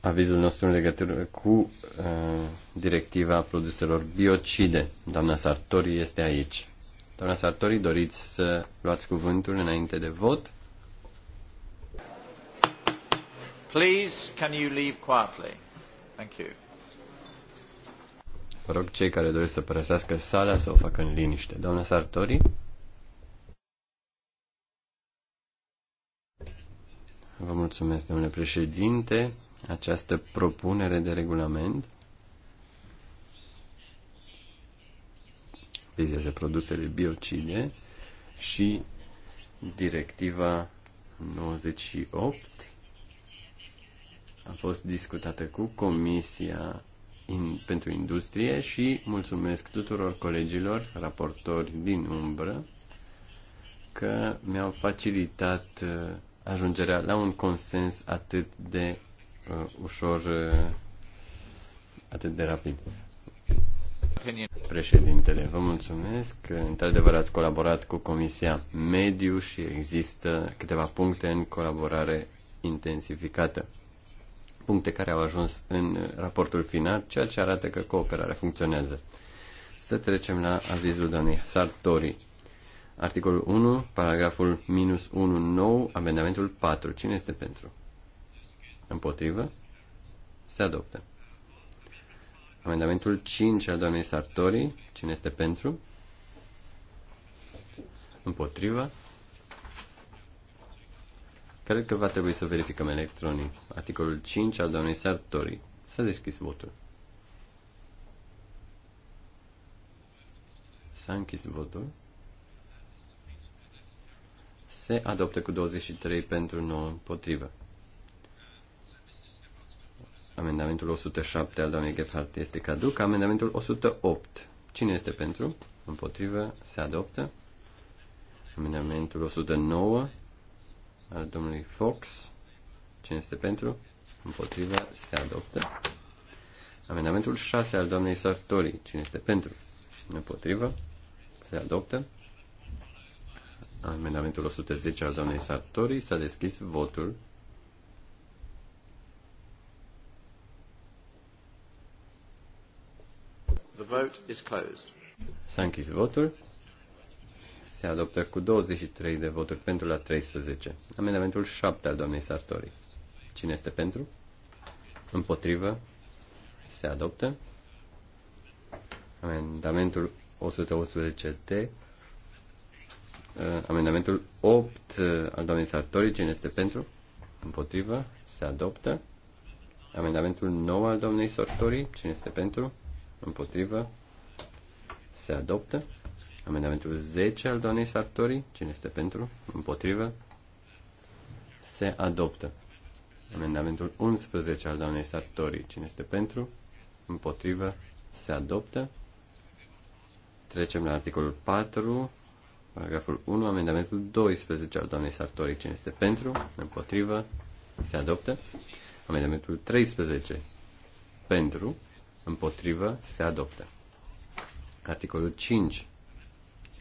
avizul nostru în legătură cu uh, directiva produselor biocide. Doamna Sartori este aici. Doamna Sartori, doriți să luați cuvântul înainte de vot? Please, can you leave quietly? Thank you. Vă rog cei care doresc să părăsească sala să o facă în liniște. Doamna Sartori? Vă mulțumesc, domnule președinte. Această propunere de regulament vizează produsele biocide și directiva 98 a fost discutată cu Comisia in, pentru industrie și mulțumesc tuturor colegilor, raportori din umbră, că mi-au facilitat uh, ajungerea la un consens atât de uh, ușor, uh, atât de rapid. Președintele, vă mulțumesc. Într-adevăr ați colaborat cu Comisia Mediu și există câteva puncte în colaborare intensificată puncte care au ajuns în raportul final, ceea ce arată că cooperarea funcționează. Să trecem la avizul doamnei Sartori. Articolul 1, paragraful minus 1 nou, amendamentul 4. Cine este pentru? Împotrivă? Se adoptă. Amendamentul 5 al doamnei Sartori. Cine este pentru? Împotrivă? Cred că va trebui să verificăm electronic. Articolul 5 al doamnei Sartori. Să deschis votul. S-a închis votul. Se adoptă cu 23 pentru 9 împotrivă. Amendamentul 107 al doamnei Gephardt este caduc. Amendamentul 108. Cine este pentru? Împotrivă. Se adoptă. Amendamentul 109 al domnului Fox. Cine este pentru? Împotriva se adoptă. Amendamentul 6 al domnului Sartori. Cine este pentru? Împotriva Se adoptă. Amendamentul 110 al domnului Sartori. S-a deschis votul. The vote is closed. S-a închis votul se adoptă cu 23 de voturi pentru la 13. Amendamentul 7 al doamnei Sartori. Cine este pentru? Împotrivă? Se adoptă. Amendamentul 118 d uh, Amendamentul 8 uh, al doamnei Sartori. Cine este pentru? Împotrivă? Se adoptă. Amendamentul 9 al doamnei Sartori. Cine este pentru? Împotrivă? Se adoptă. Amendamentul 10 al doamnei Sartori. Cine este pentru? Împotrivă? Se adoptă. Amendamentul 11 al doamnei Sartori. Cine este pentru? Împotrivă? Se adoptă. Trecem la articolul 4, paragraful 1, amendamentul 12 al doamnei Sartori. Cine este pentru? Împotrivă? Se adoptă. Amendamentul 13. Pentru? Împotrivă? Se adoptă. Articolul 5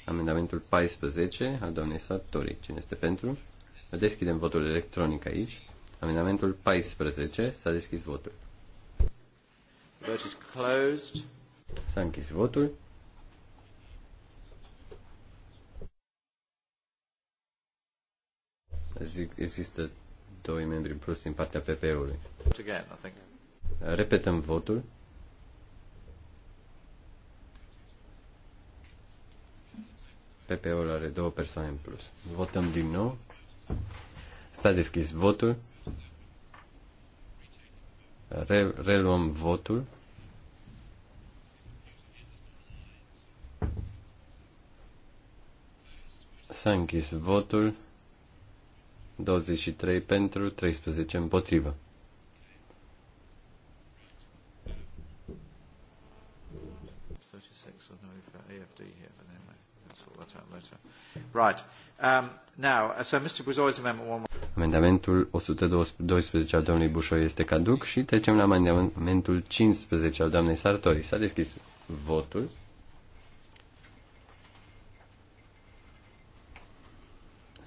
Amendamentul 14 al doamnei Sartori. Cine este pentru? Deschidem votul electronic aici. Amendamentul 14. S-a deschis votul. Vote is closed. S-a închis votul. Există doi membri în plus din partea PP-ului. Repetăm votul. PP-ul are două persoane în plus. Votăm din nou. S-a deschis votul. Re- reluăm votul. S-a închis votul. 23 pentru, 13 împotrivă. Right. Um, now, uh, so Mr. Buzoi's amendment one... Amendamentul 112 al domnului Bușoi este caduc și trecem la amendamentul 15 al doamnei Sartori. S-a deschis votul.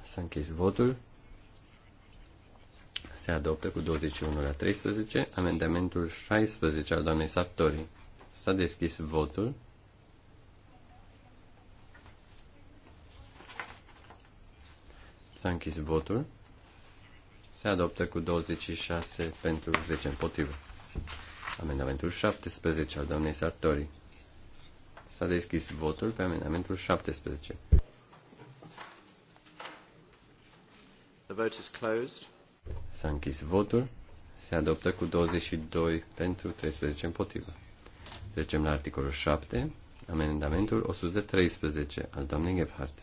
S-a închis votul. Se adoptă cu 21 la 13 amendamentul 16 al doamnei Sartori. S-a deschis votul. S-a închis votul. Se adoptă cu 26 pentru 10 împotrivă. Amendamentul 17 al doamnei Sartori. S-a deschis votul pe amendamentul 17. The vote is closed. S-a închis votul. Se adoptă cu 22 pentru 13 împotrivă. Trecem la articolul 7, amendamentul 113 al doamnei Gebhardt.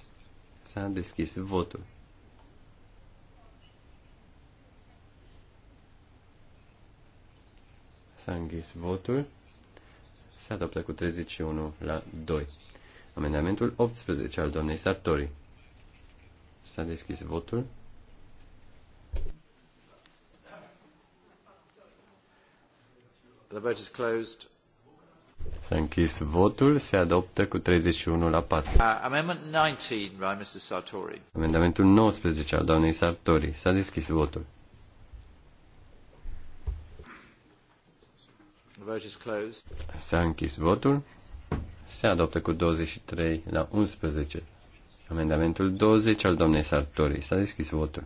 S-a deschis votul. S-a înghis votul. Se adoptă cu 31 la 2. Amendamentul 18 al doamnei Sartori. S-a deschis votul. The vote is closed. S-a închis votul, se adoptă cu 31 la 4. Uh, amendment 19 by Mr. Sartori. Amendamentul 19 al doamnei Sartori. S-a deschis votul. S-a închis votul. Se adoptă cu 23 la 11. Amendamentul 20 al domnei Sartori. S-a deschis votul.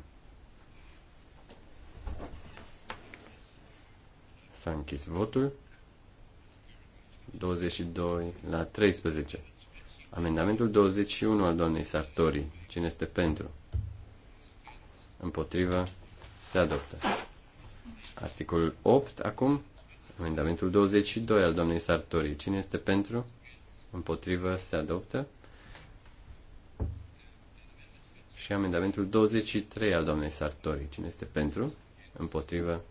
S-a închis votul. 22 la 13. Amendamentul 21 al doamnei Sartori. Cine este pentru? Împotrivă. Se adoptă. Articolul 8 acum. Amendamentul 22 al doamnei Sartori. Cine este pentru? Împotrivă se adoptă. Și amendamentul 23 al doamnei Sartori. Cine este pentru? Împotrivă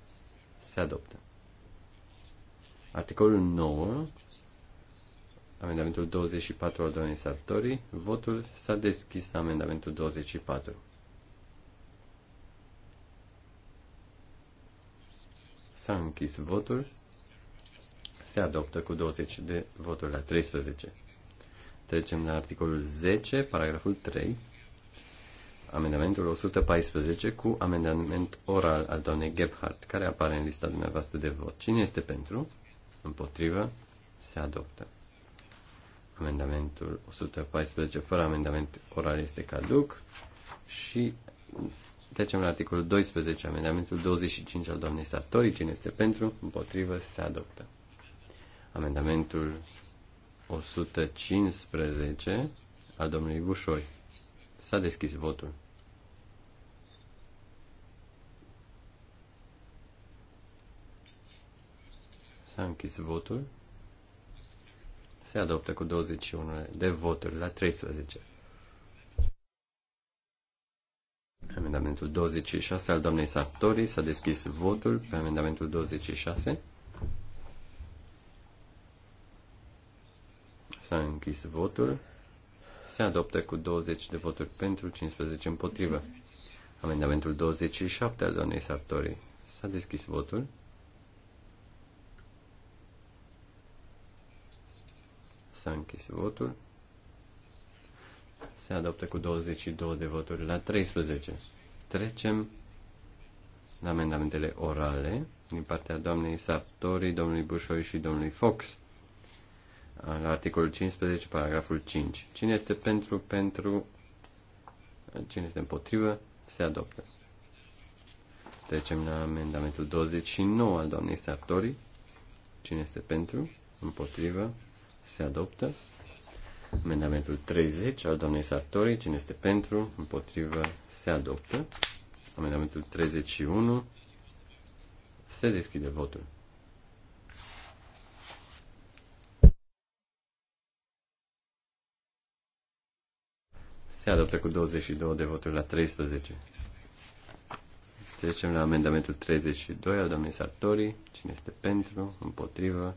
se adoptă. Articolul 9, amendamentul 24 al doamnei Sartori. Votul s-a deschis la amendamentul 24. S-a închis votul se adoptă cu 20 de voturi la 13. Trecem la articolul 10, paragraful 3. Amendamentul 114 cu amendament oral al doamnei Gebhardt, care apare în lista dumneavoastră de vot. Cine este pentru? Împotrivă? Se adoptă. Amendamentul 114 fără amendament oral este caduc și trecem la articolul 12, amendamentul 25 al doamnei Sartori. Cine este pentru? Împotrivă? Se adoptă. Amendamentul 115 a domnului Bușoi. S-a deschis votul. S-a închis votul. Se adoptă cu 21 de voturi la 13. Amendamentul 26 al doamnei Sartori s-a deschis votul pe amendamentul 26. S-a închis votul. Se adoptă cu 20 de voturi pentru, 15 împotrivă. Amendamentul 27 al doamnei Sartori. S-a deschis votul. S-a închis votul. Se adoptă cu 22 de voturi la 13. Trecem la amendamentele orale din partea doamnei Sartori, domnului Bușoi și domnului Fox la articolul 15, paragraful 5. Cine este pentru, pentru, cine este împotrivă, se adoptă. Trecem la amendamentul 29 al doamnei Sartori. Cine este pentru, împotrivă, se adoptă. Amendamentul 30 al doamnei Sartori. Cine este pentru, împotrivă, se adoptă. Amendamentul 31. Se deschide votul. Se adoptă cu 22 de voturi la 13. Trecem la amendamentul 32 al doamnei Sartori. Cine este pentru, împotrivă,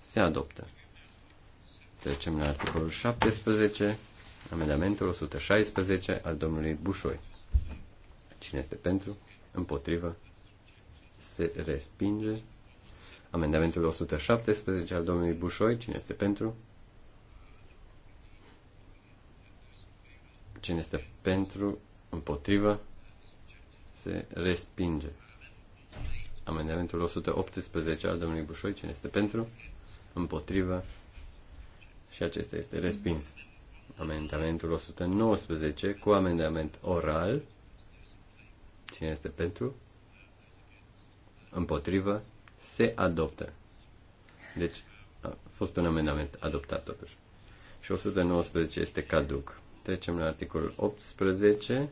se adoptă. Trecem la articolul 17, amendamentul 116 al domnului Bușoi. Cine este pentru, împotrivă, se respinge. Amendamentul 117 al domnului Bușoi. Cine este pentru, Cine este pentru, împotrivă, se respinge. Amendamentul 118 al domnului Bușoi, cine este pentru, împotrivă, și acesta este respins. Amendamentul 119 cu amendament oral, cine este pentru, împotrivă, se adoptă. Deci, a fost un amendament adoptat totuși. Și 119 este caduc. Trecem la articolul 18.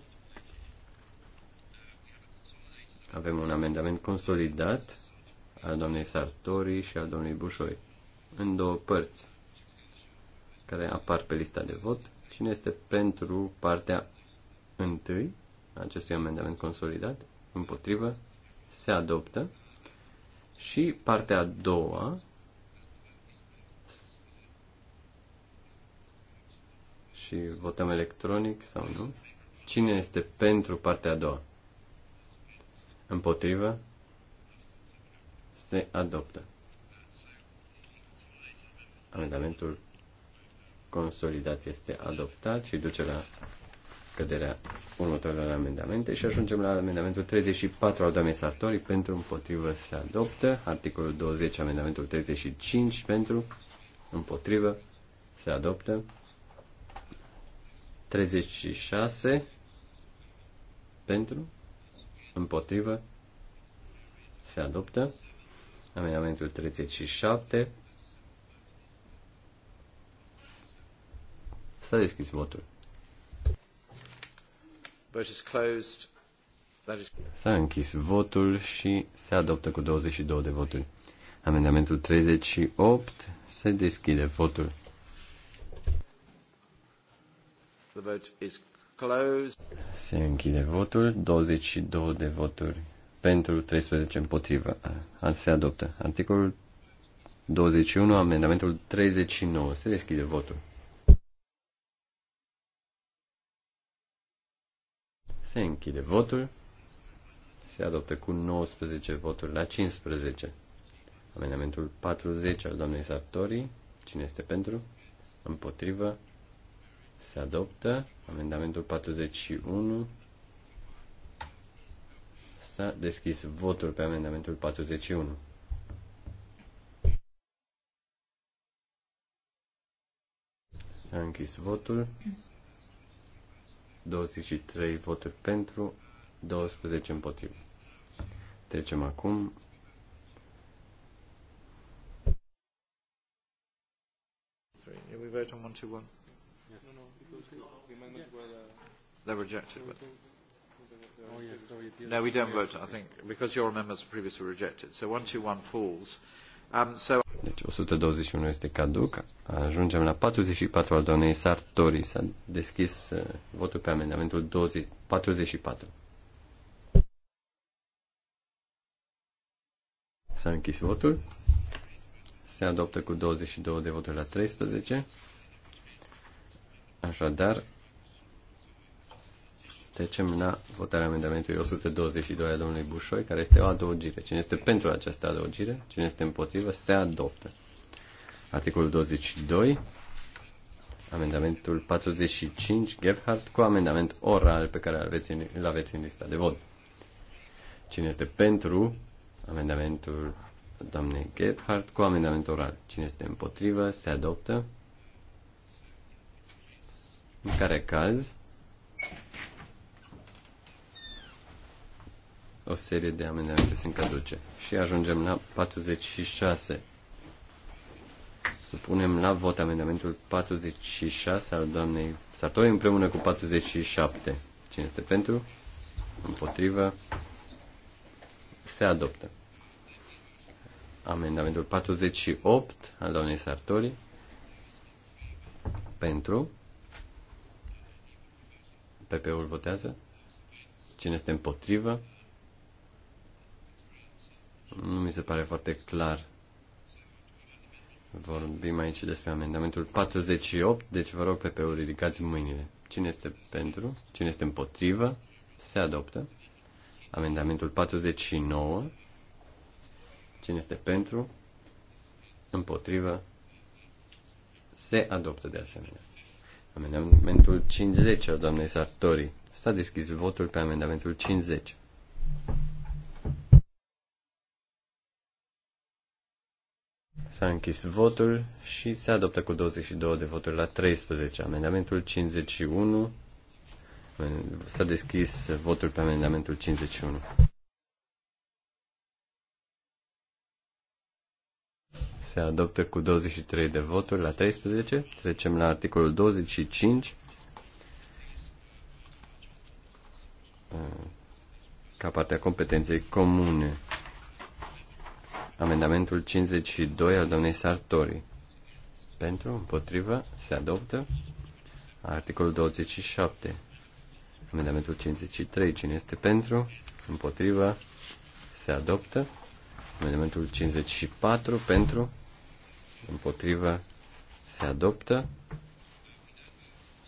Avem un amendament consolidat al domnului Sartori și al domnului Bușoi în două părți care apar pe lista de vot. Cine este pentru partea întâi acestui amendament consolidat? Împotrivă? Se adoptă. Și partea a doua și votăm electronic sau nu? Cine este pentru partea a doua? Împotrivă? Se adoptă. Amendamentul consolidat este adoptat și duce la căderea următoarelor amendamente și ajungem la amendamentul 34 al doamnei Sartori pentru împotrivă se adoptă, articolul 20, amendamentul 35 pentru împotrivă se adoptă, 36 pentru, împotrivă, se adoptă. Amendamentul 37. S-a deschis votul. S-a închis votul și se adoptă cu 22 de voturi. Amendamentul 38. Se deschide votul. Se închide votul. 22 de voturi pentru, 13 împotrivă. Se adoptă. Articolul 21, amendamentul 39. Se deschide votul. Se închide votul. Se adoptă cu 19 voturi la 15. Amendamentul 40 al doamnei Sartori. Cine este pentru? Împotrivă. Se adoptă. Amendamentul 41. S-a deschis votul pe amendamentul 41. S-a închis votul. 23 voturi pentru, 12 împotrivă. Trecem acum We vote on one. Yes. No, no, because the amendments yeah. were the... They're rejected, but... Oh, no, we don't vote, I think, because your amendments previously rejected. So 121 falls. Um, so... Deci 121 este caduc. Ajungem la 44 al doamnei Sartori. S-a deschis uh, votul pe amendamentul 20, 44. S-a închis votul. Se adoptă cu 22 de voturi la 13. Așadar, trecem la votarea amendamentului 122 al domnului Bușoi, care este o adăugire. Cine este pentru această adăugire? Cine este împotrivă? Se adoptă. Articolul 22, amendamentul 45, Gebhardt, cu amendament oral pe care îl aveți în, îl aveți în lista de vot. Cine este pentru amendamentul doamnei Gebhardt cu amendament oral? Cine este împotrivă? Se adoptă. În care caz, o serie de amendamente sunt caduce. Și ajungem la 46. Să punem la vot amendamentul 46 al doamnei Sartori împreună cu 47. Cine este pentru? Împotrivă? Se adoptă. Amendamentul 48 al doamnei Sartori. Pentru? PP-ul votează? Cine este împotrivă? Nu mi se pare foarte clar. Vorbim aici despre amendamentul 48, deci vă rog PP-ul ridicați mâinile. Cine este pentru? Cine este împotrivă? Se adoptă. Amendamentul 49. Cine este pentru? Împotrivă? Se adoptă de asemenea. Amendamentul 50 al doamnei Sartori. S-a deschis votul pe amendamentul 50. S-a închis votul și se adoptă cu 22 de voturi la 13. Amendamentul 51. S-a deschis votul pe amendamentul 51. se adoptă cu 23 de voturi la 13. Trecem la articolul 25. Eh, ca partea competenței comune. Amendamentul 52 al domnei Sartori. Pentru, împotrivă, se adoptă. Articolul 27. Amendamentul 53. Cine este pentru? Împotrivă. Se adoptă. Amendamentul 54. Pentru împotrivă, se adoptă.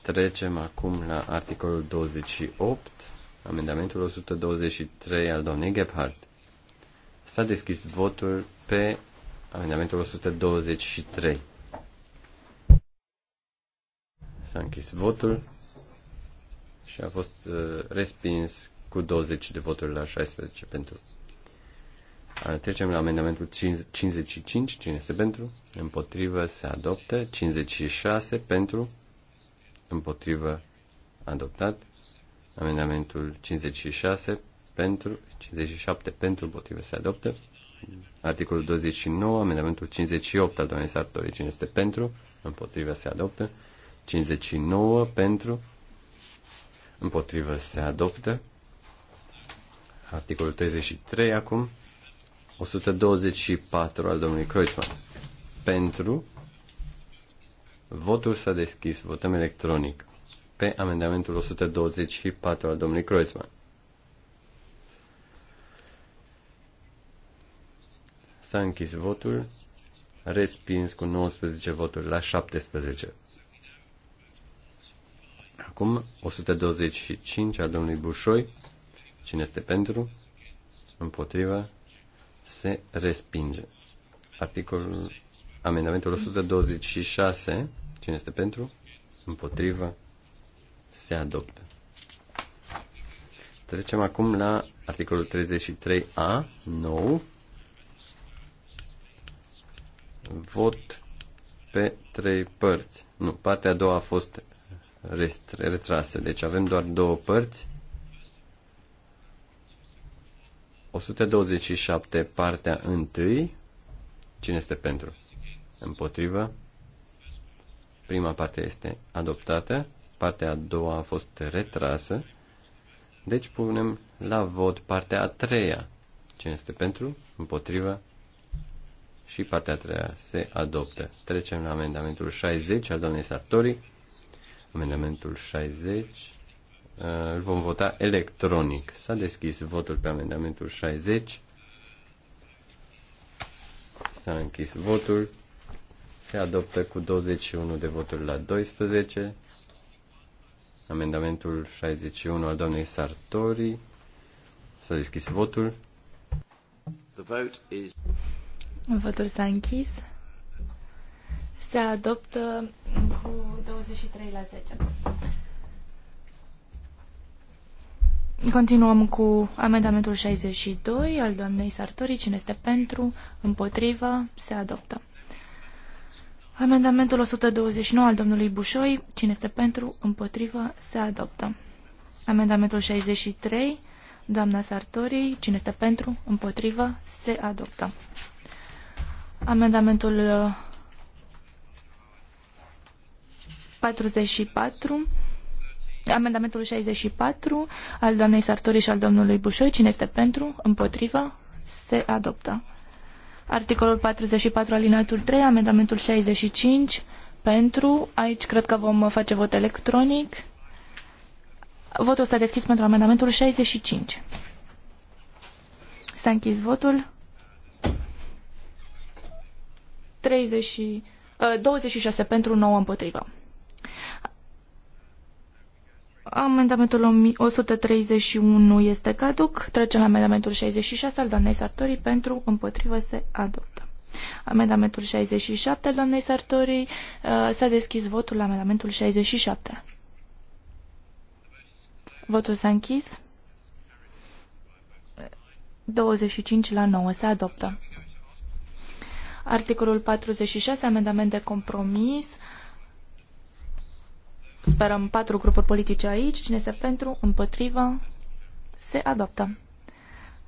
Trecem acum la articolul 28, amendamentul 123 al doamnei Gebhardt. S-a deschis votul pe amendamentul 123. S-a închis votul și a fost uh, respins cu 20 de voturi la 16 pentru. Trecem la amendamentul 55. Cine este pentru? Împotrivă se adoptă. 56 pentru. Împotrivă adoptat. Amendamentul 56 pentru. 57 pentru. Împotrivă se adoptă. Articolul 29, amendamentul 58 al doamnei Sartori. Cine este pentru? Împotrivă se adoptă. 59 pentru. Împotrivă se adoptă. Articolul 33 acum. 124 al domnului Kreuzmann. Pentru. Votul s-a deschis. Votăm electronic. Pe amendamentul 124 al domnului Kreuzmann. S-a închis votul. Respins cu 19 voturi la 17. Acum 125 al domnului Bușoi. Cine este pentru? Împotriva? se respinge. Articolul, amendamentul 126, cine este pentru? Împotrivă, se adoptă. Trecem acum la articolul 33a, nou. Vot pe trei părți. Nu, partea a doua a fost retrasă, deci avem doar două părți. 127, partea 1. Cine este pentru? Împotrivă. Prima parte este adoptată, partea a doua a fost retrasă. Deci punem la vot partea a treia. Cine este pentru? Împotrivă. Și partea a treia se adoptă. Trecem la amendamentul 60 al doamnei Sartori. Amendamentul 60 îl vom vota electronic. S-a deschis votul pe amendamentul 60. S-a închis votul. Se adoptă cu 21 de voturi la 12. Amendamentul 61 al doamnei Sartori. S-a deschis votul. The vote is... Votul s-a închis. Se adoptă cu 23 la 10. Continuăm cu amendamentul 62 al doamnei Sartori. Cine este pentru? Împotrivă? Se adoptă. Amendamentul 129 al domnului Bușoi. Cine este pentru? Împotrivă? Se adoptă. Amendamentul 63. Doamna Sartori. Cine este pentru? Împotrivă? Se adoptă. Amendamentul 44 Amendamentul 64 al doamnei Sartori și al domnului Bușoi. Cine este pentru? Împotrivă? Se adoptă. Articolul 44 alinatul 3, amendamentul 65 pentru. Aici cred că vom face vot electronic. Votul s-a deschis pentru amendamentul 65. S-a închis votul. 30, 26 uh, pentru, 9 împotrivă. Amendamentul 131 este caduc. Trecem la amendamentul 66 al doamnei Sartori pentru împotrivă se adoptă. Amendamentul 67 al doamnei Sartori uh, s-a deschis votul la amendamentul 67. Votul s-a închis. 25 la 9 se adoptă. Articolul 46, amendament de compromis Sperăm patru grupuri politice aici. Cine este pentru, împotrivă, se adoptă.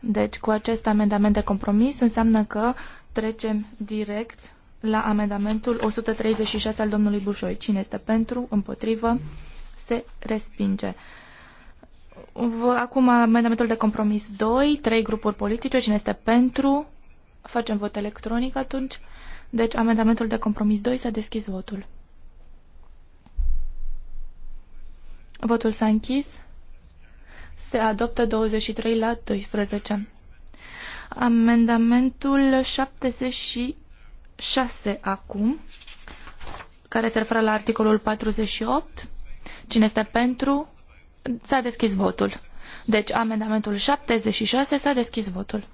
Deci, cu acest amendament de compromis, înseamnă că trecem direct la amendamentul 136 al domnului Bușoi. Cine este pentru, împotrivă, se respinge. Acum amendamentul de compromis 2, trei grupuri politice, cine este pentru, facem vot electronic atunci. Deci amendamentul de compromis 2 s-a deschis votul. Votul s-a închis. Se adoptă 23 la 12. Amendamentul 76 acum, care se referă la articolul 48. Cine este pentru? S-a deschis votul. Deci, amendamentul 76 s-a deschis votul.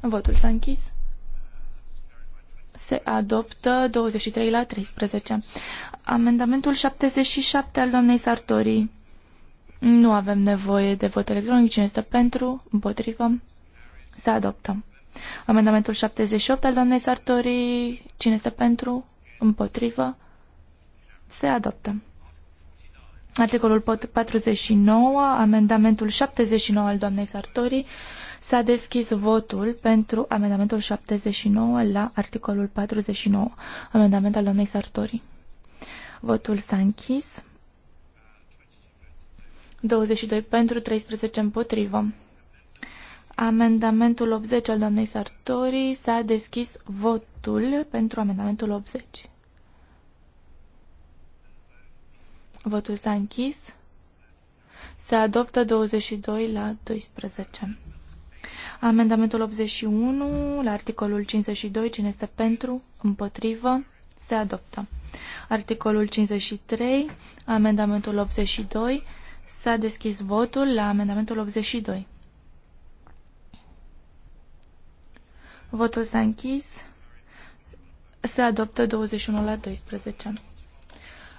Votul s-a închis se adoptă 23 la 13. Amendamentul 77 al doamnei Sartori. Nu avem nevoie de vot electronic. Cine este pentru? Împotrivă? Se adoptă. Amendamentul 78 al doamnei Sartori. Cine este pentru? Împotrivă? Se adoptă. Articolul 49, amendamentul 79 al doamnei Sartori. S-a deschis votul pentru amendamentul 79 la articolul 49, amendament al doamnei Sartori. Votul s-a închis. 22 pentru, 13 împotrivă. Amendamentul 80 al doamnei Sartori s-a deschis votul pentru amendamentul 80. Votul s-a închis. Se adoptă 22 la 12. Amendamentul 81 la articolul 52, cine este pentru, împotrivă, se adoptă. Articolul 53, amendamentul 82, s-a deschis votul la amendamentul 82. Votul s-a închis. Se adoptă 21 la 12.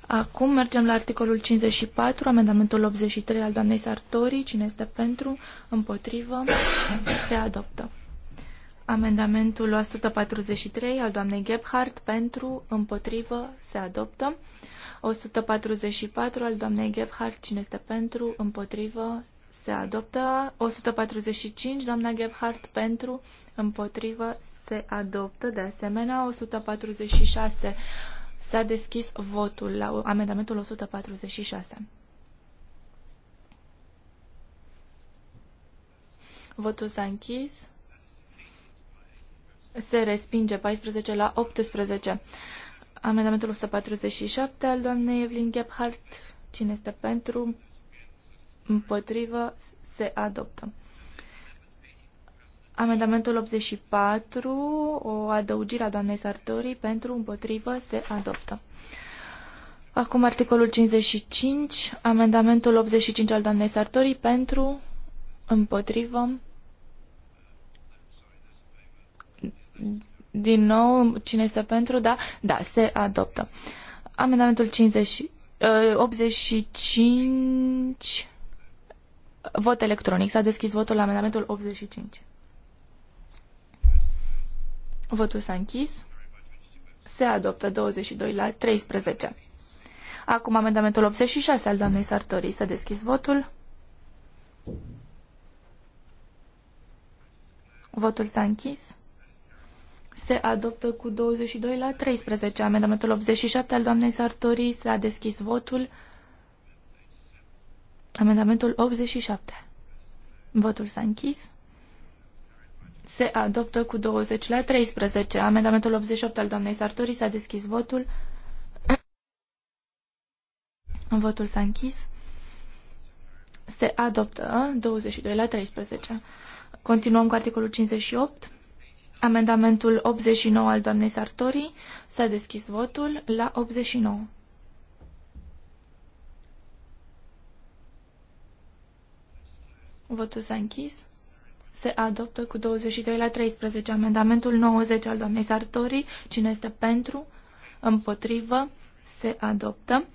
Acum mergem la articolul 54, amendamentul 83 al doamnei Sartori. Cine este pentru? Împotrivă? Se adoptă. Amendamentul 143 al doamnei Gebhardt pentru, împotrivă, se adoptă. 144 al doamnei Gebhardt, cine este pentru, împotrivă, se adoptă. 145, doamna Gebhardt, pentru, împotrivă, se adoptă. De asemenea, 146 S-a deschis votul la amendamentul 146. Votul s-a închis. Se respinge 14 la 18. Amendamentul 147 al doamnei Evelyn Gebhardt. Cine este pentru? Împotrivă? Se adoptă. Amendamentul 84, o adăugire a doamnei Sartorii pentru împotrivă se adoptă. Acum articolul 55, amendamentul 85 al doamnei Sartorii pentru împotrivă. Din nou, cine este pentru? Da, da, se adoptă. Amendamentul 50, 85, ă, vot electronic. S-a deschis votul la amendamentul 85. Votul s-a închis. Se adoptă 22 la 13. Acum amendamentul 86 al doamnei Sartori. S-a deschis votul. Votul s-a închis. Se adoptă cu 22 la 13. Amendamentul 87 al doamnei Sartori. S-a deschis votul. Amendamentul 87. Votul s-a închis. Se adoptă cu 20 la 13. Amendamentul 88 al doamnei Sartori s-a deschis votul. Votul s-a închis. Se adoptă 22 la 13. Continuăm cu articolul 58. Amendamentul 89 al doamnei Sartori s-a deschis votul la 89. Votul s-a închis se adoptă cu 23 la 13. Amendamentul 90 al doamnei Sartori. Cine este pentru? Împotrivă? Se adoptă.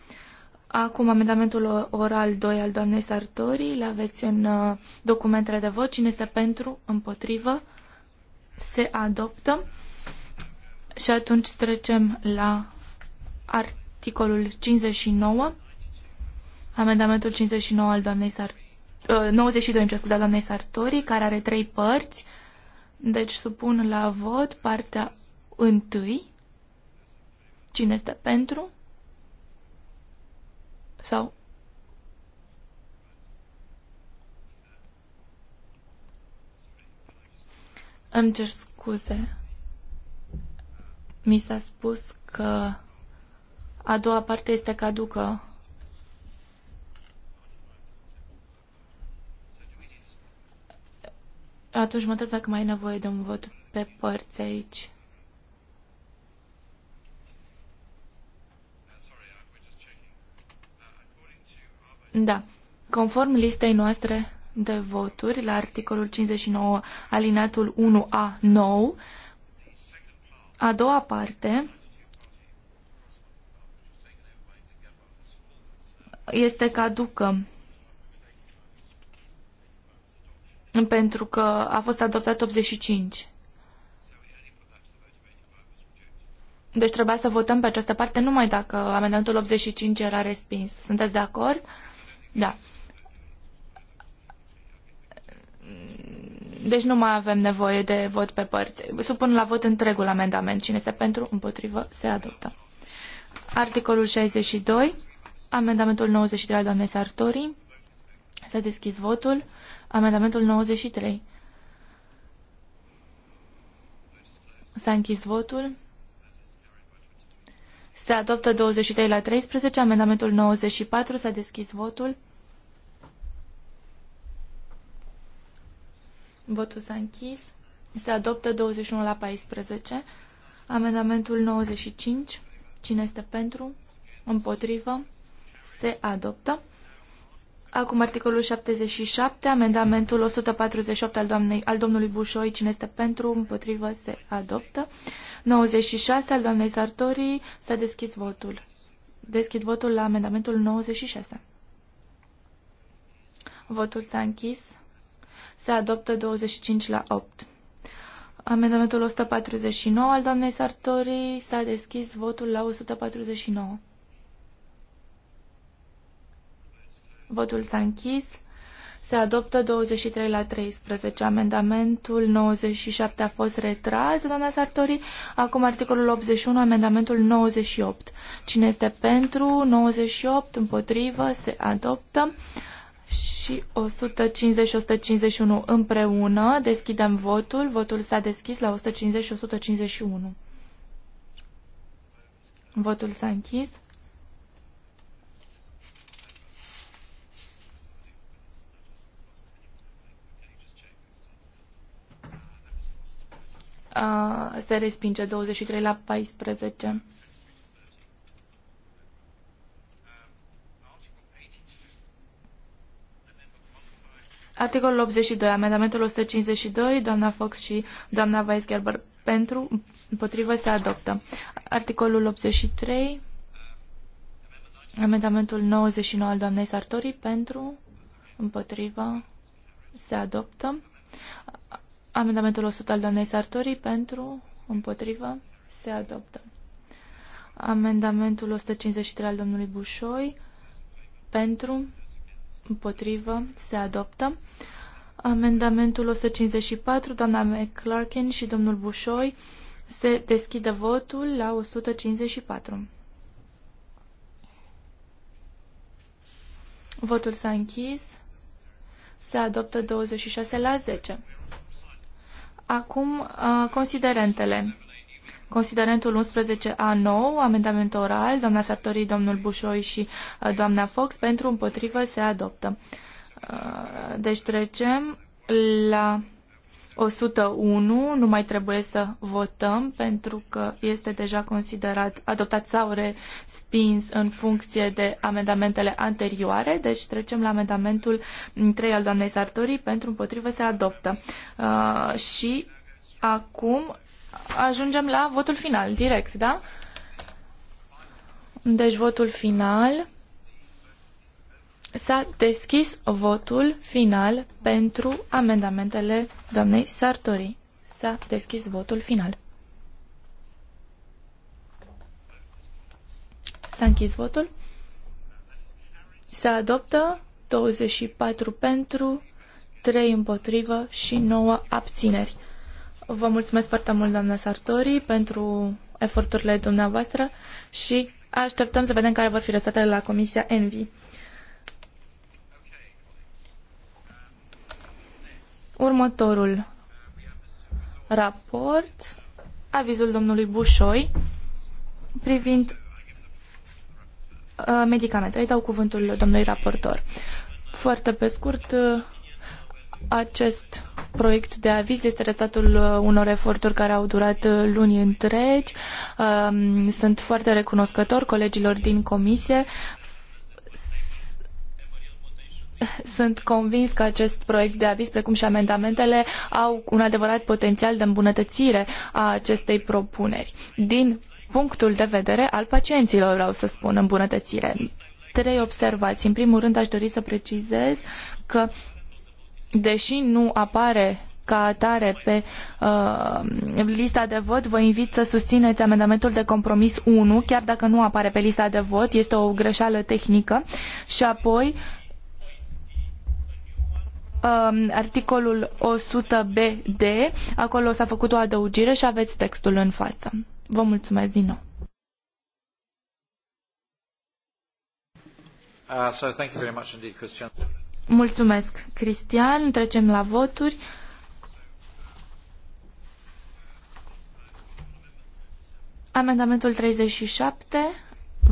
Acum amendamentul oral 2 al doamnei Sartori. Le aveți în uh, documentele de vot. Cine este pentru? Împotrivă? Se adoptă. Și atunci trecem la articolul 59. Amendamentul 59 al doamnei Sartori. 92, uh, îmi cer scuze, doamnei Sartori, care are trei părți. Deci supun la vot partea întâi. Cine este pentru? Sau Îmi cer scuze. Mi s-a spus că a doua parte este caducă. Atunci mă întreb dacă mai e nevoie de un vot pe părți aici. Da. Conform listei noastre de voturi, la articolul 59, alineatul 1A9, a doua parte este caducă pentru că a fost adoptat 85. Deci trebuia să votăm pe această parte numai dacă amendamentul 85 era respins. Sunteți de acord? Da. Deci nu mai avem nevoie de vot pe părți. Supun la vot întregul amendament. Cine este pentru, împotrivă, se adoptă. Articolul 62, amendamentul 93 al doamnei Sartori. S-a deschis votul. Amendamentul 93. S-a închis votul. Se adoptă 23 la 13. Amendamentul 94. S-a deschis votul. Votul s-a închis. Se adoptă 21 la 14. Amendamentul 95. Cine este pentru? Împotrivă? Se adoptă. Acum articolul 77, amendamentul 148 al, doamnei, al domnului Bușoi, cine este pentru, împotrivă, se adoptă. 96 al doamnei Sartori, s-a deschis votul. Deschid votul la amendamentul 96. Votul s-a închis. Se adoptă 25 la 8. Amendamentul 149 al doamnei Sartori, s-a deschis votul la 149. Votul s-a închis. Se adoptă 23 la 13. Amendamentul 97 a fost retras, doamna Sartori. Acum articolul 81, amendamentul 98. Cine este pentru? 98, împotrivă, se adoptă. Și 150 și 151 împreună. Deschidem votul. Votul s-a deschis la 150 și 151. Votul s-a închis. uh, se respinge 23 la 14. Articolul 82, amendamentul 152, doamna Fox și doamna Weisgerber pentru, împotrivă se adoptă. Articolul 83, amendamentul 99 al doamnei Sartori pentru, împotrivă se adoptă. Amendamentul 100 al doamnei Sartori pentru, împotrivă, se adoptă. Amendamentul 153 al domnului Bușoi pentru, împotrivă, se adoptă. Amendamentul 154, doamna McClarkin și domnul Bușoi se deschide votul la 154. Votul s-a închis. Se adoptă 26 la 10. Acum, uh, considerentele. Considerentul 11A9, amendament oral, doamna Sartorii, domnul Bușoi și uh, doamna Fox, pentru împotrivă se adoptă. Uh, deci trecem la 101 nu mai trebuie să votăm pentru că este deja considerat adoptat sau respins în funcție de amendamentele anterioare, deci trecem la amendamentul 3 al doamnei Sartori pentru împotrivă se adoptă. Uh, și acum ajungem la votul final, direct, da? Deci votul final S-a deschis votul final pentru amendamentele doamnei Sartori. S-a deschis votul final. S-a închis votul. Se adoptă 24 pentru, 3 împotrivă și 9 abțineri. Vă mulțumesc foarte mult, doamna Sartori, pentru eforturile dumneavoastră și așteptăm să vedem care vor fi rezultatele la Comisia Envi. Următorul raport, avizul domnului Bușoi privind uh, medicamente. medicamentele. Îi dau cuvântul domnului raportor. Foarte pe scurt, uh, acest proiect de aviz este rezultatul uh, unor eforturi care au durat luni întregi. Um, sunt foarte recunoscător colegilor din comisie sunt convins că acest proiect de aviz, precum și amendamentele, au un adevărat potențial de îmbunătățire a acestei propuneri. Din punctul de vedere al pacienților, vreau să spun, îmbunătățire. Trei observații. În primul rând, aș dori să precizez că, deși nu apare ca atare pe uh, lista de vot, vă invit să susțineți amendamentul de compromis 1, chiar dacă nu apare pe lista de vot, este o greșeală tehnică. Și apoi, uh, um, articolul 100BD, acolo s-a făcut o adăugire și aveți textul în față. Vă mulțumesc din nou. Uh, so thank you very much indeed, Christian. Mulțumesc, Cristian. Trecem la voturi. Amendamentul 37,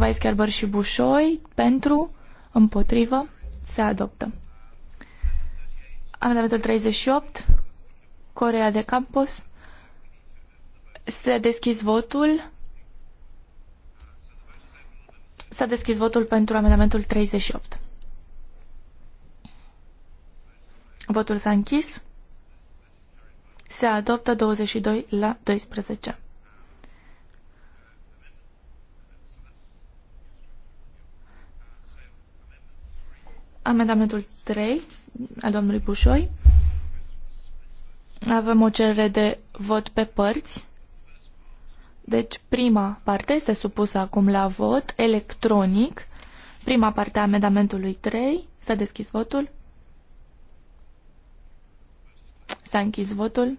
Weisgerber și Bușoi, pentru, împotrivă, se adoptă. Amendamentul 38, Corea de Campos. S-a deschis votul. S-a deschis votul pentru amendamentul 38. Votul s-a închis. Se adoptă 22 la 12. Amendamentul 3 a domnului Bușoi. Avem o cerere de vot pe părți. Deci prima parte este supusă acum la vot electronic. Prima parte a amendamentului 3. S-a deschis votul. S-a închis votul.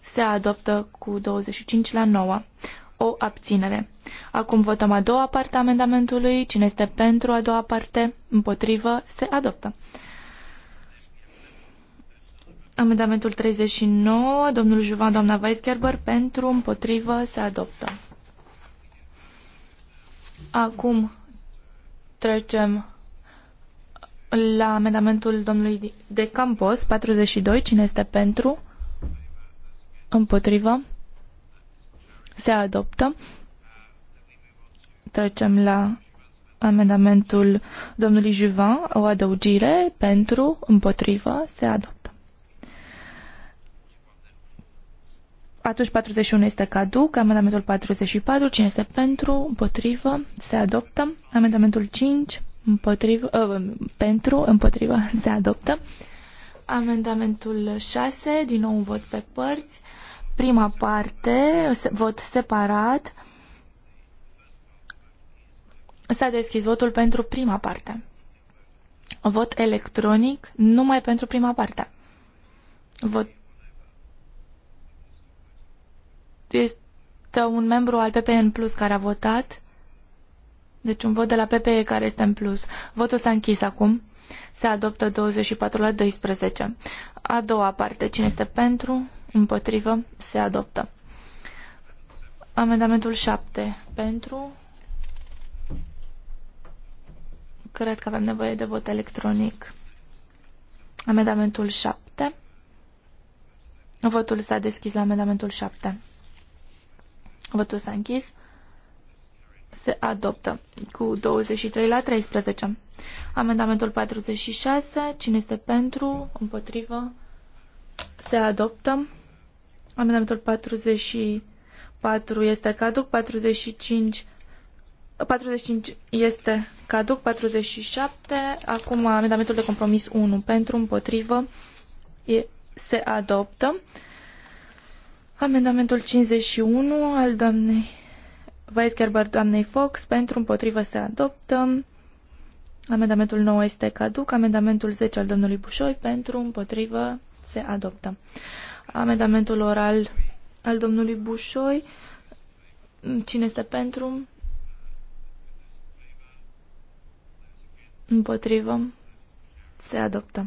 Se adoptă cu 25 la 9. O abținere. Acum votăm a doua parte a amendamentului. Cine este pentru a doua parte? Împotrivă? Se adoptă. Amendamentul 39, domnul Juvan, doamna Weisgerber, pentru, împotrivă, se adoptă. Acum trecem la amendamentul domnului De Campos, 42. Cine este pentru? Împotrivă? Se adoptă. Trecem la amendamentul domnului Juvan, o adăugire, pentru, împotrivă, se adoptă. Atunci 41 este caduc, amendamentul 44, cine este pentru, împotrivă, se adoptă. Amendamentul 5, împotrivă, uh, pentru, împotrivă, se adoptă. Amendamentul 6, din nou un vot pe părți. Prima parte, vot separat. S-a deschis votul pentru prima parte. Vot electronic numai pentru prima parte. Vot Este un membru al PPE în plus care a votat. Deci un vot de la PPE care este în plus. Votul s-a închis acum. Se adoptă 24 la 12. A doua parte. Cine este pentru? Împotrivă? Se adoptă. Amendamentul 7. Pentru? Cred că avem nevoie de vot electronic. Amendamentul 7. Votul s-a deschis la amendamentul 7. Votul s-a închis. Se adoptă cu 23 la 13. Amendamentul 46. Cine este pentru? Împotrivă? Se adoptă. Amendamentul 44 este caduc. 45 45 este caduc, 47. Acum amendamentul de compromis 1 pentru, împotrivă, e, se adoptă. Amendamentul 51 al doamnei Weisgerber, doamnei Fox, pentru împotrivă se adoptă. Amendamentul 9 este caduc. Amendamentul 10 al domnului Bușoi, pentru împotrivă se adoptă. Amendamentul oral al domnului Bușoi, cine este pentru? Împotrivă se adoptă.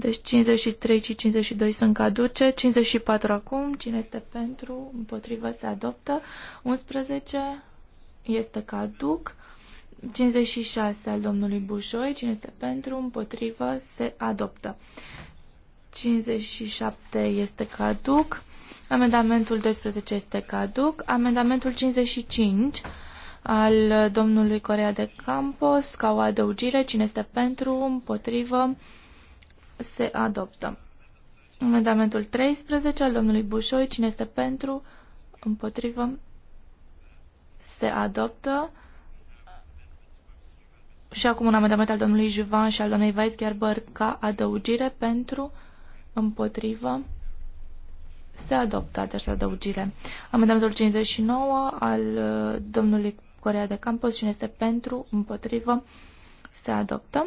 Deci 53 și 52 sunt caduce, 54 acum, cine este pentru, împotrivă se adoptă, 11 este caduc, 56 al domnului Bușoi, cine este pentru, împotrivă se adoptă. 57 este caduc, amendamentul 12 este caduc, amendamentul 55 al domnului Corea de Campos, ca o adăugire, cine este pentru, împotrivă, se se adoptă. Amendamentul 13 al domnului Bușoi, cine este pentru, împotrivă, se adoptă. Și acum un amendament al domnului Juvan și al domnului Weisgerber ca adăugire pentru, împotrivă, se adoptă această adăugire. Amendamentul 59 al uh, domnului Corea de Campos, cine este pentru, împotrivă, se adoptă.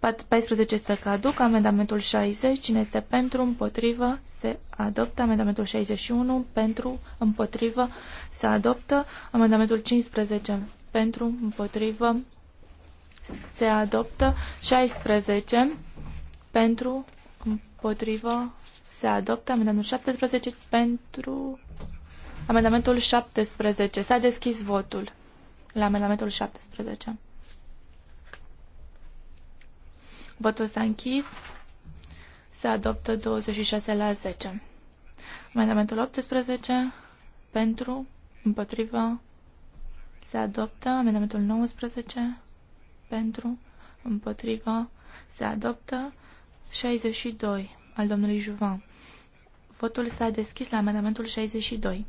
14 este caduc, amendamentul 60, cine este pentru, împotrivă, se adoptă, amendamentul 61, pentru, împotrivă, se adoptă, amendamentul 15, pentru, împotrivă, se adoptă, 16, pentru, împotrivă, se adoptă, amendamentul 17, pentru, amendamentul 17, s-a deschis votul la amendamentul 17. Votul s-a închis. Se adoptă 26 la 10. Amendamentul 18 pentru, împotrivă, se adoptă. Amendamentul 19 pentru, împotrivă, se adoptă. 62 al domnului Juvan. Votul s-a deschis la amendamentul 62.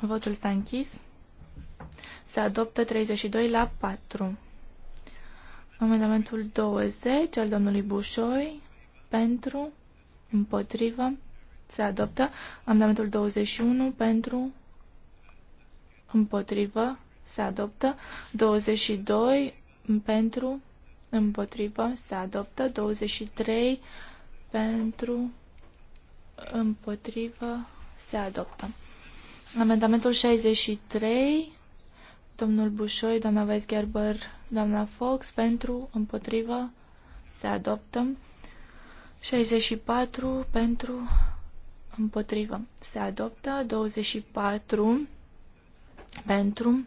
Votul s-a închis. Se adoptă 32 la 4. Amendamentul 20 al domnului Bușoi pentru, împotrivă, se adoptă. Amendamentul 21 pentru, împotrivă, se adoptă. 22 pentru, împotrivă, se adoptă. 23 pentru, împotrivă, se adoptă. Amendamentul 63 domnul Bușoi, doamna Weisgerber, doamna Fox, pentru, împotrivă, se adoptă. 64 pentru, împotrivă, se adoptă. 24 pentru,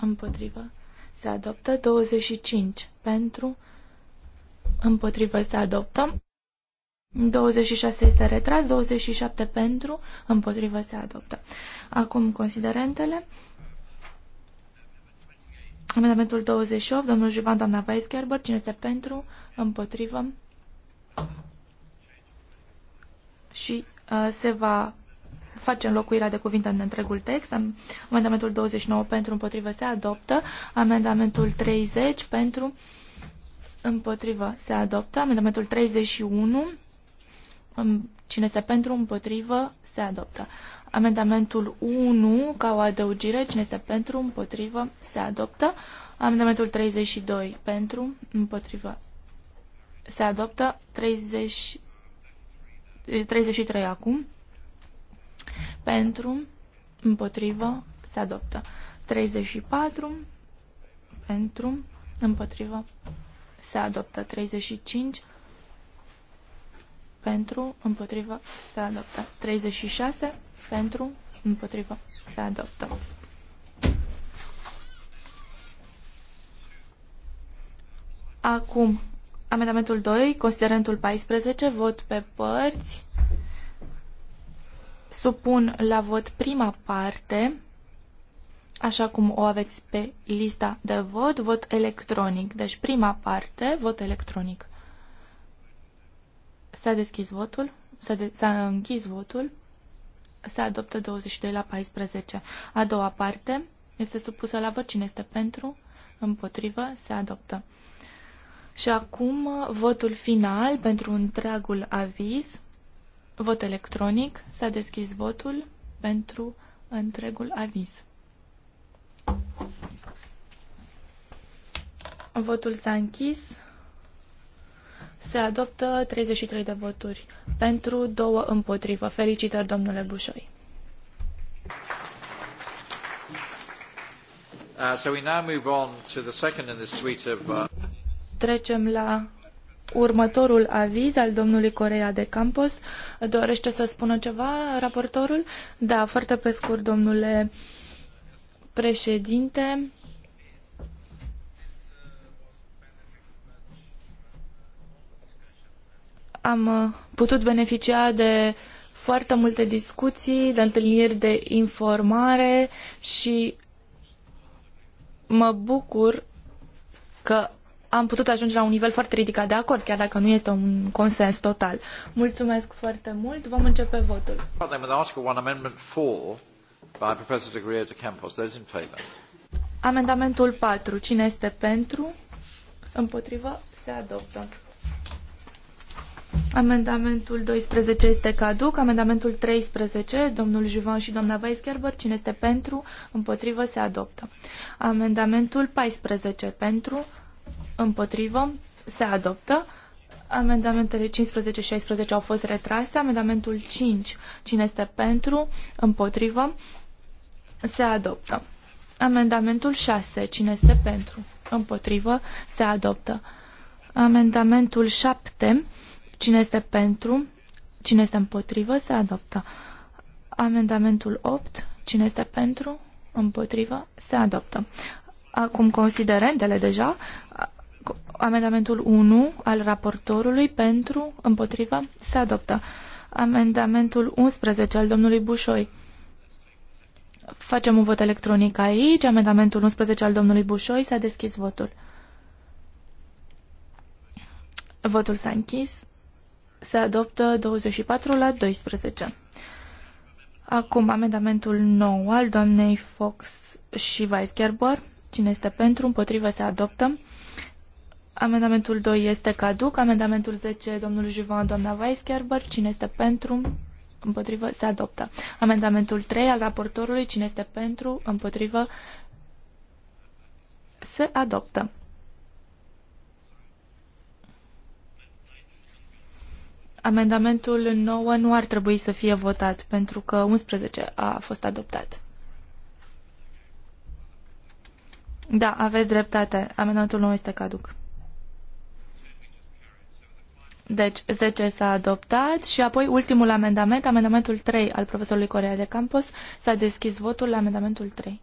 împotrivă, se adoptă. 25 pentru, împotrivă, se adoptă. 26 este retras, 27 pentru, împotrivă se adoptă. Acum considerentele. Amendamentul 28, domnul Juvan, doamna Weisgerber, cine este pentru, împotrivă și uh, se va face înlocuirea de cuvinte în întregul text. Amendamentul 29 pentru împotrivă se adoptă. Amendamentul 30 pentru împotrivă se adoptă. Amendamentul 31 um, cine este pentru împotrivă se adoptă. Amendamentul 1 ca o adăugire, cine este pentru, împotrivă, se adoptă. Amendamentul 32 pentru, împotrivă, se adoptă. 30, 33 acum, pentru, împotrivă, se adoptă. 34 pentru, împotrivă, se adoptă. 35 pentru, împotrivă, se adoptă. 36 pentru, împotrivă, și adoptă. Acum, amendamentul 2, considerentul 14, vot pe părți. Supun la vot prima parte, așa cum o aveți pe lista de vot, vot electronic. Deci prima parte, vot electronic. S-a deschis votul, s-a, de- s-a închis votul se adoptă 22 la 14. A doua parte este supusă la vot. Cine este pentru? Împotrivă? Se adoptă. Și acum votul final pentru întreagul aviz. Vot electronic. S-a deschis votul pentru întregul aviz. Votul s-a închis. Se adoptă 33 de voturi pentru, două împotrivă. Felicitări, domnule Bușoi. Uh, uh, Trecem la următorul aviz al domnului Corea de Campos. Dorește să spună ceva raportorul? Da, foarte pe scurt, domnule președinte. am uh, putut beneficia de foarte multe discuții, de întâlniri de informare și mă bucur că am putut ajunge la un nivel foarte ridicat de acord, chiar dacă nu este un consens total. Mulțumesc foarte mult. Vom începe votul. Amendamentul 4. Cine este pentru? Împotrivă? Se adoptă. Amendamentul 12 este caduc. Amendamentul 13, domnul Juvan și doamna Weisgerber, cine este pentru, împotrivă, se adoptă. Amendamentul 14, pentru, împotrivă, se adoptă. Amendamentele 15 și 16 au fost retrase. Amendamentul 5, cine este pentru, împotrivă, se adoptă. Amendamentul 6, cine este pentru, împotrivă, se adoptă. Amendamentul 7, Cine este pentru? Cine este împotrivă? Se adoptă. Amendamentul 8. Cine este pentru? Împotrivă? Se adoptă. Acum considerentele deja. Amendamentul 1 al raportorului pentru, împotrivă, se adoptă. Amendamentul 11 al domnului Bușoi. Facem un vot electronic aici. Amendamentul 11 al domnului Bușoi s-a deschis votul. Votul s-a închis se adoptă 24 la 12. Acum, amendamentul nou al doamnei Fox și Weisgerber. Cine este pentru, împotrivă, se adoptă. Amendamentul 2 este caduc. Amendamentul 10, domnul Juvan, doamna Weisgerber. Cine este pentru, împotrivă, se adoptă. Amendamentul 3 al raportorului. Cine este pentru, împotrivă, se adoptă. Amendamentul 9 nu ar trebui să fie votat pentru că 11 a fost adoptat. Da, aveți dreptate. Amendamentul 9 este caduc. Deci 10 s-a adoptat și apoi ultimul amendament, amendamentul 3 al profesorului Corea de Campos, s-a deschis votul la amendamentul 3.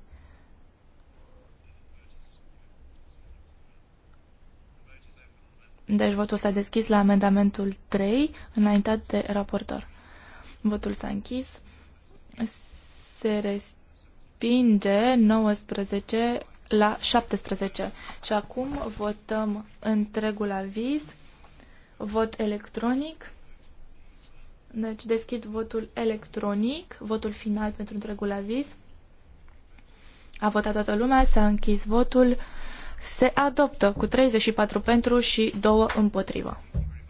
Deci votul s-a deschis la amendamentul 3, înaintat de raportor. Votul s-a închis. Se respinge 19 la 17. Și acum votăm întregul aviz. Vot electronic. Deci deschid votul electronic, votul final pentru întregul aviz. A votat toată lumea, s-a închis votul se adoptă cu 34 pentru și 2 împotrivă.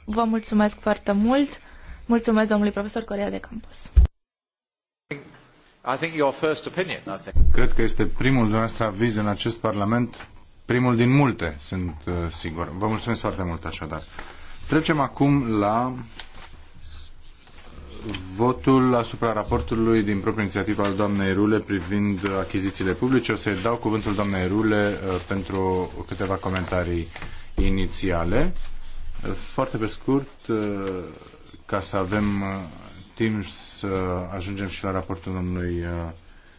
Vă mulțumesc foarte mult. Mulțumesc domnului profesor Corea de Campus. I think your first opinion, I think. Cred că este primul dumneavoastră aviz în acest Parlament, primul din multe, sunt uh, sigur. Vă mulțumesc foarte mult așadar. Trecem acum la votul asupra raportului din proprie inițiativă al doamnei Rule privind achizițiile publice. O să-i dau cuvântul doamnei Rule uh, pentru câteva comentarii inițiale. Uh, foarte pe scurt, uh, ca să avem timp să ajungem și la raportul domnului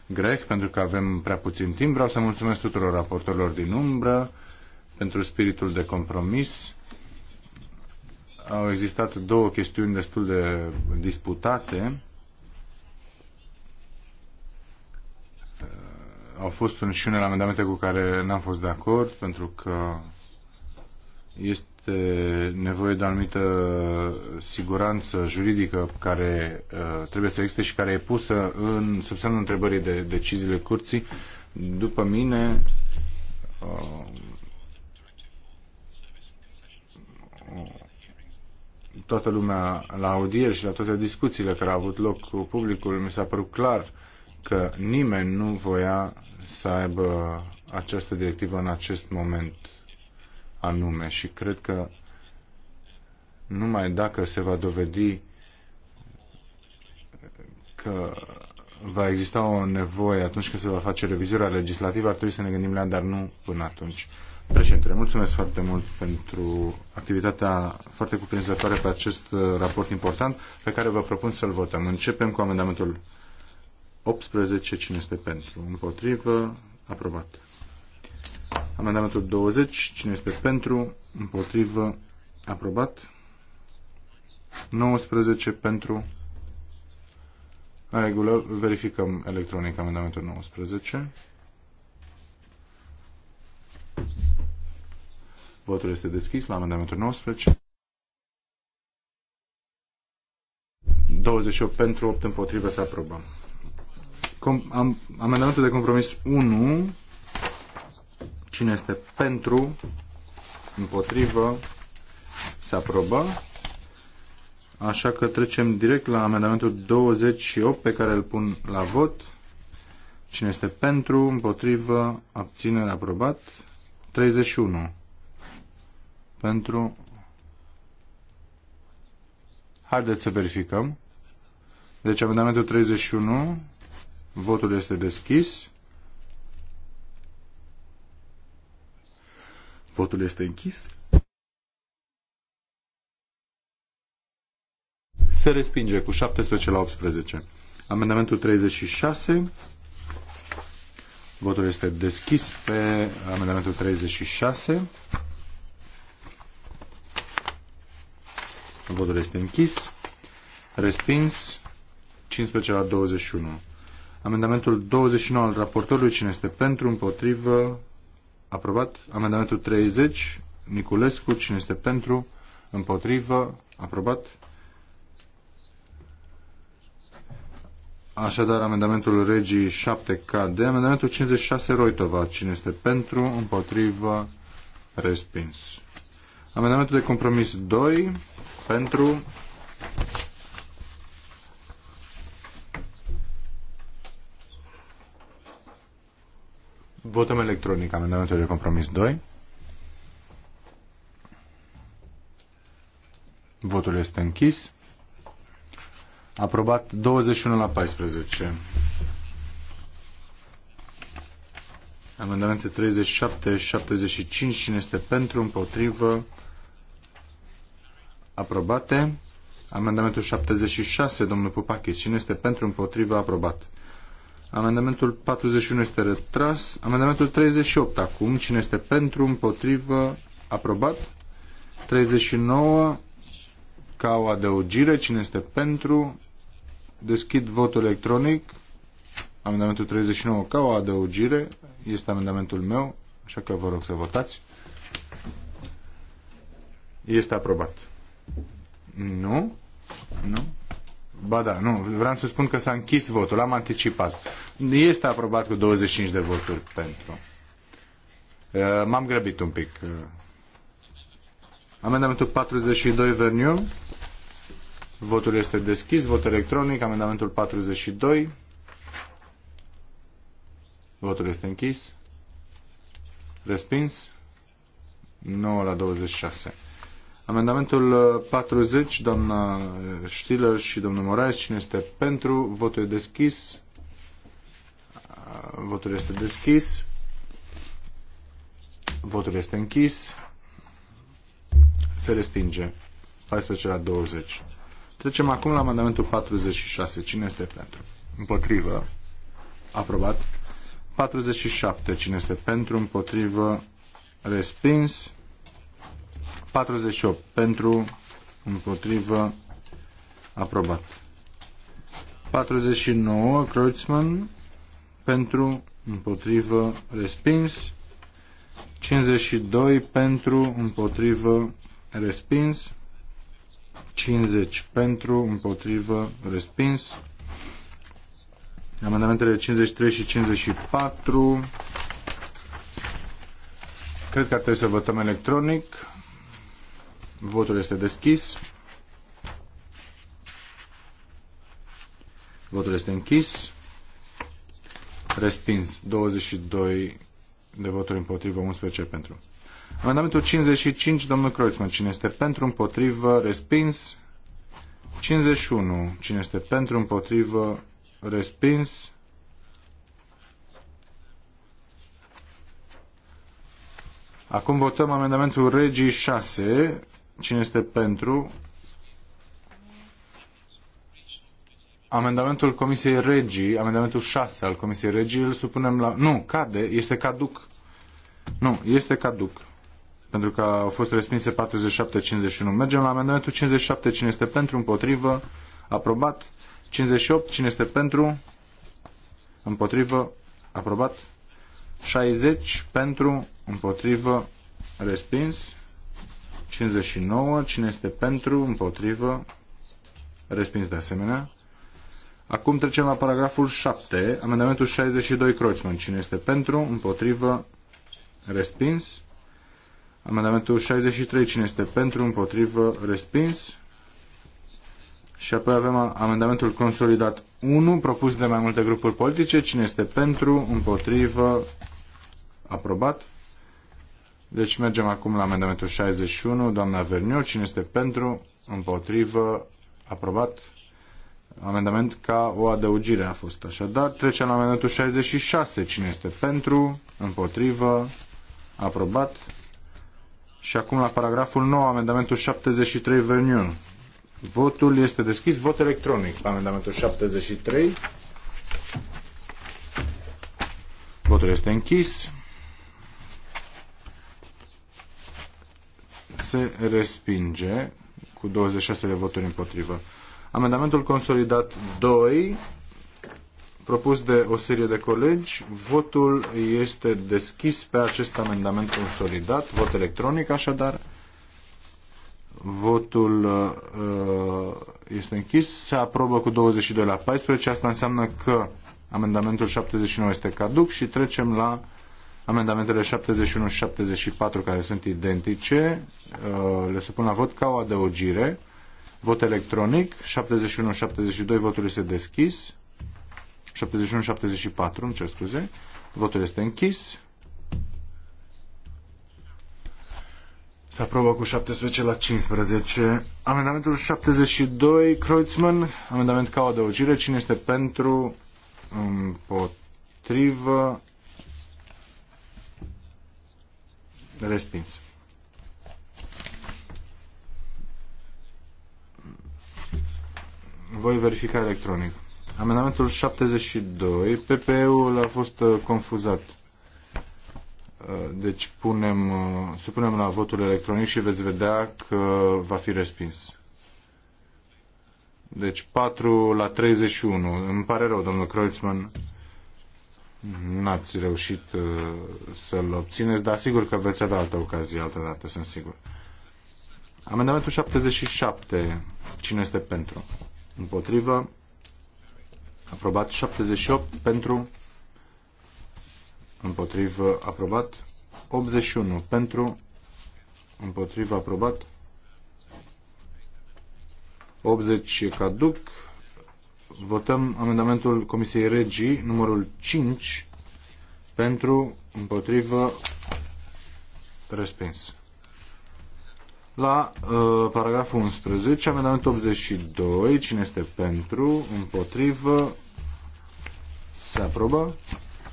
Grec, pentru că avem prea puțin timp, vreau să mulțumesc tuturor raportorilor din umbră pentru spiritul de compromis au existat două chestiuni destul de disputate. Uh, au fost un, și unele amendamente cu care n-am fost de acord, pentru că este nevoie de o anumită siguranță juridică care uh, trebuie să existe și care e pusă în sub semnul întrebării de deciziile curții. După mine, uh, toată lumea la audieri și la toate discuțiile care au avut loc cu publicul, mi s-a părut clar că nimeni nu voia să aibă această directivă în acest moment anume și cred că numai dacă se va dovedi că va exista o nevoie atunci când se va face revizuirea legislativă, ar trebui să ne gândim la ea, dar nu până atunci. Președintele, mulțumesc foarte mult pentru activitatea foarte cuprinzătoare pe acest uh, raport important pe care vă propun să-l votăm. Începem cu amendamentul 18. Cine este pentru? Împotrivă? Aprobat. Amendamentul 20. Cine este pentru? Împotrivă? Aprobat. 19 pentru. În regulă, verificăm electronic amendamentul 19. Votul este deschis la amendamentul 19. 28 pentru, 8 împotrivă, să aprobăm. Com- am, amendamentul de compromis 1. Cine este pentru, împotrivă, se aprobă. Așa că trecem direct la amendamentul 28 pe care îl pun la vot. Cine este pentru, împotrivă, abținere, aprobat. 31 pentru... Haideți să verificăm. Deci amendamentul 31, votul este deschis. Votul este închis. Se respinge cu 17 la 18. Amendamentul 36. Votul este deschis pe amendamentul 36. Votul este închis. Respins. 15 la 21. Amendamentul 29 al raportorului. Cine este pentru? Împotrivă? Aprobat. Amendamentul 30. Niculescu. Cine este pentru? Împotrivă? Aprobat. Așadar, amendamentul regii 7 cade. Amendamentul 56 Roitova. Cine este pentru? Împotrivă? Respins. Amendamentul de compromis 2 pentru Votăm electronic amendamentul de compromis 2. Votul este închis. Aprobat 21 la 14. Amendamente 37, 75. Cine este pentru, împotrivă? aprobate. Amendamentul 76, domnul Pupachis. Cine este pentru, împotrivă, aprobat. Amendamentul 41 este retras. Amendamentul 38 acum. Cine este pentru, împotrivă, aprobat. 39 ca o adăugire. Cine este pentru? Deschid votul electronic. Amendamentul 39 ca o adăugire. Este amendamentul meu, așa că vă rog să votați. Este aprobat. Nu? Nu? Ba da, nu, vreau să spun că s-a închis votul, am anticipat. Este aprobat cu 25 de voturi pentru. Uh, m-am grăbit un pic. Uh. Amendamentul 42, Verniu. Votul este deschis, vot electronic, amendamentul 42. Votul este închis. Respins. 9 la 26. Amendamentul 40, uh, doamna uh, Stiller și domnul Moraes, cine este pentru? Votul e deschis. Uh, votul este deschis. Votul este închis. Se respinge. 14 la 20. Trecem acum la amendamentul 46. Cine este pentru? Împotrivă. Aprobat. 47. Cine este pentru? Împotrivă. Respins. 48 pentru, împotrivă, aprobat. 49 Kreutzmann pentru, împotrivă, respins. 52 pentru, împotrivă, respins. 50 pentru, împotrivă, respins. Amendamentele 53 și 54. Cred că trebuie să votăm electronic. Votul este deschis. Votul este închis. Respins. 22 de voturi împotrivă, 11 pentru. Amendamentul 55, domnul Kreutzmann, cine este pentru, împotrivă, respins. 51, cine este pentru, împotrivă, respins. Acum votăm amendamentul regii 6 Cine este pentru? Amendamentul Comisiei Regii, amendamentul 6 al Comisiei Regii, îl supunem la... Nu, cade, este caduc. Nu, este caduc. Pentru că au fost respinse 47-51. Mergem la amendamentul 57. Cine este pentru? Împotrivă? Aprobat. 58. Cine este pentru? Împotrivă? Aprobat. 60. Pentru? Împotrivă? Respins. 59. Cine este pentru? Împotrivă? Respins de asemenea. Acum trecem la paragraful 7, amendamentul 62 Croțman. Cine este pentru? Împotrivă? Respins. Amendamentul 63. Cine este pentru? Împotrivă? Respins. Și apoi avem amendamentul consolidat 1, propus de mai multe grupuri politice. Cine este pentru? Împotrivă? Aprobat. Deci mergem acum la amendamentul 61, doamna Verniu, cine este pentru, împotrivă, aprobat. Amendament ca o adăugire a fost așadar. Trecem la amendamentul 66, cine este pentru, împotrivă, aprobat. Și acum la paragraful 9, amendamentul 73, Verniu. Votul este deschis, vot electronic amendamentul 73. Votul este închis. se respinge cu 26 de voturi împotrivă. Amendamentul consolidat 2, propus de o serie de colegi, votul este deschis pe acest amendament consolidat, vot electronic așadar. Votul uh, uh este închis, se aprobă cu 22 la 14, asta înseamnă că amendamentul 79 este caduc și trecem la Amendamentele 71 și 74 care sunt identice uh, le pun la vot ca o adăugire. Vot electronic, 71-72, votul este deschis. 71-74, îmi cer scuze. Votul este închis. Se aprobă cu 17 la 15. Amendamentul 72, Kreutzmann, amendament ca o adăugire. Cine este pentru? Împotrivă. Respins. Voi verifica electronic. Amendamentul 72. PPE-ul a fost uh, confuzat. Uh, deci punem, uh, supunem la votul electronic și veți vedea că va fi respins. Deci 4 la 31. Îmi pare rău, domnul Kreuzmann n-ați reușit uh, să-l obțineți, dar sigur că veți avea altă ocazie altă dată, sunt sigur. Amendamentul 77. Cine este pentru? Împotrivă. Aprobat 78 pentru. Împotrivă aprobat. 81 pentru. Împotrivă aprobat. 80 caduc. Votăm amendamentul Comisiei Regii, numărul 5, pentru, împotrivă, respins. La uh, paragraful 11, amendamentul 82, cine este pentru, împotrivă, se aprobă.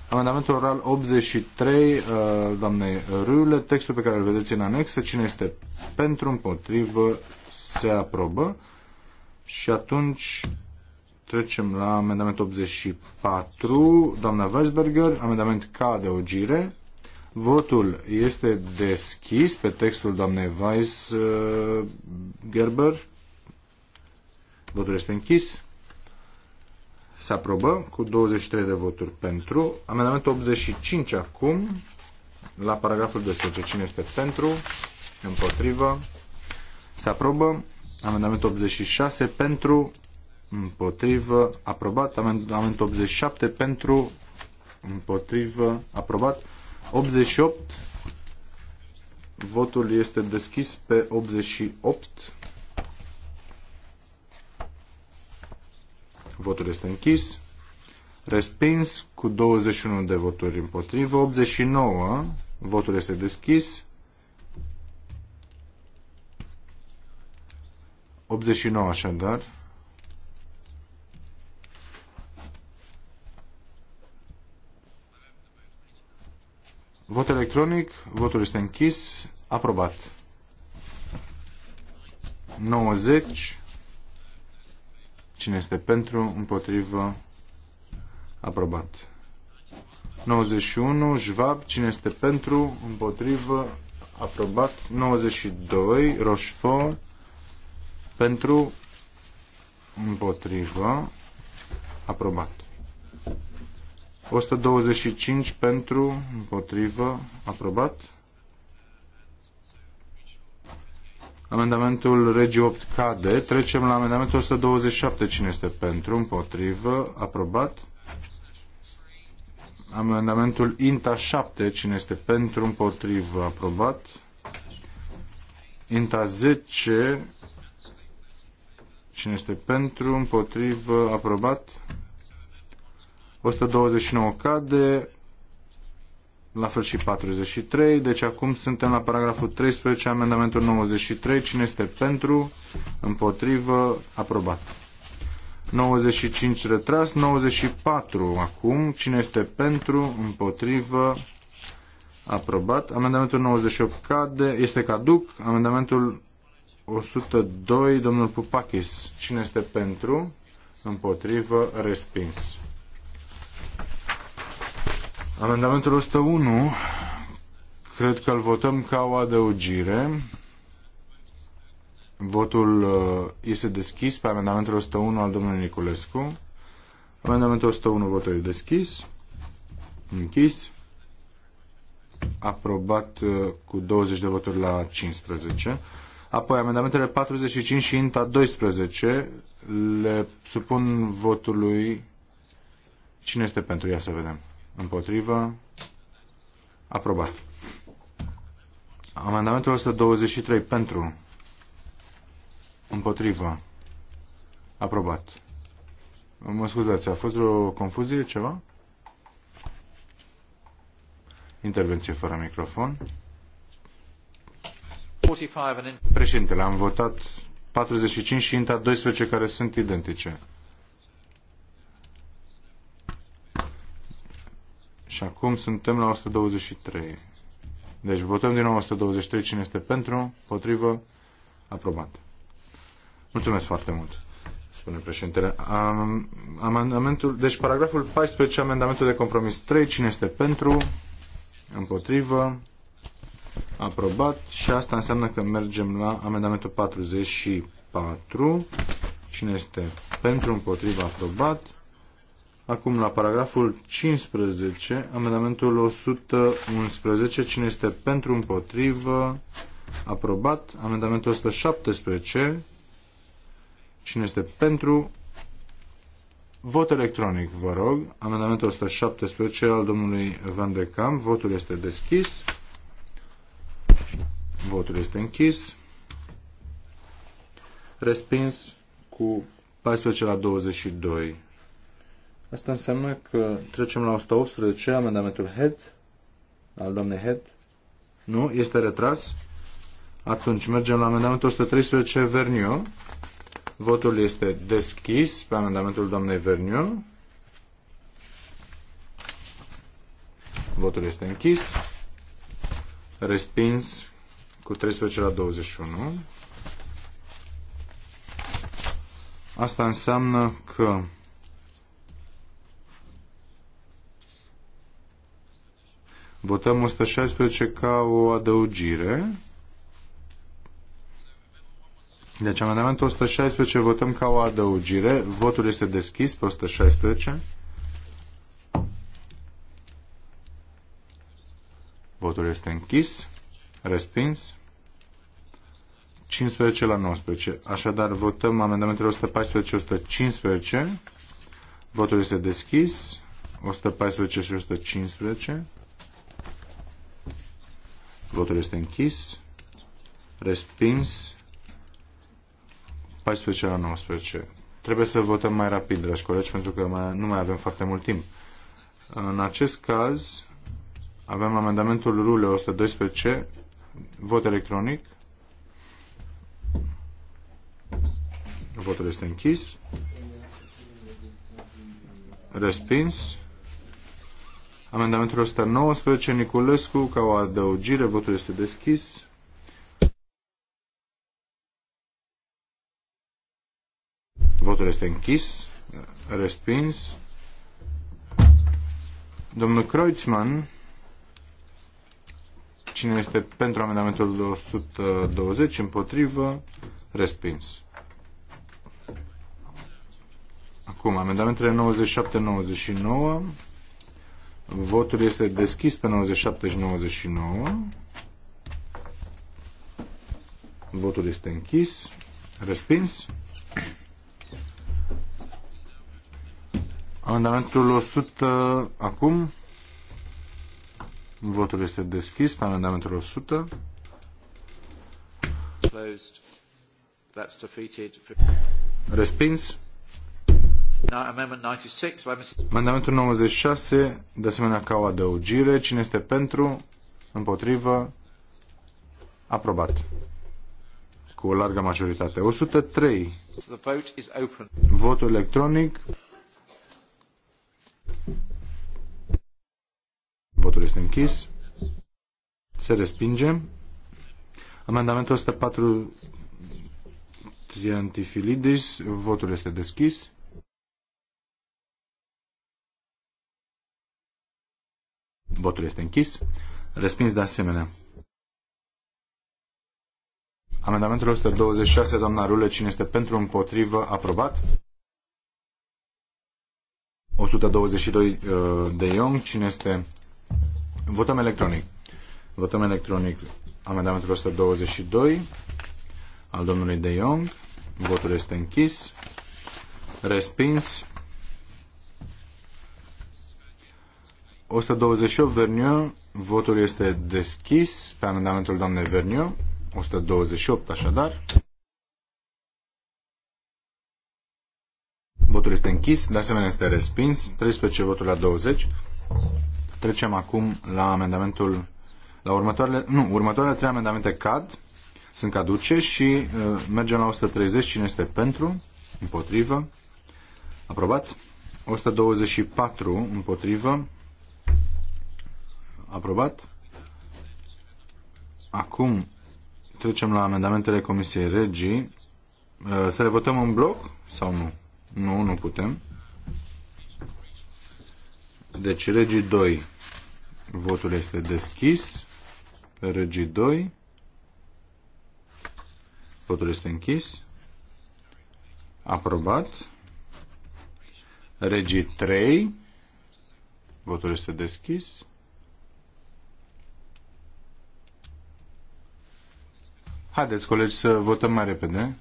Amendamentul oral 83, uh, doamnei Râule, textul pe care îl vedeți în anexă, cine este pentru, împotrivă, se aprobă. Și atunci Trecem la amendamentul 84. Doamna Weisberger, amendament K de ogire. Votul este deschis pe textul doamnei Weisgerber. Votul este închis. Se aprobă cu 23 de voturi pentru. Amendamentul 85 acum, la paragraful 12. Cine este pentru? Împotrivă. Se aprobă. Amendamentul 86 pentru, împotrivă, aprobat. Amendament 87 pentru, împotrivă, aprobat. 88, votul este deschis pe 88. Votul este închis. Respins cu 21 de voturi împotrivă, 89, votul este deschis. 89 așadar. Vot electronic, votul este închis, aprobat. 90. Cine este pentru, împotrivă, aprobat. 91. Jvab. Cine este pentru, împotrivă, aprobat. 92. Rochefort. Pentru, împotrivă, aprobat. 125 pentru, împotrivă, aprobat. Amendamentul Regi 8 cade. Trecem la amendamentul 127. Cine este pentru? Împotrivă. Aprobat. Amendamentul INTA 7. Cine este pentru? Împotrivă. Aprobat. INTA 10. Cine este pentru? Împotrivă. Aprobat. 129 cade, la fel și 43. Deci acum suntem la paragraful 13, amendamentul 93. Cine este pentru? Împotrivă? Aprobat. 95 retras, 94 acum. Cine este pentru? Împotrivă? Aprobat. Amendamentul 98 cade, este caduc. Amendamentul 102, domnul Pupakis. Cine este pentru? Împotrivă? Respins. Amendamentul 101, cred că îl votăm ca o adăugire. Votul uh, este deschis pe amendamentul 101 al domnului Niculescu. Amendamentul 101, votul e deschis. Închis. Aprobat uh, cu 20 de voturi la 15. Apoi amendamentele 45 și INTA 12 le supun votului. Cine este pentru ea să vedem? Împotrivă. Aprobat. Amendamentul 123 pentru. Împotrivă. Aprobat. Mă scuzați, a fost o confuzie ceva? Intervenție fără microfon. Președintele, am votat 45 și INTA 12 care sunt identice. Și acum suntem la 123. Deci votăm din nou 123 cine este pentru, potrivă, aprobat. Mulțumesc foarte mult, spune președintele. Am, amendamentul, deci paragraful 14, amendamentul de compromis 3, cine este pentru, împotrivă, aprobat și asta înseamnă că mergem la amendamentul 44. Cine este pentru, împotrivă, aprobat. Acum la paragraful 15, amendamentul 111, cine este pentru, împotrivă, aprobat. Amendamentul 117, cine este pentru, vot electronic, vă rog. Amendamentul 117 al domnului Van de Cam, votul este deschis. Votul este închis. Respins cu 14 la 22 Asta înseamnă că trecem la 118, amendamentul head, al doamnei head. Nu? Este retras? Atunci mergem la amendamentul 113, Verniu. Votul este deschis pe amendamentul doamnei Verniu. Votul este închis. Respins cu 13 la 21. Asta înseamnă că Votăm 116 ca o adăugire. Deci amendamentul 116 votăm ca o adăugire. Votul este deschis pe 116. Votul este închis. Respins. 15 la 19. Așadar, votăm amendamentele 114 și 115. Votul este deschis. 114 și 115. Votul este închis. Respins. 14 la 19. Trebuie să votăm mai rapid, dragi colegi, pentru că mai, nu mai avem foarte mult timp. În acest caz, avem amendamentul rule 112, vot electronic. Votul este închis. Respins. Amendamentul 119, Niculescu, ca o adăugire, votul este deschis. Votul este închis, respins. Domnul Kreutzmann, cine este pentru amendamentul 120, împotrivă, respins. Acum, amendamentele 97-99. Votul este deschis pe 97 și 99. Votul este închis. Respins. Amendamentul 100 acum. Votul este deschis pe amendamentul 100. Closed. That's defeated. Respins. Amendamentul 96, de asemenea ca o adăugire. Cine este pentru? Împotrivă? Aprobat. Cu o largă majoritate. 103. Votul electronic. Votul este închis. Se respinge. Amendamentul 104 Triantifilidis. Votul este deschis. Votul este închis. Respins de asemenea. Amendamentul 126, doamna Rule, cine este pentru, împotrivă, aprobat. 122 uh, de Young, cine este... Votăm electronic. Votăm electronic amendamentul 122 al domnului de Young. Votul este închis. Respins. 128 Verniu, votul este deschis pe amendamentul doamnei Verniu, 128 așadar. Votul este închis, de asemenea este respins, 13 voturi la 20. Trecem acum la amendamentul, la următoarele, nu, următoarele trei amendamente cad, sunt caduce și uh, mergem la 130, cine este pentru, împotrivă, aprobat, 124 împotrivă, Aprobat. Acum trecem la amendamentele Comisiei Regii. Uh, să le votăm în bloc sau nu? Nu, nu putem. Deci Regii 2. Votul este deschis. Regii 2. Votul este închis. Aprobat. Regii 3. Votul este deschis. Haideți, colegi, să votăm mai repede.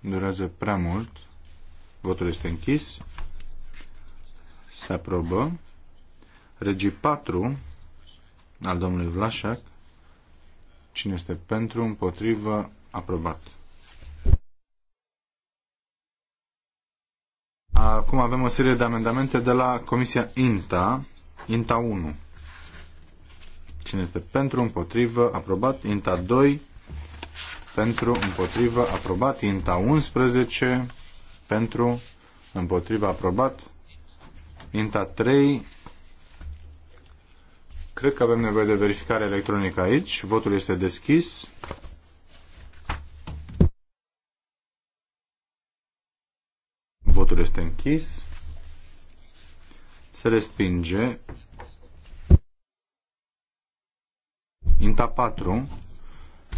Durează prea mult. Votul este închis. Se aprobă. Regii 4 al domnului Vlașac. Cine este pentru, împotrivă, aprobat. Acum avem o serie de amendamente de la Comisia INTA, INTA 1. Cine este pentru, împotrivă, aprobat. INTA 2, pentru, împotrivă, aprobat. INTA 11 pentru, împotrivă, aprobat. INTA 3 Cred că avem nevoie de verificare electronică aici. Votul este deschis. Votul este închis. Se respinge. Inta 4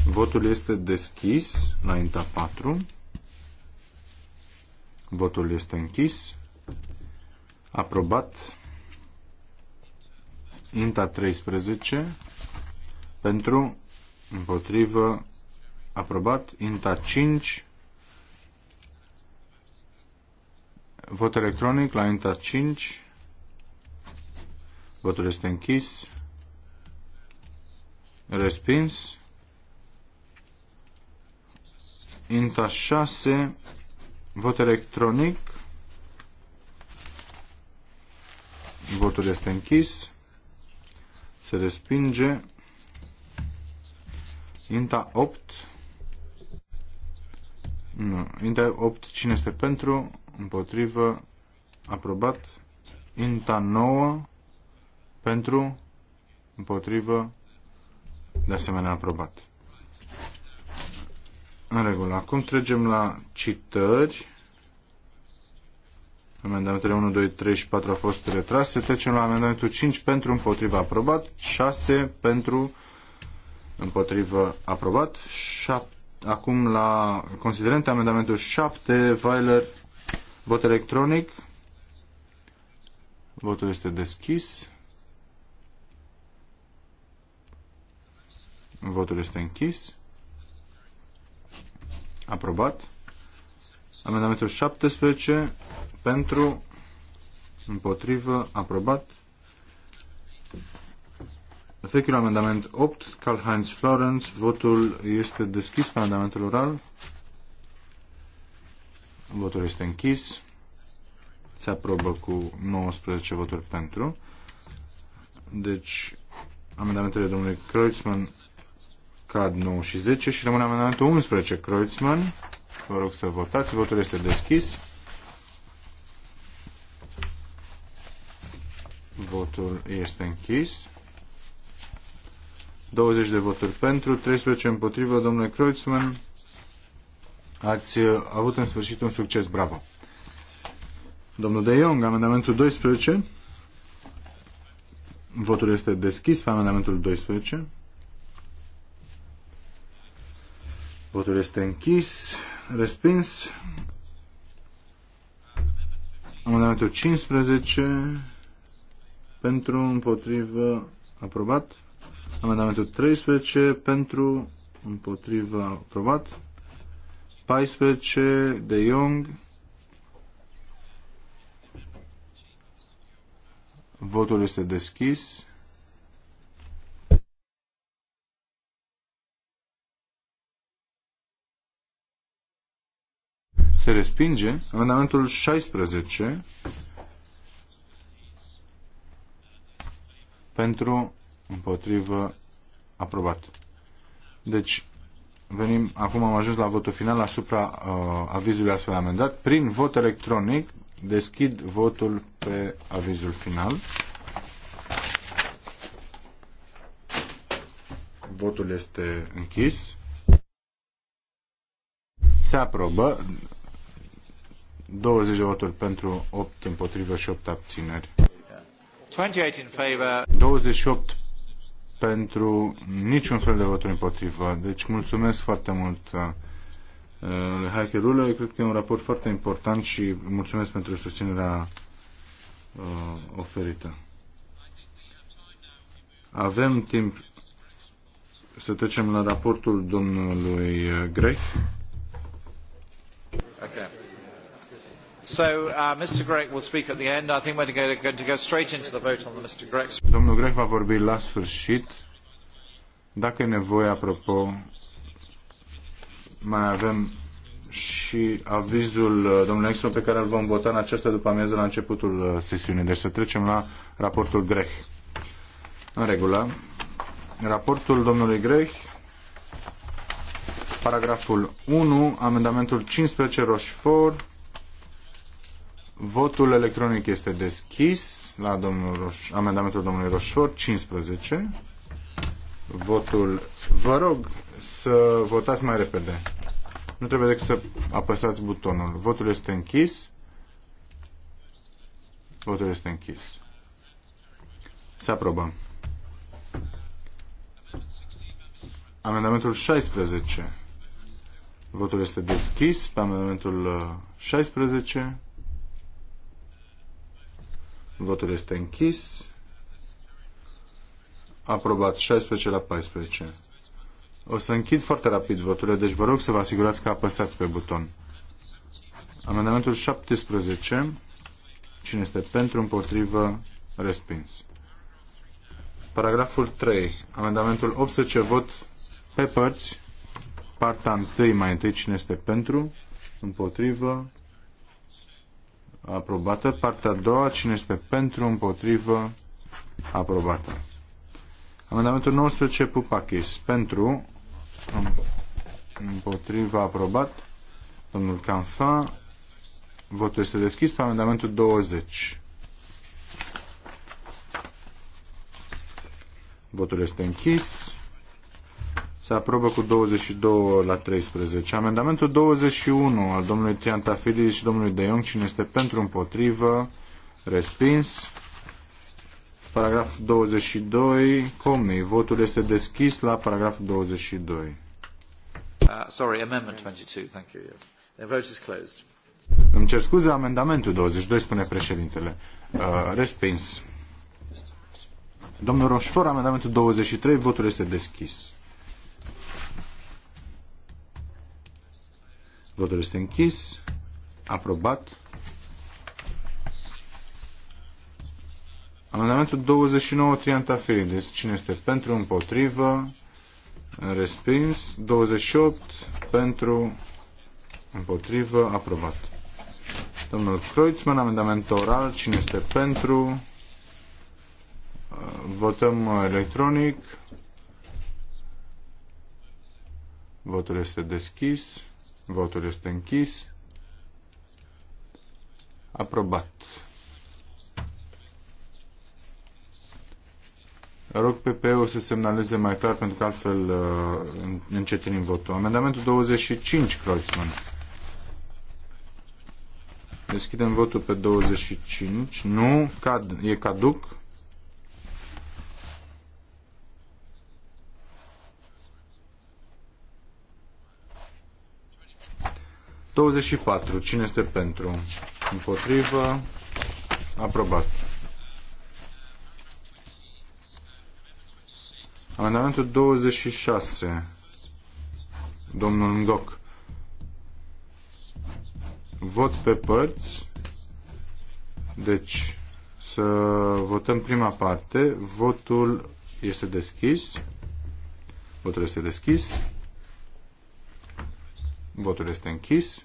Votul este deschis, înaintea 4. Votul este închis. Aprobat. Inta 13. Pentru, împotrivă, aprobat. Inta 5. Vot electronic la Inta 5. Votul este închis. Respins. INTA 6, vot electronic. Votul este închis. Se respinge. Inta 8. Nu. Inta 8. Cine este pentru? Împotrivă. Aprobat. Inta 9. Pentru. Împotrivă. De asemenea aprobat. În regulă. Acum trecem la citări. Amendamentele 1, 2, 3 și 4 au fost retrase. Trecem la amendamentul 5 pentru împotriva aprobat, 6 pentru împotriva aprobat, 7, acum la considerente amendamentul 7, Weiler, vot electronic. Votul este deschis. Votul este închis. Aprobat. Amendamentul 17 pentru, împotrivă, aprobat. Vechiul amendament 8, Karl-Heinz Florence, votul este deschis pe amendamentul oral. Votul este închis. Se aprobă cu 19 voturi pentru. Deci, amendamentele domnului Kreutzmann cad 9 și 10 și rămâne amendamentul 11, Kreutzmann. Vă rog să votați, votul este deschis. Votul este închis. 20 de voturi pentru, 13 împotrivă. Domnule Kreutzmann, ați uh, avut în sfârșit un succes. Bravo! Domnul De Jong, amendamentul 12. Votul este deschis pe amendamentul 12. Votul este închis. Respins. Amendamentul 15 pentru, împotrivă, aprobat. Amendamentul 13 pentru, împotrivă, aprobat. 14 de Young. Votul este deschis. Se respinge. Amendamentul 16 pentru împotrivă aprobat. Deci, venim, acum am ajuns la votul final asupra uh, avizului astfel amendat. Prin vot electronic deschid votul pe avizul final. Votul este închis. Se aprobă. 20 de voturi pentru, 8 împotrivă și 8 abțineri. 28, 28 pentru niciun fel de voturi împotrivă. Deci mulțumesc foarte mult uh, Heike Rulă. Cred că e un raport foarte important și mulțumesc pentru susținerea uh, oferită. Avem timp să trecem la raportul domnului Grech. Okay. So uh, Mr. will speak at the end. I think we're going to go straight into the vote on the Mr. Domnul Grech va vorbi la sfârșit. Dacă e nevoie, apropo, mai avem și avizul uh, domnului Extro pe care îl vom vota în această după amiază la începutul uh, sesiunii. Deci să trecem la raportul Grech. În regulă. Raportul domnului Grech, paragraful 1, amendamentul 15 Rochefort, Votul electronic este deschis la domnul Roș, amendamentul domnului Roșfor 15. Votul, vă rog să votați mai repede. Nu trebuie decât să apăsați butonul. Votul este închis. Votul este închis. Să aprobăm. Amendamentul 16. Votul este deschis pe amendamentul 16. Uh, Votul este închis. Aprobat 16 la 14. O să închid foarte rapid voturile, deci vă rog să vă asigurați că apăsați pe buton. Amendamentul 17. Cine este pentru, împotrivă, respins. Paragraful 3. Amendamentul 18. Vot pe părți. Partea 1 mai întâi. Cine este pentru, împotrivă, aprobată. Partea a doua, cine este pentru, împotrivă, aprobată. Amendamentul 19, Pupakis, pentru, împotrivă, aprobat. Domnul Canfa, votul este deschis pe amendamentul 20. Votul este închis se aprobă cu 22 la 13. Amendamentul 21 al domnului Tiantafili și domnului De Jong, cine este pentru împotrivă, respins. Paragraf 22, Comi, votul este deschis la paragraf 22. Uh, sorry, amendment 22, thank you, yes. The vote is closed. Îmi cer scuze, amendamentul 22, spune președintele. Uh, respins. Domnul Roșfor, amendamentul 23, votul este deschis. Votul este închis. Aprobat. Amendamentul 29 Triantafiri. Deci cine este pentru, împotrivă, respins. 28 pentru, împotrivă, aprobat. Domnul Kreutzmann, amendament oral. Cine este pentru? Votăm electronic. Votul este deschis. Votul este închis. Aprobat. Rog PP-ul să semnaleze mai clar, pentru că altfel uh, încetinim votul. Amendamentul 25, Kreuzmann. Deschidem votul pe 25. Nu, cad, e caduc. 24. Cine este pentru? Împotrivă. Aprobat. Amendamentul 26. Domnul Ngoc. Vot pe părți. Deci, să votăm prima parte. Votul este deschis. Votul este deschis. Votul este închis.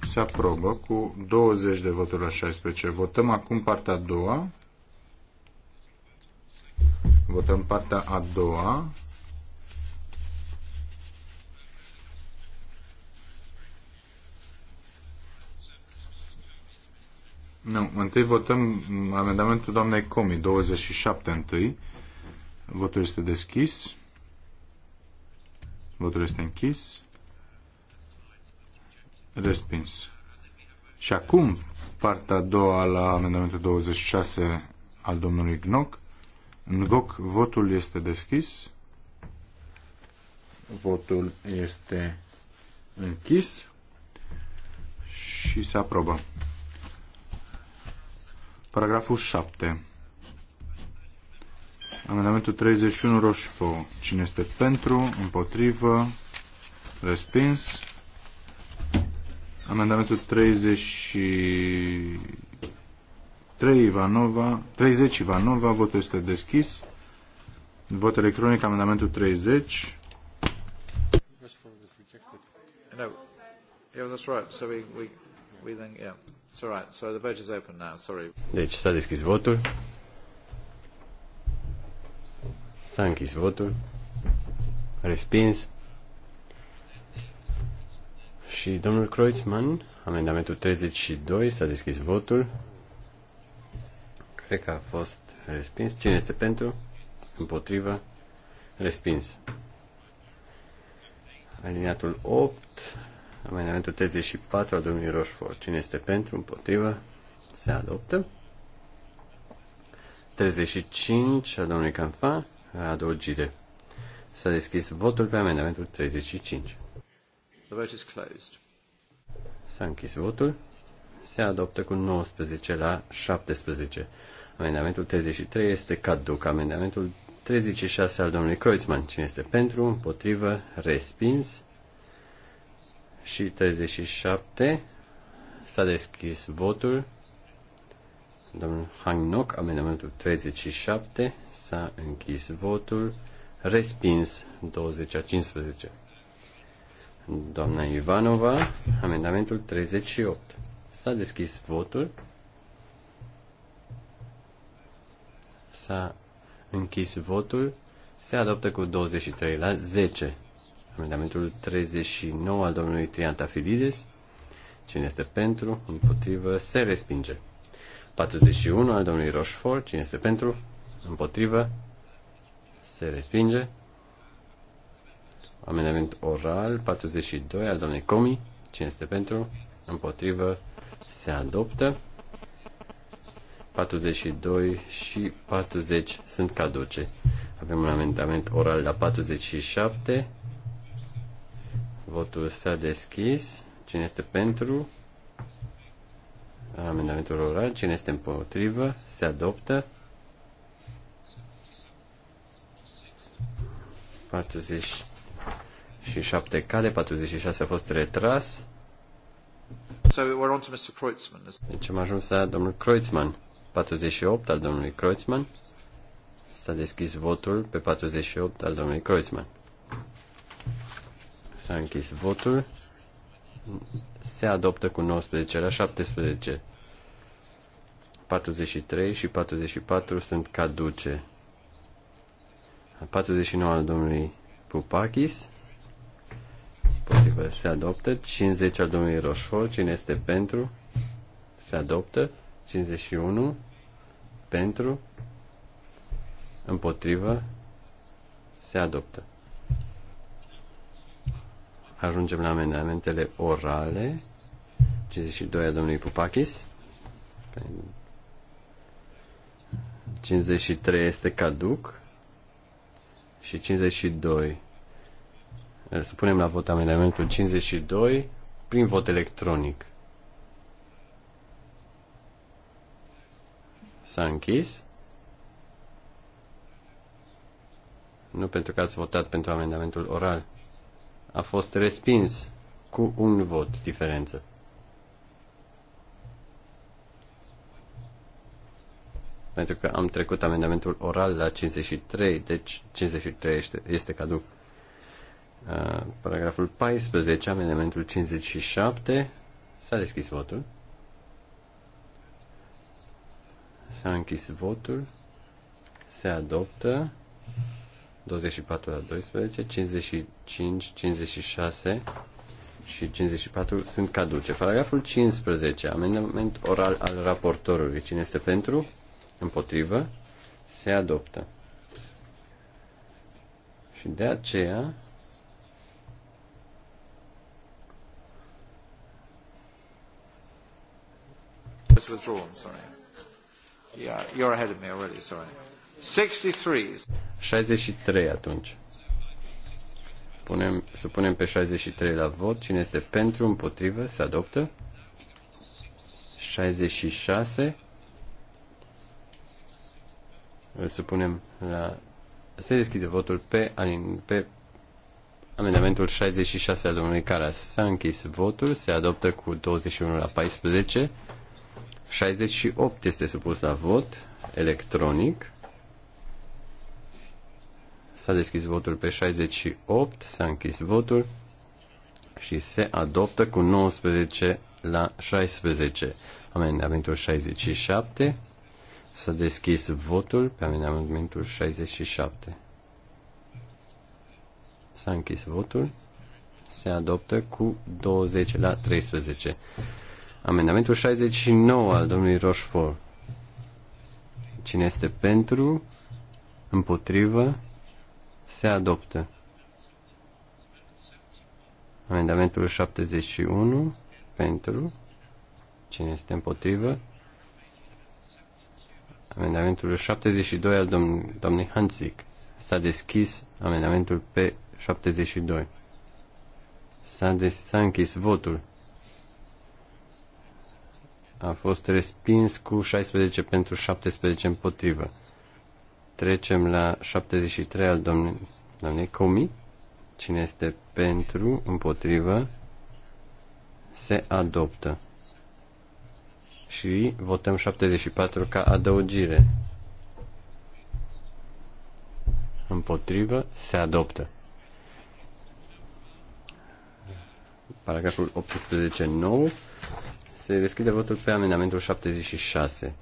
Se aprobă cu 20 de voturi la 16. Votăm acum partea a doua. Votăm partea a doua. Nu, întâi votăm amendamentul doamnei Comi, 27 întâi. Votul este deschis. Votul este închis. Respins. Și acum, partea a doua la amendamentul 26 al domnului Gnoc. În Gnoc votul este deschis. Votul este închis și se aprobă. Paragraful 7. Amendamentul 31 Roșfo. Cine este pentru, împotrivă, respins. Amendamentul 33 Ivanova, 30 Ivanova, votul este deschis. Vot electronic, amendamentul 30. No. Yeah, that's right. So we, we, we yeah. It's all right. So the vote is open now. Sorry. Deci s-a deschis votul. S-a închis votul. Respins. Și domnul Kreuzmann, amendamentul 32, s-a deschis votul. Cred că a fost respins. Cine este pentru? Împotrivă? Respins. Aliniatul 8, amendamentul 34 al domnului Roșfort. Cine este pentru? Împotrivă? Se adoptă. 35 al domnului Canfa, adăugire. S-a deschis votul pe amendamentul 35. The vote is closed. S-a închis votul. Se adoptă cu 19 la 17. Amendamentul 33 este caduc. Amendamentul 36 al domnului Kreutzmann. Cine este pentru, împotrivă, respins. Și 37. S-a deschis votul. Domnul Hangnok, amendamentul 37. S-a închis votul. Respins 20 a 15 doamna Ivanova, amendamentul 38. S-a deschis votul. S-a închis votul. Se adoptă cu 23 la 10. Amendamentul 39 al domnului Filides. Cine este pentru? Împotrivă. Se respinge. 41 al domnului Rochefort. Cine este pentru? Împotrivă. Se respinge. Amendament oral 42 al domnului Comi. Cine este pentru? Împotrivă. Se adoptă. 42 și 40 sunt caduce. Avem un amendament oral la 47. Votul s-a deschis. Cine este pentru? Amendamentul oral. Cine este împotrivă? Se adoptă. 40 și 7 cale, 46 a fost retras. So we're on to Mr. Kreutzmann. Deci am ajuns la domnul Kreutzmann. 48 al domnului Kreutzmann. S-a deschis votul pe 48 al domnului Kreutzmann. S-a închis votul. Se adoptă cu 19 la 17. 43 și 44 sunt caduce. 49 al domnului Pupakis Împotrivă. Se adoptă. 50 al domnului Roșfor. Cine este pentru? Se adoptă. 51. Pentru. Împotrivă. Se adoptă. Ajungem la amendamentele orale. 52 al domnului Pupachis. 53 este caduc. Și 52 Supunem la vot amendamentul 52 prin vot electronic. S-a închis. Nu pentru că ați votat pentru amendamentul oral. A fost respins cu un vot diferență. Pentru că am trecut amendamentul oral la 53, deci 53 este, este caduc. Uh, paragraful 14, amendamentul 57. S-a deschis votul. S-a închis votul. Se adoptă 24 la 12, 55, 56 și 54 sunt caduce. Paragraful 15, amendament oral al raportorului. Cine este pentru? Împotrivă? Se adoptă. Și de aceea was withdrawn, sorry. Yeah, you're ahead of me already, sorry. 63. 63 atunci. Punem, să punem pe 63 la vot. Cine este pentru, împotrivă, se adoptă. 66. Îl punem. la... Se deschide votul pe, pe amendamentul 66 al domnului Caras. S-a închis votul, se adoptă cu 21 la 14. 68 este supus la vot electronic. S-a deschis votul pe 68, s-a închis votul și se adoptă cu 19 la 16. Amendamentul 67. S-a deschis votul pe amendamentul 67. S-a închis votul. Se adoptă cu 20 la 13. Amendamentul 69 al domnului Rochefort. Cine este pentru, împotrivă, se adoptă. Amendamentul 71 pentru, cine este împotrivă, amendamentul 72 al domn- domnului Hansic. S-a deschis amendamentul pe 72. S-a, des- s-a închis votul a fost respins cu 16 pentru 17 împotrivă. Trecem la 73 al domnului, domnului Comi. Cine este pentru, împotrivă, se adoptă. Și votăm 74 ca adăugire. Împotrivă, se adoptă. Paragraful 18.9 se deschide votul pe amendamentul 76.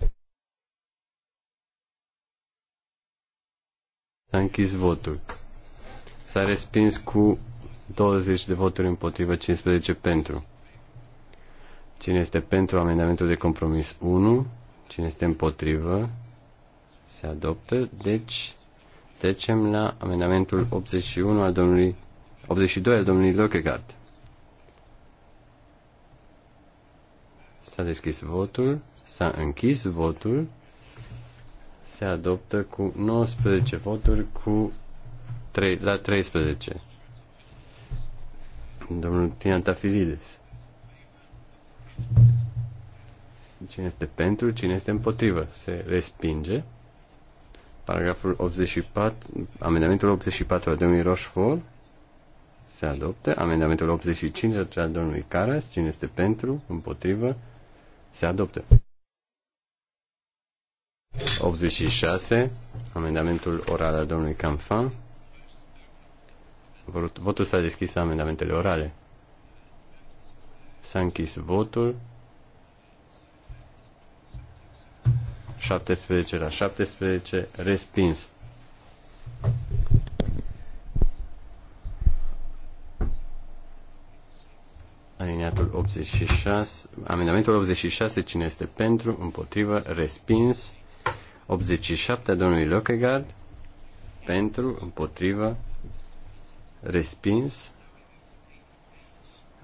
S-a închis votul. S-a respins cu 20 de voturi împotrivă, 15 pentru. Cine este pentru amendamentul de compromis 1? Cine este împotrivă? Se adoptă. Deci, trecem la amendamentul 81 al domnului 82 al domnului Lockhart. S-a deschis votul, s-a închis votul, se adoptă cu 19 voturi cu 3, la 13. Domnul Tiantafilides. Cine este pentru, cine este împotrivă? Se respinge. Paragraful 84, amendamentul 84 al domnului Rochefort se adoptă. Amendamentul 85 al domnului Caras. Cine este pentru, împotrivă? Se adoptă. 86. Amendamentul oral al domnului Canfan. Votul s-a deschis amendamentele orale. S-a închis votul. 17 la 17, respins. Aliniatul 86, amendamentul 86, cine este pentru, împotrivă, respins. 87 a domnului Lockegaard, pentru, împotrivă, respins.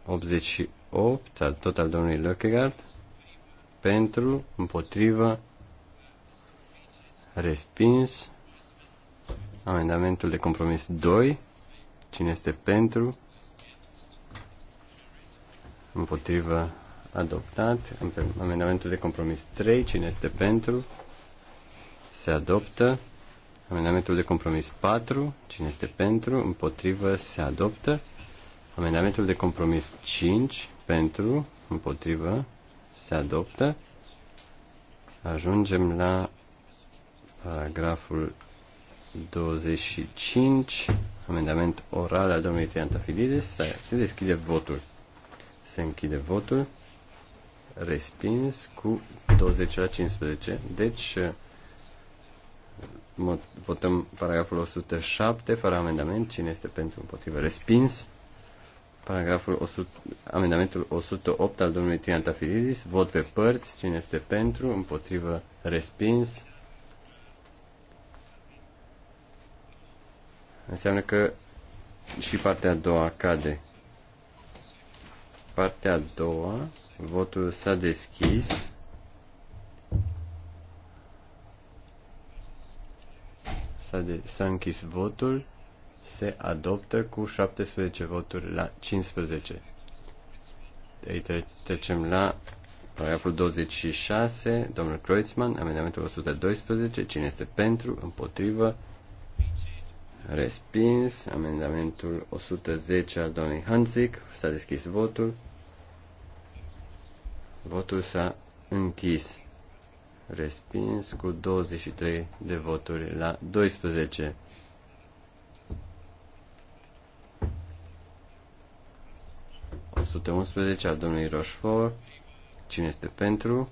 88 al tot al domnului Lockegaard, pentru, împotrivă, respins. Amendamentul de compromis 2, cine este pentru, împotrivă, adoptat. Amendamentul de compromis 3, cine este pentru, se adoptă. Amendamentul de compromis 4, cine este pentru, împotrivă, se adoptă. Amendamentul de compromis 5, pentru, împotrivă, se adoptă. Ajungem la paragraful 25, amendament oral al domnului Triantafilides. Se deschide votul. Se închide votul. Respins cu 20 la 15. Deci, votăm paragraful 107 fără amendament. Cine este pentru împotrivă? Respins. Paragraful 100, amendamentul 108 al domnului Triantafilidis. Vot pe părți. Cine este pentru? Împotrivă? Respins. Înseamnă că și partea a doua cade partea a doua. Votul s-a deschis. S-a, de- s-a închis votul. Se adoptă cu 17 voturi la 15. Ei tre- trecem la paragraful 26, domnul Kreutzmann, amendamentul 112, cine este pentru, împotrivă, Respins. Amendamentul 110 al domnului Hanzic. S-a deschis votul. Votul s-a închis. Respins cu 23 de voturi la 12. al domnului Roșfor. Cine este pentru?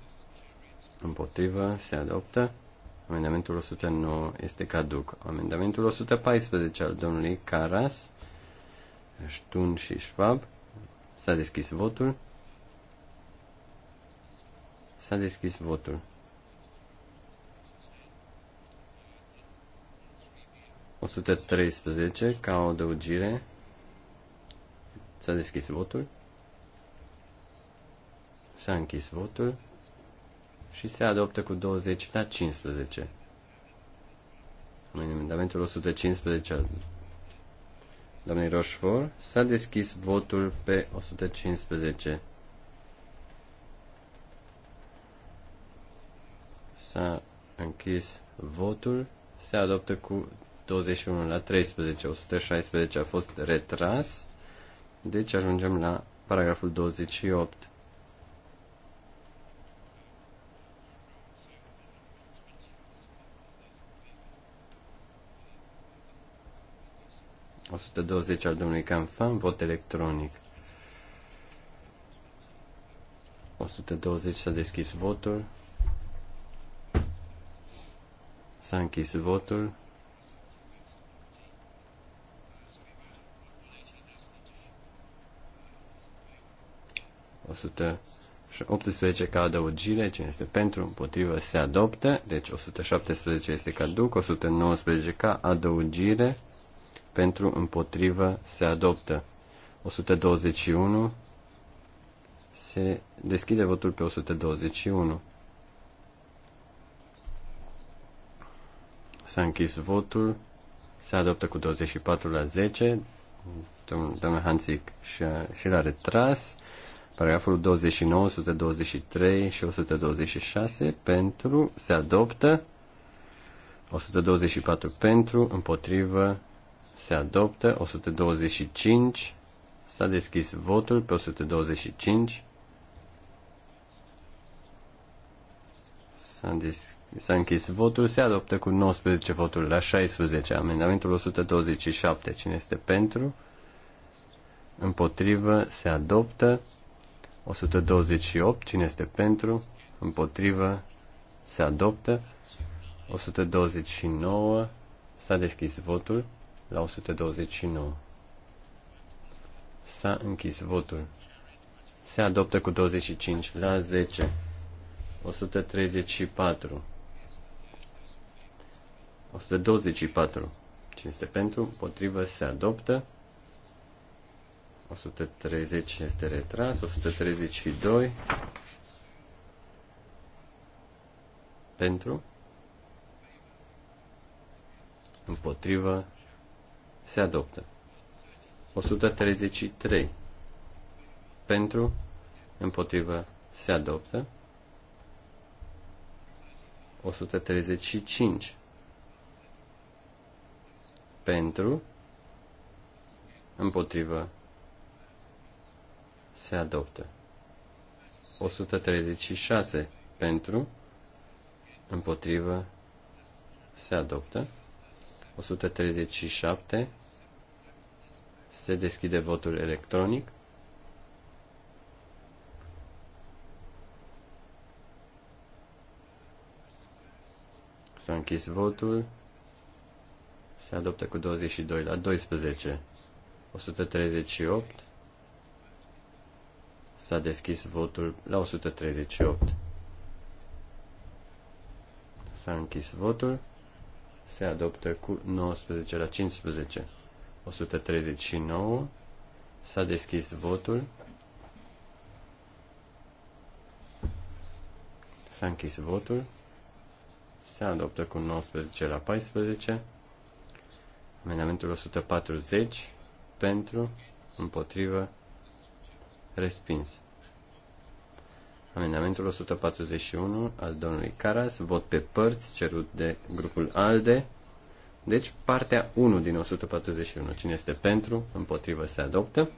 Împotrivă. Se adoptă. Amendamentul 109 este caduc. Amendamentul 114 al domnului Caras, Stun și Schwab. S-a deschis votul. S-a deschis votul. 113 ca o adăugire. S-a deschis votul. S-a închis votul și se adoptă cu 20 la 15. Amendamentul 115 al doamnei Rochefort s-a deschis votul pe 115. S-a închis votul, se adoptă cu 21 la 13, 116 a fost retras, deci ajungem la paragraful 28. 120 al domnului Canfan, vot electronic. 120 s-a deschis votul. S-a închis votul. 18 ca adăugire, cine este pentru, împotrivă, se adoptă, deci 117 este caduc, 119 ca adăugire, pentru împotrivă se adoptă. 121 se deschide votul pe 121. S-a închis votul, se adoptă cu 24 la 10, domnul Hansic și l-a retras, paragraful 29, 123 și 126 pentru, se adoptă, 124 pentru, împotrivă, se adoptă. 125. S-a deschis votul pe 125. S-a, deschis s-a închis votul. Se adoptă cu 19 voturi la 16. Amendamentul 127. Cine este pentru? Împotrivă. Se adoptă. 128. Cine este pentru? Împotrivă. Se adoptă. 129. S-a deschis votul la 129. S-a închis votul. Se adoptă cu 25 la 10. 134. 124. Cine este pentru? Potrivă se adoptă. 130 este retras. 132. Pentru. Împotrivă se adoptă. 133. Pentru, împotrivă, se adoptă. 135. Pentru, împotrivă, se adoptă. 136. Pentru, împotrivă, se adoptă. 137. Se deschide votul electronic. S-a închis votul. Se adoptă cu 22 la 12. 138. S-a deschis votul la 138. S-a închis votul se adoptă cu 19 la 15. 139. S-a deschis votul. S-a închis votul. Se adoptă cu 19 la 14. Amendamentul 140 pentru, împotrivă, respins. Amendamentul 141 al domnului Caras, vot pe părți cerut de grupul ALDE. Deci, partea 1 din 141. Cine este pentru, împotrivă, se adoptă.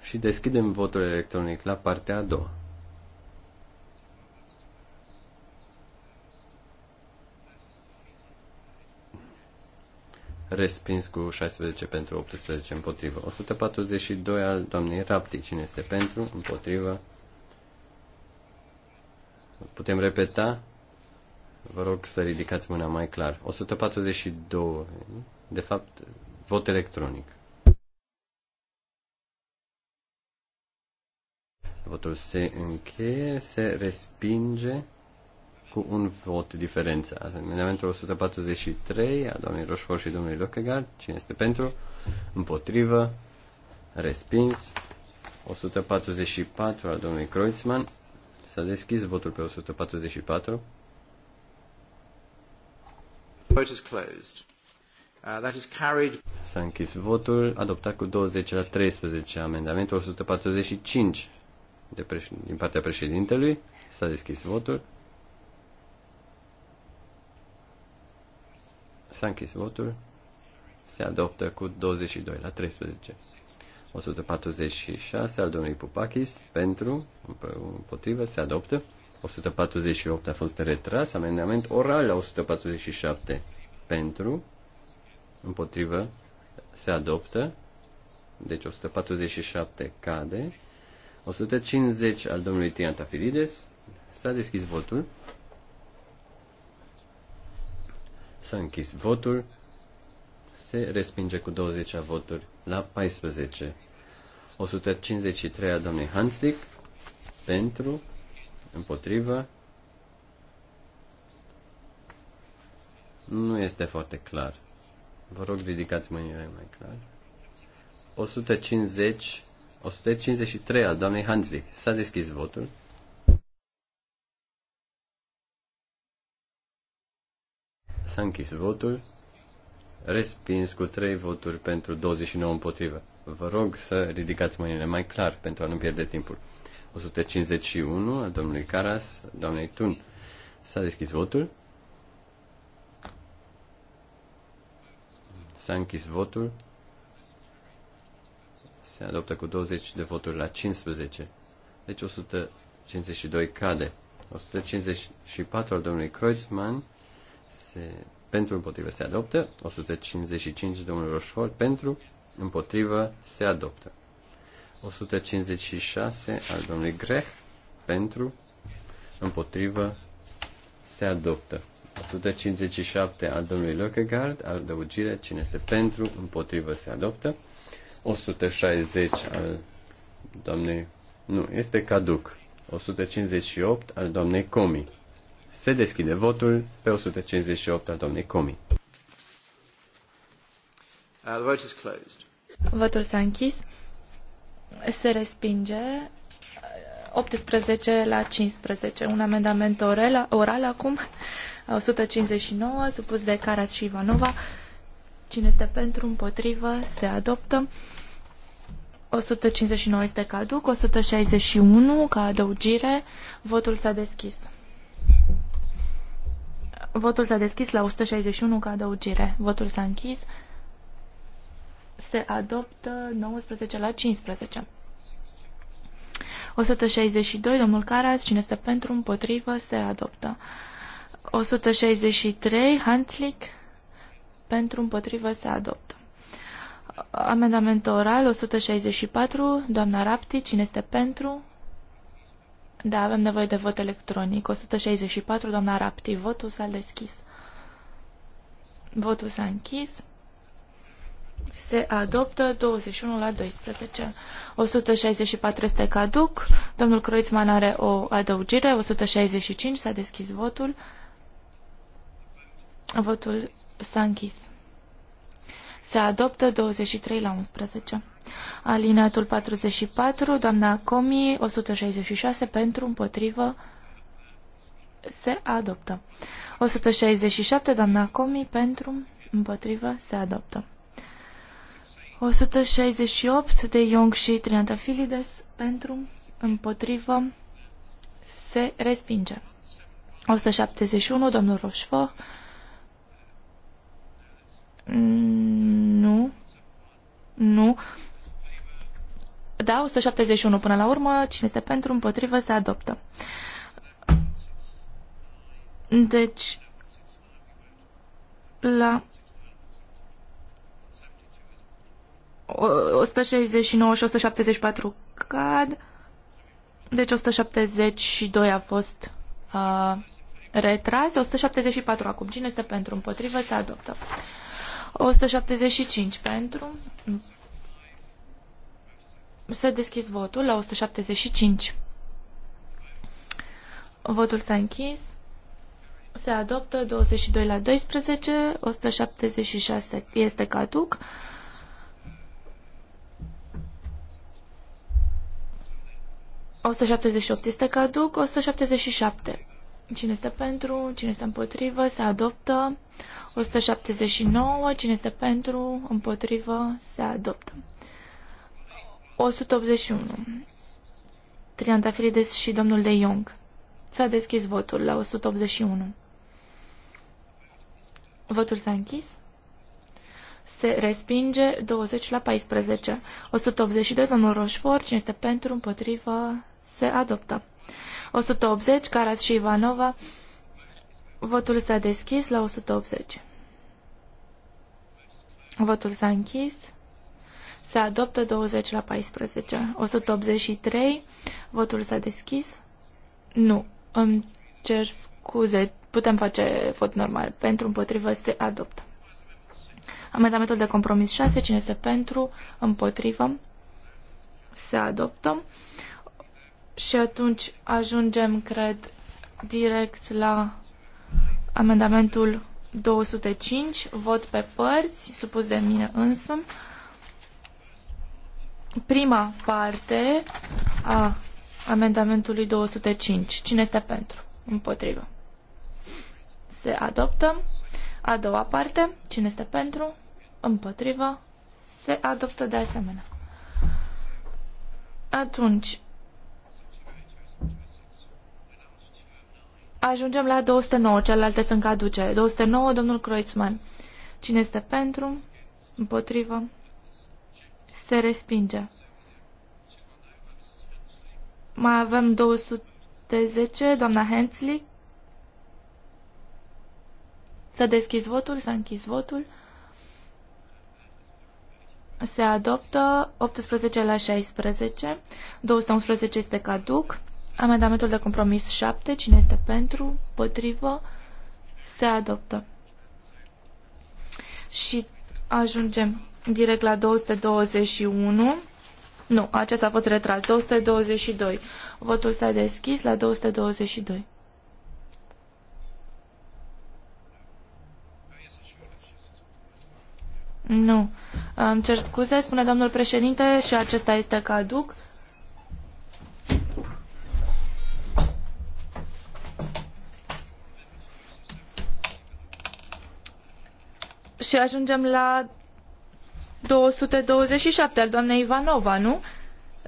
Și deschidem votul electronic la partea a doua. Respins cu 16 pentru 18 împotrivă. 142 al doamnei Rapti. Cine este pentru, împotrivă, Putem repeta? Vă rog să ridicați mâna mai clar. 142. De fapt, vot electronic. Votul se încheie, se respinge cu un vot diferență. Amendamentul 143 a domnului Roșfort și domnului Lockegaard. Cine este pentru? Împotrivă. Respins. 144 al domnului Kreutzmann. S-a deschis votul pe 144. Vote is closed. Uh, that is carried. S-a închis votul, adoptat cu 20 la 13. Amendamentul 145 de preș... din partea președintelui. S-a deschis votul. S-a închis votul. Se adoptă cu 22 la 13. 146 al domnului Pupachis pentru, împotrivă, se adoptă. 148 a fost retras, amendament oral la 147 pentru, împotrivă, se adoptă. Deci 147 cade. 150 al domnului Tiantafilides. S-a deschis votul. S-a închis votul se respinge cu 20 voturi la 14. 153 a domnului Hanslick pentru, împotrivă, nu este foarte clar. Vă rog, ridicați mâinile mai clar. 150, 153 al doamnei Hanslick. S-a deschis votul. S-a închis votul respins cu trei voturi pentru 29 împotrivă. Vă rog să ridicați mâinile mai clar pentru a nu pierde timpul. 151 a domnului Caras, doamnei Tun. S-a deschis votul. S-a închis votul. Se adoptă cu 20 de voturi la 15. Deci 152 cade. 154 al domnului Kreuzmann se pentru împotrivă se adoptă, 155 domnul Roșfort pentru împotrivă se adoptă, 156 al domnului Greh pentru împotrivă se adoptă. 157 al domnului Lockegaard, adăugire, cine este pentru, împotrivă se adoptă. 160 al domnului, nu, este caduc. 158 al domnului Comi, se deschide votul pe 158 al doamnei Comi. Uh, the vote is closed. Votul s-a închis. Se respinge 18 uh, la 15. Un amendament oral, oral acum, 159, supus de Caras și Ivanova. Cine este pentru, împotrivă, se adoptă. 159 este caduc, 161 ca adăugire. Votul s-a deschis. Votul s-a deschis la 161 ca adăugire. Votul s-a închis. Se adoptă 19 la 15. 162, domnul Caras, cine este pentru, împotrivă, se adoptă. 163, Hanslick, pentru, împotrivă, se adoptă. Amendament oral 164, doamna Rapti, cine este pentru, da, avem nevoie de vot electronic. 164, doamna Rapti. Votul s-a deschis. Votul s-a închis. Se adoptă 21 la 12. 164 este caduc. Domnul Croițman are o adăugire. 165 s-a deschis votul. Votul s-a închis. Se adoptă 23 la 11. Alineatul 44, doamna Comi, 166 pentru, împotrivă, se adoptă. 167, doamna Comi, pentru, împotrivă, se adoptă. 168 de Young și filides pentru, împotrivă, se respinge. 171, domnul Rochefort. Nu. Nu. Da, 171 până la urmă. Cine este pentru, împotrivă, se adoptă. Deci, la 169 și 174 cad. Deci 172 a fost uh, retras. 174 acum. Cine este pentru? Împotrivă se adoptă. 175 pentru, S-a deschis votul la 175. Votul s-a închis. Se adoptă 22 la 12, 176 este caduc. O 178 este caduc, 177. Cine este pentru, cine este împotrivă, se adoptă. 179, cine este pentru, împotrivă, se adoptă. 181. Triantafilides și domnul de Iong. S-a deschis votul la 181. Votul s-a închis. Se respinge 20 la 14. 182, domnul Roșfort, cine este pentru, împotrivă, se adoptă. 180, Carat și Ivanova. Votul s-a deschis la 180. Votul s-a închis. Se adoptă 20 la 14. 183. Votul s-a deschis. Nu. Îmi cer scuze. Putem face vot normal. Pentru împotrivă se adoptă. Amendamentul de compromis 6. Cine este pentru? Împotrivă. Se adoptă. Și atunci ajungem, cred, direct la amendamentul 205, vot pe părți, supus de mine însumi prima parte a amendamentului 205. Cine este pentru? Împotrivă. Se adoptă. A doua parte. Cine este pentru? Împotrivă. Se adoptă de asemenea. Atunci, ajungem la 209, celelalte sunt caduce. 209, domnul Kreutzmann. Cine este pentru? Împotrivă? se respinge. Mai avem 210, doamna Hensley. S-a deschis votul, s-a închis votul. Se adoptă 18 la 16, 211 este caduc, amendamentul de compromis 7, cine este pentru, potrivă, se adoptă. Și ajungem direct la 221. Nu, acesta a fost retras. 222. Votul s-a deschis la 222. Nu. Îmi cer scuze, spune domnul președinte, și acesta este caduc. Și ajungem la 227 al doamnei Ivanova, nu?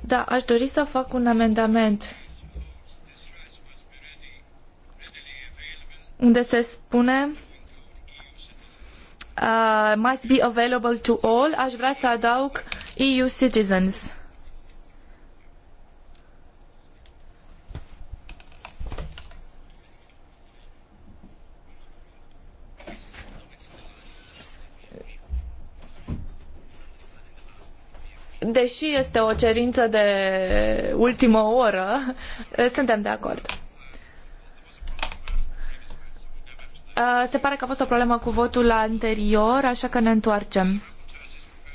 Da, aș dori să fac un amendament unde se spune uh, must be available to all. Aș vrea să adaug EU citizens. deși este o cerință de ultimă oră, suntem de acord. Se pare că a fost o problemă cu votul anterior, așa că ne întoarcem.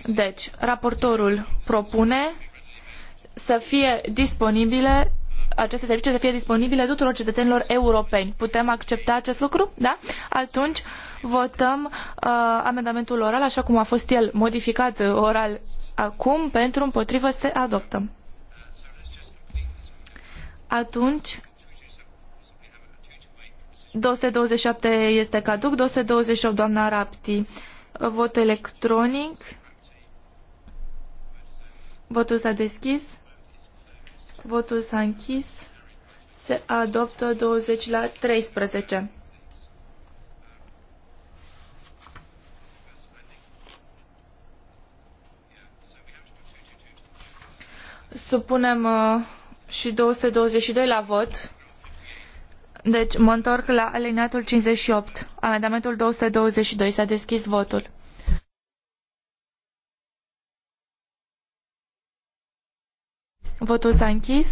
Deci, raportorul propune să fie disponibile aceste servicii să fie disponibile tuturor cetățenilor europeni. Putem accepta acest lucru? Da? Atunci, uh, votăm uh, amendamentul oral, așa cum a fost el modificat uh, oral acum, pentru împotrivă se adoptă. Atunci, 227 este caduc, 228 doamna Rapti, vot electronic. Votul s-a deschis. Votul s-a închis. Se adoptă 20 la 13. supunem uh, și 222 la vot. Deci mă întorc la alineatul 58. Amendamentul 222. S-a deschis votul. Votul s-a închis.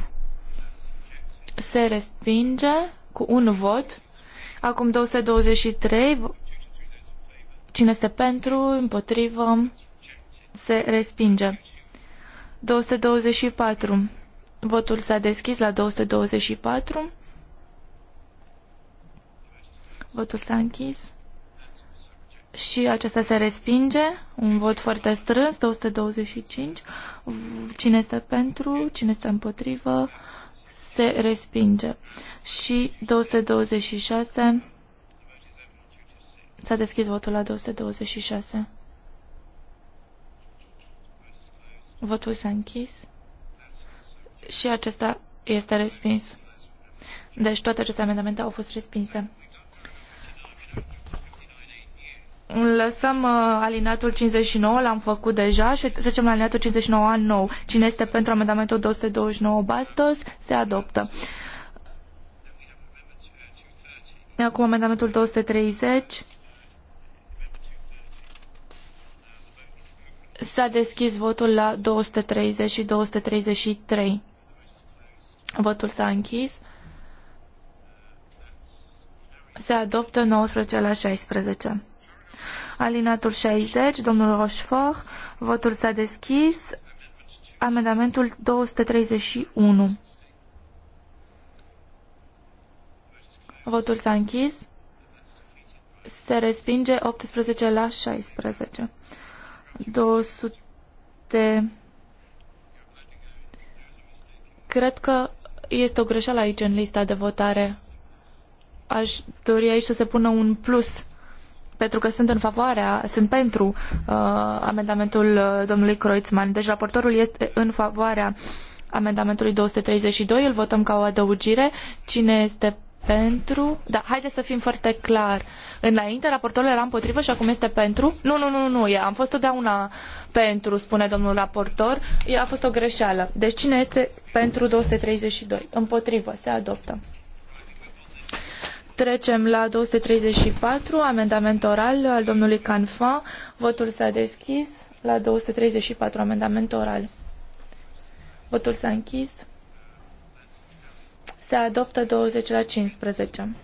Se respinge cu un vot. Acum 223. Cine se pentru, împotrivă, se respinge. 224. Votul s-a deschis la 224. Votul s-a închis. Și acesta se respinge. Un vot foarte strâns, 225. Cine este pentru, cine este împotrivă, se respinge. Și 226. S-a deschis votul la 226. Votul s-a închis și acesta este respins. Deci toate aceste amendamente au fost respinse. Lăsăm uh, alinatul 59, l-am făcut deja și trecem la alinatul 59 a nou. Cine este pentru amendamentul 229 Bastos, se adoptă. Acum amendamentul 230 S-a deschis votul la 230 și 233. Votul s-a închis. Se adoptă 19 la 16. Alinatul 60, domnul Rochefort, votul s-a deschis. Amendamentul 231. Votul s-a închis. Se respinge 18 la 16. 200. Cred că este o greșeală aici în lista de votare. Aș dori aici să se pună un plus pentru că sunt în favoarea, sunt pentru uh, amendamentul uh, domnului Kreutzmann. Deci raportorul este în favoarea amendamentului 232, îl votăm ca o adăugire. Cine este pentru. Da, haideți să fim foarte clar. Înainte raportorul era împotrivă și acum este pentru? Nu, nu, nu, nu, am fost totdeauna pentru, spune domnul raportor. A fost o greșeală. Deci cine este pentru 232? Împotrivă, se adoptă. Trecem la 234, amendament oral al domnului Canfa. Votul s-a deschis la 234, amendament oral. Votul s-a închis. Se adoptă 20 la 15.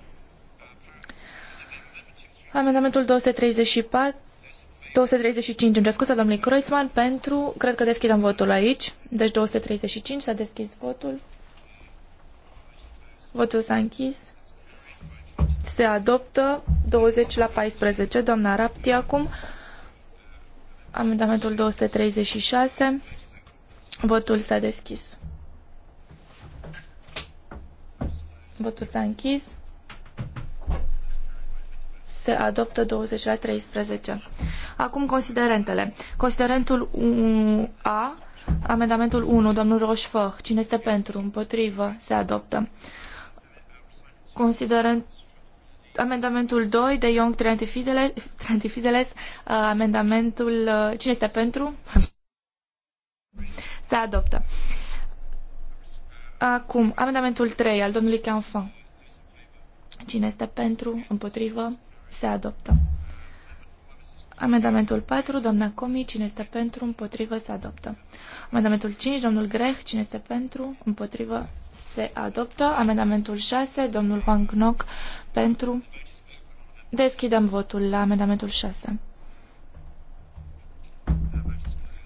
Amendamentul 234, 235, îmi scuze, domnului Kreutzmann, pentru, cred că deschidem votul aici, deci 235 s-a deschis votul. Votul s-a închis. Se adoptă 20 la 14. Doamna Rapti acum. Amendamentul 236. Votul s-a deschis. Votul s-a închis. Se adoptă 20 la 13. Acum considerentele. Considerentul A, amendamentul 1, domnul Rochefort. Cine este pentru? Împotrivă. Se adoptă. Considerent amendamentul 2 de Young Trantifideles, uh, amendamentul... Uh, cine este pentru? Se adoptă. Acum, amendamentul 3 al domnului Canfan. Cine este pentru, împotrivă, se adoptă. Amendamentul 4, doamna Comi, cine este pentru, împotrivă, se adoptă. Amendamentul 5, domnul Greh, cine este pentru, împotrivă, se adoptă. Amendamentul 6, domnul Juan Gnoc, pentru. Deschidem votul la amendamentul 6.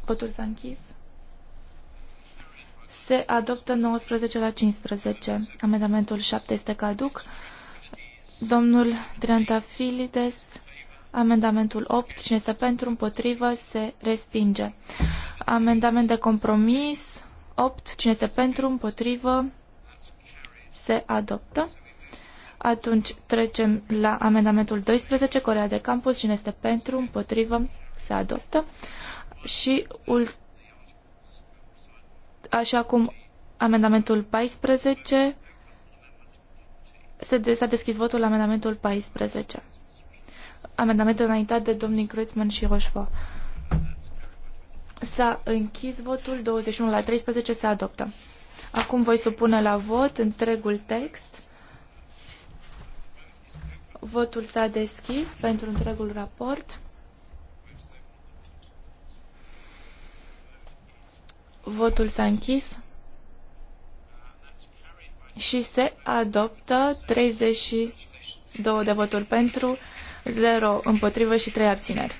Votul s-a închis. Se adoptă 19 la 15. Amendamentul 7 este caduc. Domnul Triantafilides, amendamentul 8, cine este pentru, împotrivă, se respinge. Amendament de compromis, 8, cine este pentru, împotrivă, se adoptă. Atunci trecem la amendamentul 12, Corea de Campus, cine este pentru, împotrivă, se adoptă. Și ultimul Așa cum amendamentul 14 s-a deschis votul la amendamentul 14. Amendamentul înaintat de domnii Kreutzmann și Roșfo. S-a închis votul, 21 la 13 se adoptă. Acum voi supune la vot întregul text. Votul s-a deschis pentru întregul raport. Votul s-a închis și se adoptă 32 de voturi pentru, 0 împotrivă și 3 abțineri.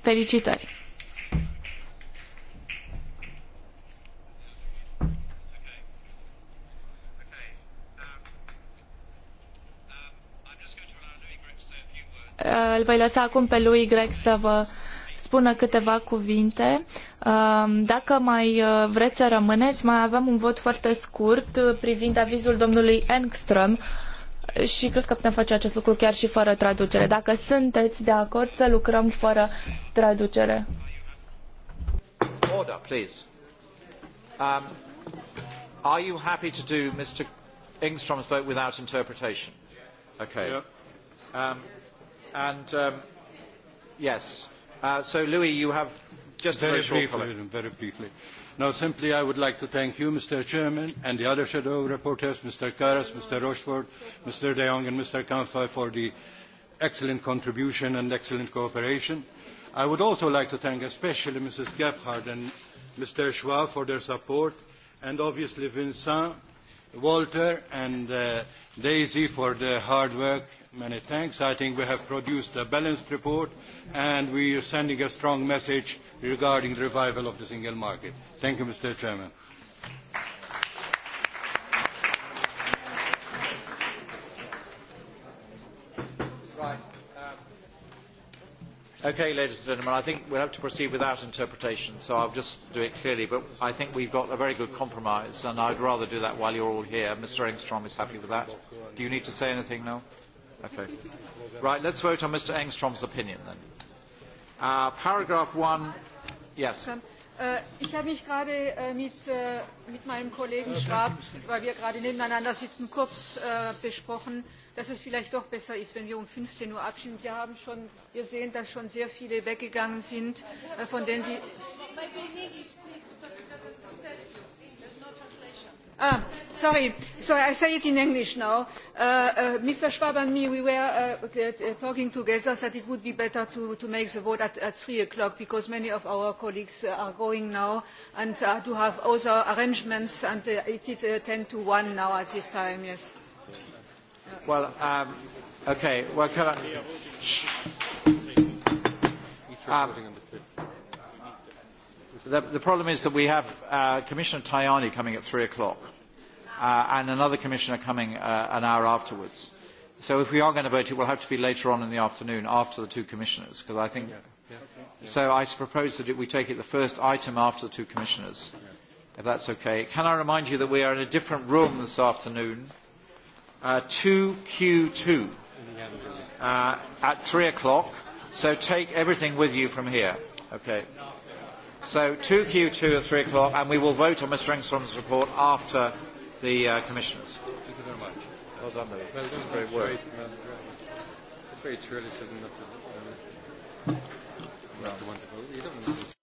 Felicitări! Uh, îl voi lăsa acum pe lui Greg să vă spună câteva cuvinte. Um, dacă mai uh, vreți să rămâneți, mai avem un vot foarte scurt uh, privind avizul domnului Engström și cred că putem face acest lucru chiar și fără traducere. Dacă sunteți de acord să lucrăm fără traducere. Order, please. Um, are you happy to do Mr. Engstrom's vote without interpretation? Okay. Yeah. Um, and um, yes, Uh, so, Louis, you have just very, very briefly. Very briefly. Now, simply, I would like to thank you, Mr. Chairman, and the other shadow reporters, Mr. Karas, Mr. Rochford, Mr. De Jong, and Mr. Kanfa, for the excellent contribution and excellent cooperation. I would also like to thank especially Mrs. Gebhardt and Mr. Schwab for their support, and obviously Vincent, Walter, and uh, Daisy for their hard work Many thanks. I think we have produced a balanced report and we are sending a strong message regarding the revival of the single market. Thank you, Mr. Chairman. Um, okay, ladies and gentlemen, I think we'll have to proceed without interpretation, so I'll just do it clearly. But I think we've got a very good compromise, and I'd rather do that while you're all here. Mr. Engstrom is happy with that. Do you need to say anything now? Okay. Right, let's vote on Mr. Engstrom's opinion then. Uh, paragraph 1, yes. Ähm, äh, ich habe mich gerade äh, mit, äh, mit meinem Kollegen Schwab, weil wir gerade nebeneinander sitzen, kurz besprochen, dass es vielleicht doch besser ist, wenn wir um 15 Uhr abstimmen. Wir, haben schon, wir sehen, dass schon sehr viele weggegangen sind, von denen die... Ah, sorry, So I say it in English now. Uh, uh, Mr. Schwab and me, we were uh, uh, uh, talking together that it would be better to, to make the vote at, at 3 o'clock because many of our colleagues uh, are going now and uh, do have other arrangements and uh, it is uh, 10 to 1 now at this time, yes. Well, um, okay, well, can I... Um, The, the problem is that we have uh, Commissioner Tajani coming at 3 o'clock uh, and another commissioner coming uh, an hour afterwards. So if we are going to vote, it will have to be later on in the afternoon after the two commissioners, because I think... Yeah. Yeah. So I propose that we take it the first item after the two commissioners, if that's okay. Can I remind you that we are in a different room this afternoon, uh, 2Q2, uh, at 3 o'clock. So take everything with you from here. Okay. So 2Q2 at 3 o'clock, and we will vote on Mr. Engstrom's report after the uh, commissioners. Thank you very much. Well done, Louis. Well done. Great work. It's very true, isn't it? Um, well,